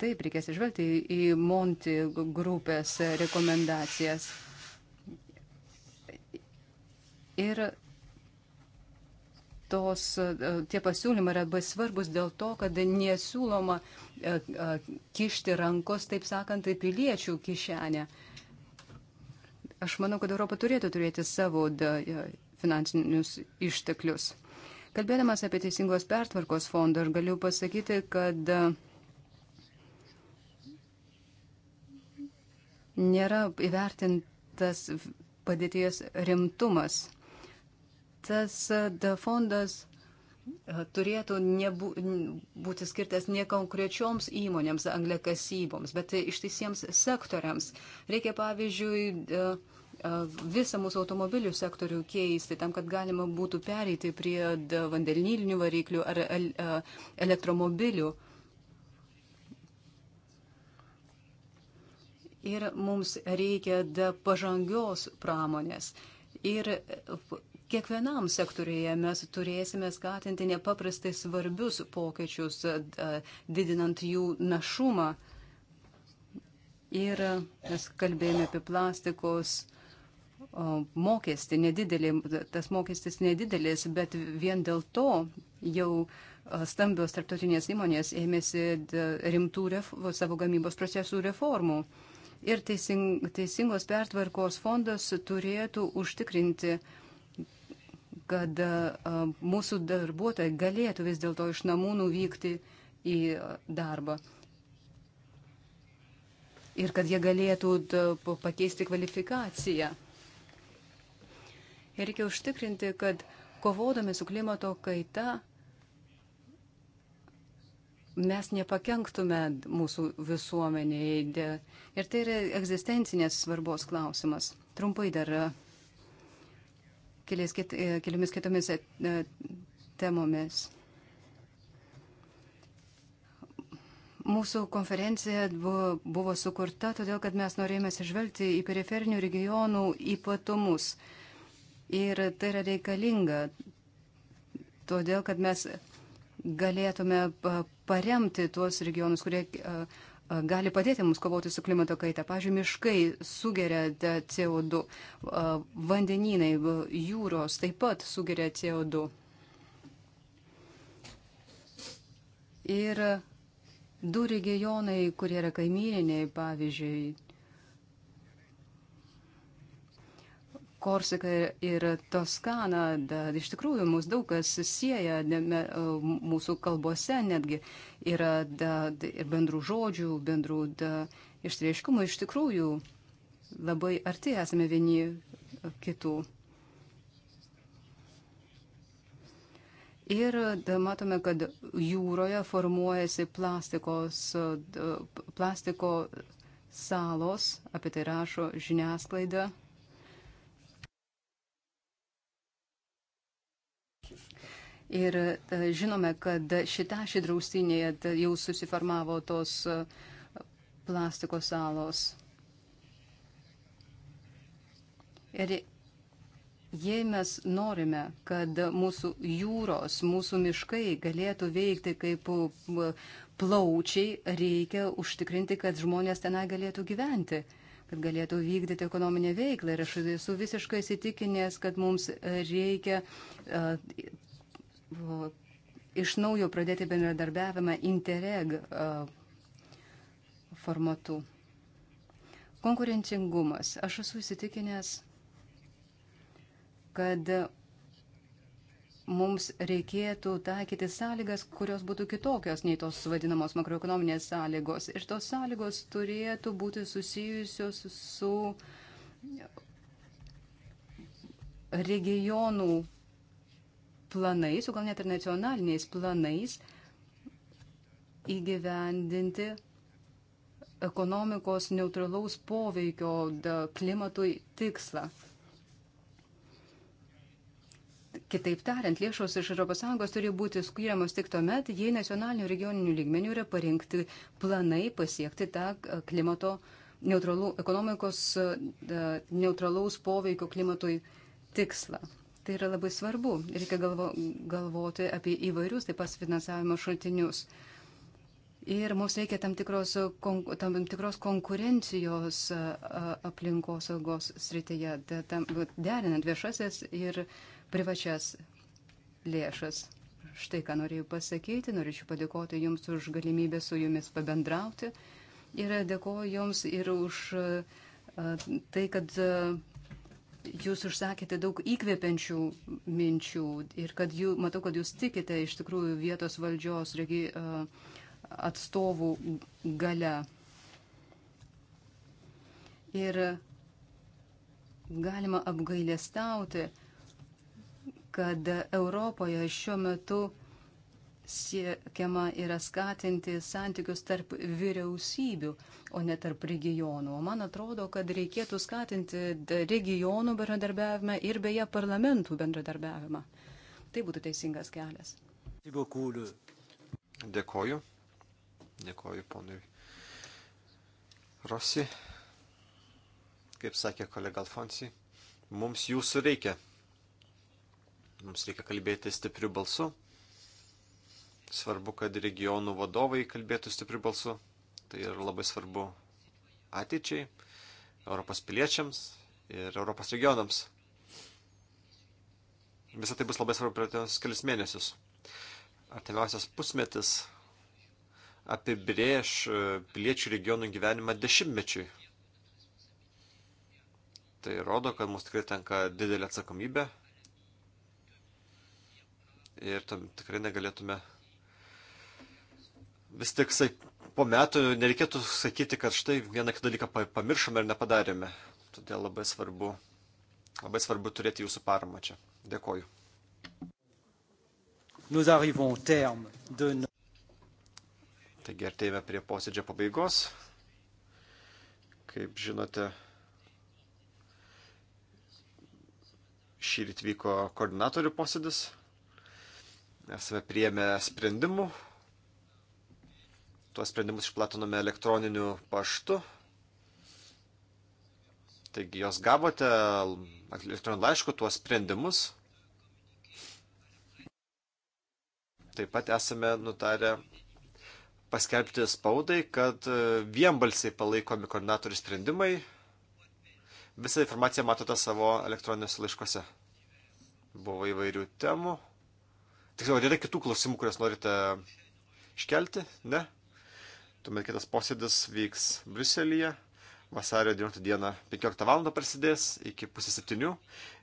Taip, reikės išvelgti į Monti grupės rekomendacijas. Ir tos, e, tie pasiūlymai yra labai svarbus dėl to, kad nesiūloma e, e, kišti rankos, taip sakant, į piliečių kišenę. Aš manau, kad Europa turėtų turėti savo finansinius išteklius. Kalbėdamas apie teisingos pertvarkos fondą, aš galiu pasakyti, kad nėra įvertintas padėties rimtumas tas e, fondas e, turėtų nebū, būti skirtas ne konkrečioms įmonėms, anglėkasyboms, bet ištisiems sektoriams. Reikia, pavyzdžiui, e, visą mūsų automobilių sektorių keisti, tam, kad galima būtų pereiti prie vandenilinių variklių ar elektromobilių. Ir mums reikia pažangios pramonės. Ir Kiekvienam sektorėje mes turėsime skatinti nepaprastai svarbius pokyčius, didinant jų našumą. Ir mes kalbėjome apie plastikos mokestį, nedidelį, tas mokestis nedidelis, bet vien dėl to jau stambios tarptautinės įmonės ėmėsi rimtų ref, savo gamybos procesų reformų. Ir teising, teisingos pertvarkos fondas turėtų užtikrinti uh, kad e, mūsų darbuotojai galėtų vis dėlto iš namų nuvykti į darbą. Ir kad jie galėtų pakeisti kvalifikaciją. Ir reikia užtikrinti, kad kovodami su klimato kaita mes nepakenktume mūsų visuomeniai. Ir tai yra egzistencinės svarbos klausimas. Trumpai dar keliais, kit, e, keliomis kitomis e, e, temomis. Mūsų konferencija buvo, buvo sukurta todėl, kad mes norėjome sižvelgti į periferinių regionų ypatumus. Ir tai yra reikalinga, todėl, kad mes galėtume paremti tuos regionus, kurie gali padėti mums kovoti su klimato kaita. Pavyzdžiui, miškai sugeria CO2, vandenynai, jūros taip pat sugeria CO2. Ir du regionai, kurie yra kaimyniniai, pavyzdžiui, Korsika ir Toskana, da, iš tikrųjų, mus daug kas sieja, ne, mūsų kalbose netgi yra da, da, ir bendrų žodžių, bendrų da, ištreiškumų, iš tikrųjų labai arti esame vieni kitų. Ir da, matome, kad jūroje formuojasi plastikos, da, plastiko salos, apie tai rašo žiniasklaida. Ir e, žinome, kad šita ši draustinėje jau susiformavo tos e, plastiko salos. Ir jei mes norime, kad mūsų jūros, mūsų miškai galėtų veikti kaip e, plaučiai, reikia užtikrinti, kad žmonės tenai galėtų gyventi kad galėtų vykdyti ekonominę veiklą. Ir aš esu visiškai įsitikinęs, kad mums reikia iš naujo pradėti bendradarbiavimą Interreg formatu. Konkurencingumas. Aš esu įsitikinęs, kad mums reikėtų taikyti sąlygas, kurios būtų kitokios nei tos vadinamos makroekonominės sąlygos. Ir tos sąlygos turėtų būti susijusios su regionų planais, o gal net ir nacionaliniais planais įgyvendinti ekonomikos neutralaus poveikio klimatui tikslą. Kitaip tariant, lėšos iš ES turi būti skiriamos tik tuomet, jei nacionalinių regioninių lygmenių yra parinkti planai pasiekti tą klimato neutralų, ekonomikos neutralaus poveikio klimatui tikslą. Tai yra labai svarbu. Reikia galvo, galvoti apie įvairius taip pat finansavimo šaltinius. Ir mums reikia tam tikros, tam tikros konkurencijos aplinkosaugos srityje, tam, derinant viešasias ir privačias lėšas. Štai ką norėjau pasakyti, norėčiau padėkoti Jums už galimybę su Jumis pabendrauti ir dėkoju Jums ir už tai, kad jūs užsakėte daug įkvepiančių minčių ir kad jų, matau, kad jūs tikite iš tikrųjų vietos valdžios regi, atstovų gale. Ir galima apgailestauti, kad Europoje šiuo metu siekiama yra skatinti santykius tarp vyriausybių, o ne tarp regionų. O man atrodo, kad reikėtų skatinti regionų bendradarbiavimą ir beje parlamentų bendradarbiavimą. Tai būtų teisingas kelias. Dėkoju. Dėkoju ponui Rosi. Kaip sakė kolega Alfonsi, mums jūsų reikia. Mums reikia kalbėti stipriu balsu Svarbu, kad regionų vadovai kalbėtų stipriu balsu. Tai yra labai svarbu ateičiai, Europos piliečiams ir Europos regionams. Visą tai bus labai svarbu per tuos kelius mėnesius. Artimiausias pusmetis apibrėž e, piliečių regionų gyvenimą dešimtmečiui. Tai rodo, kad mums tikrai tenka didelė atsakomybė ir tam tikrai negalėtume vis tik po metų nereikėtų sakyti, kad štai vieną kitą dalyką pamiršome ir nepadarėme. Todėl labai svarbu, labai svarbu turėti jūsų paramą čia. Dėkoju. Taigi artėjame prie posėdžio pabaigos. Kaip žinote, šį rytį vyko koordinatorių posėdis. Esame priėmę sprendimų tuos sprendimus išplatinome elektroniniu paštu. Taigi jos gavote elektroniniu laišku tuos sprendimus. Taip pat esame nutarę paskelbti spaudai, kad vienbalsiai palaikomi koordinatorių sprendimai. Visą informaciją matote savo elektroniniuose laiškuose. Buvo įvairių temų. Tiksliau, ar yra kitų klausimų, kurias norite iškelti? Ne? Tuomet kitas posėdis vyks Bruselėje. Vasario 9 dieną 15 val. prasidės iki pusės 7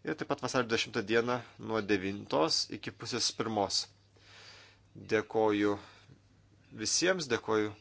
ir taip pat vasario 10 dieną nuo 9 iki pusės 1. Dėkoju visiems, dėkoju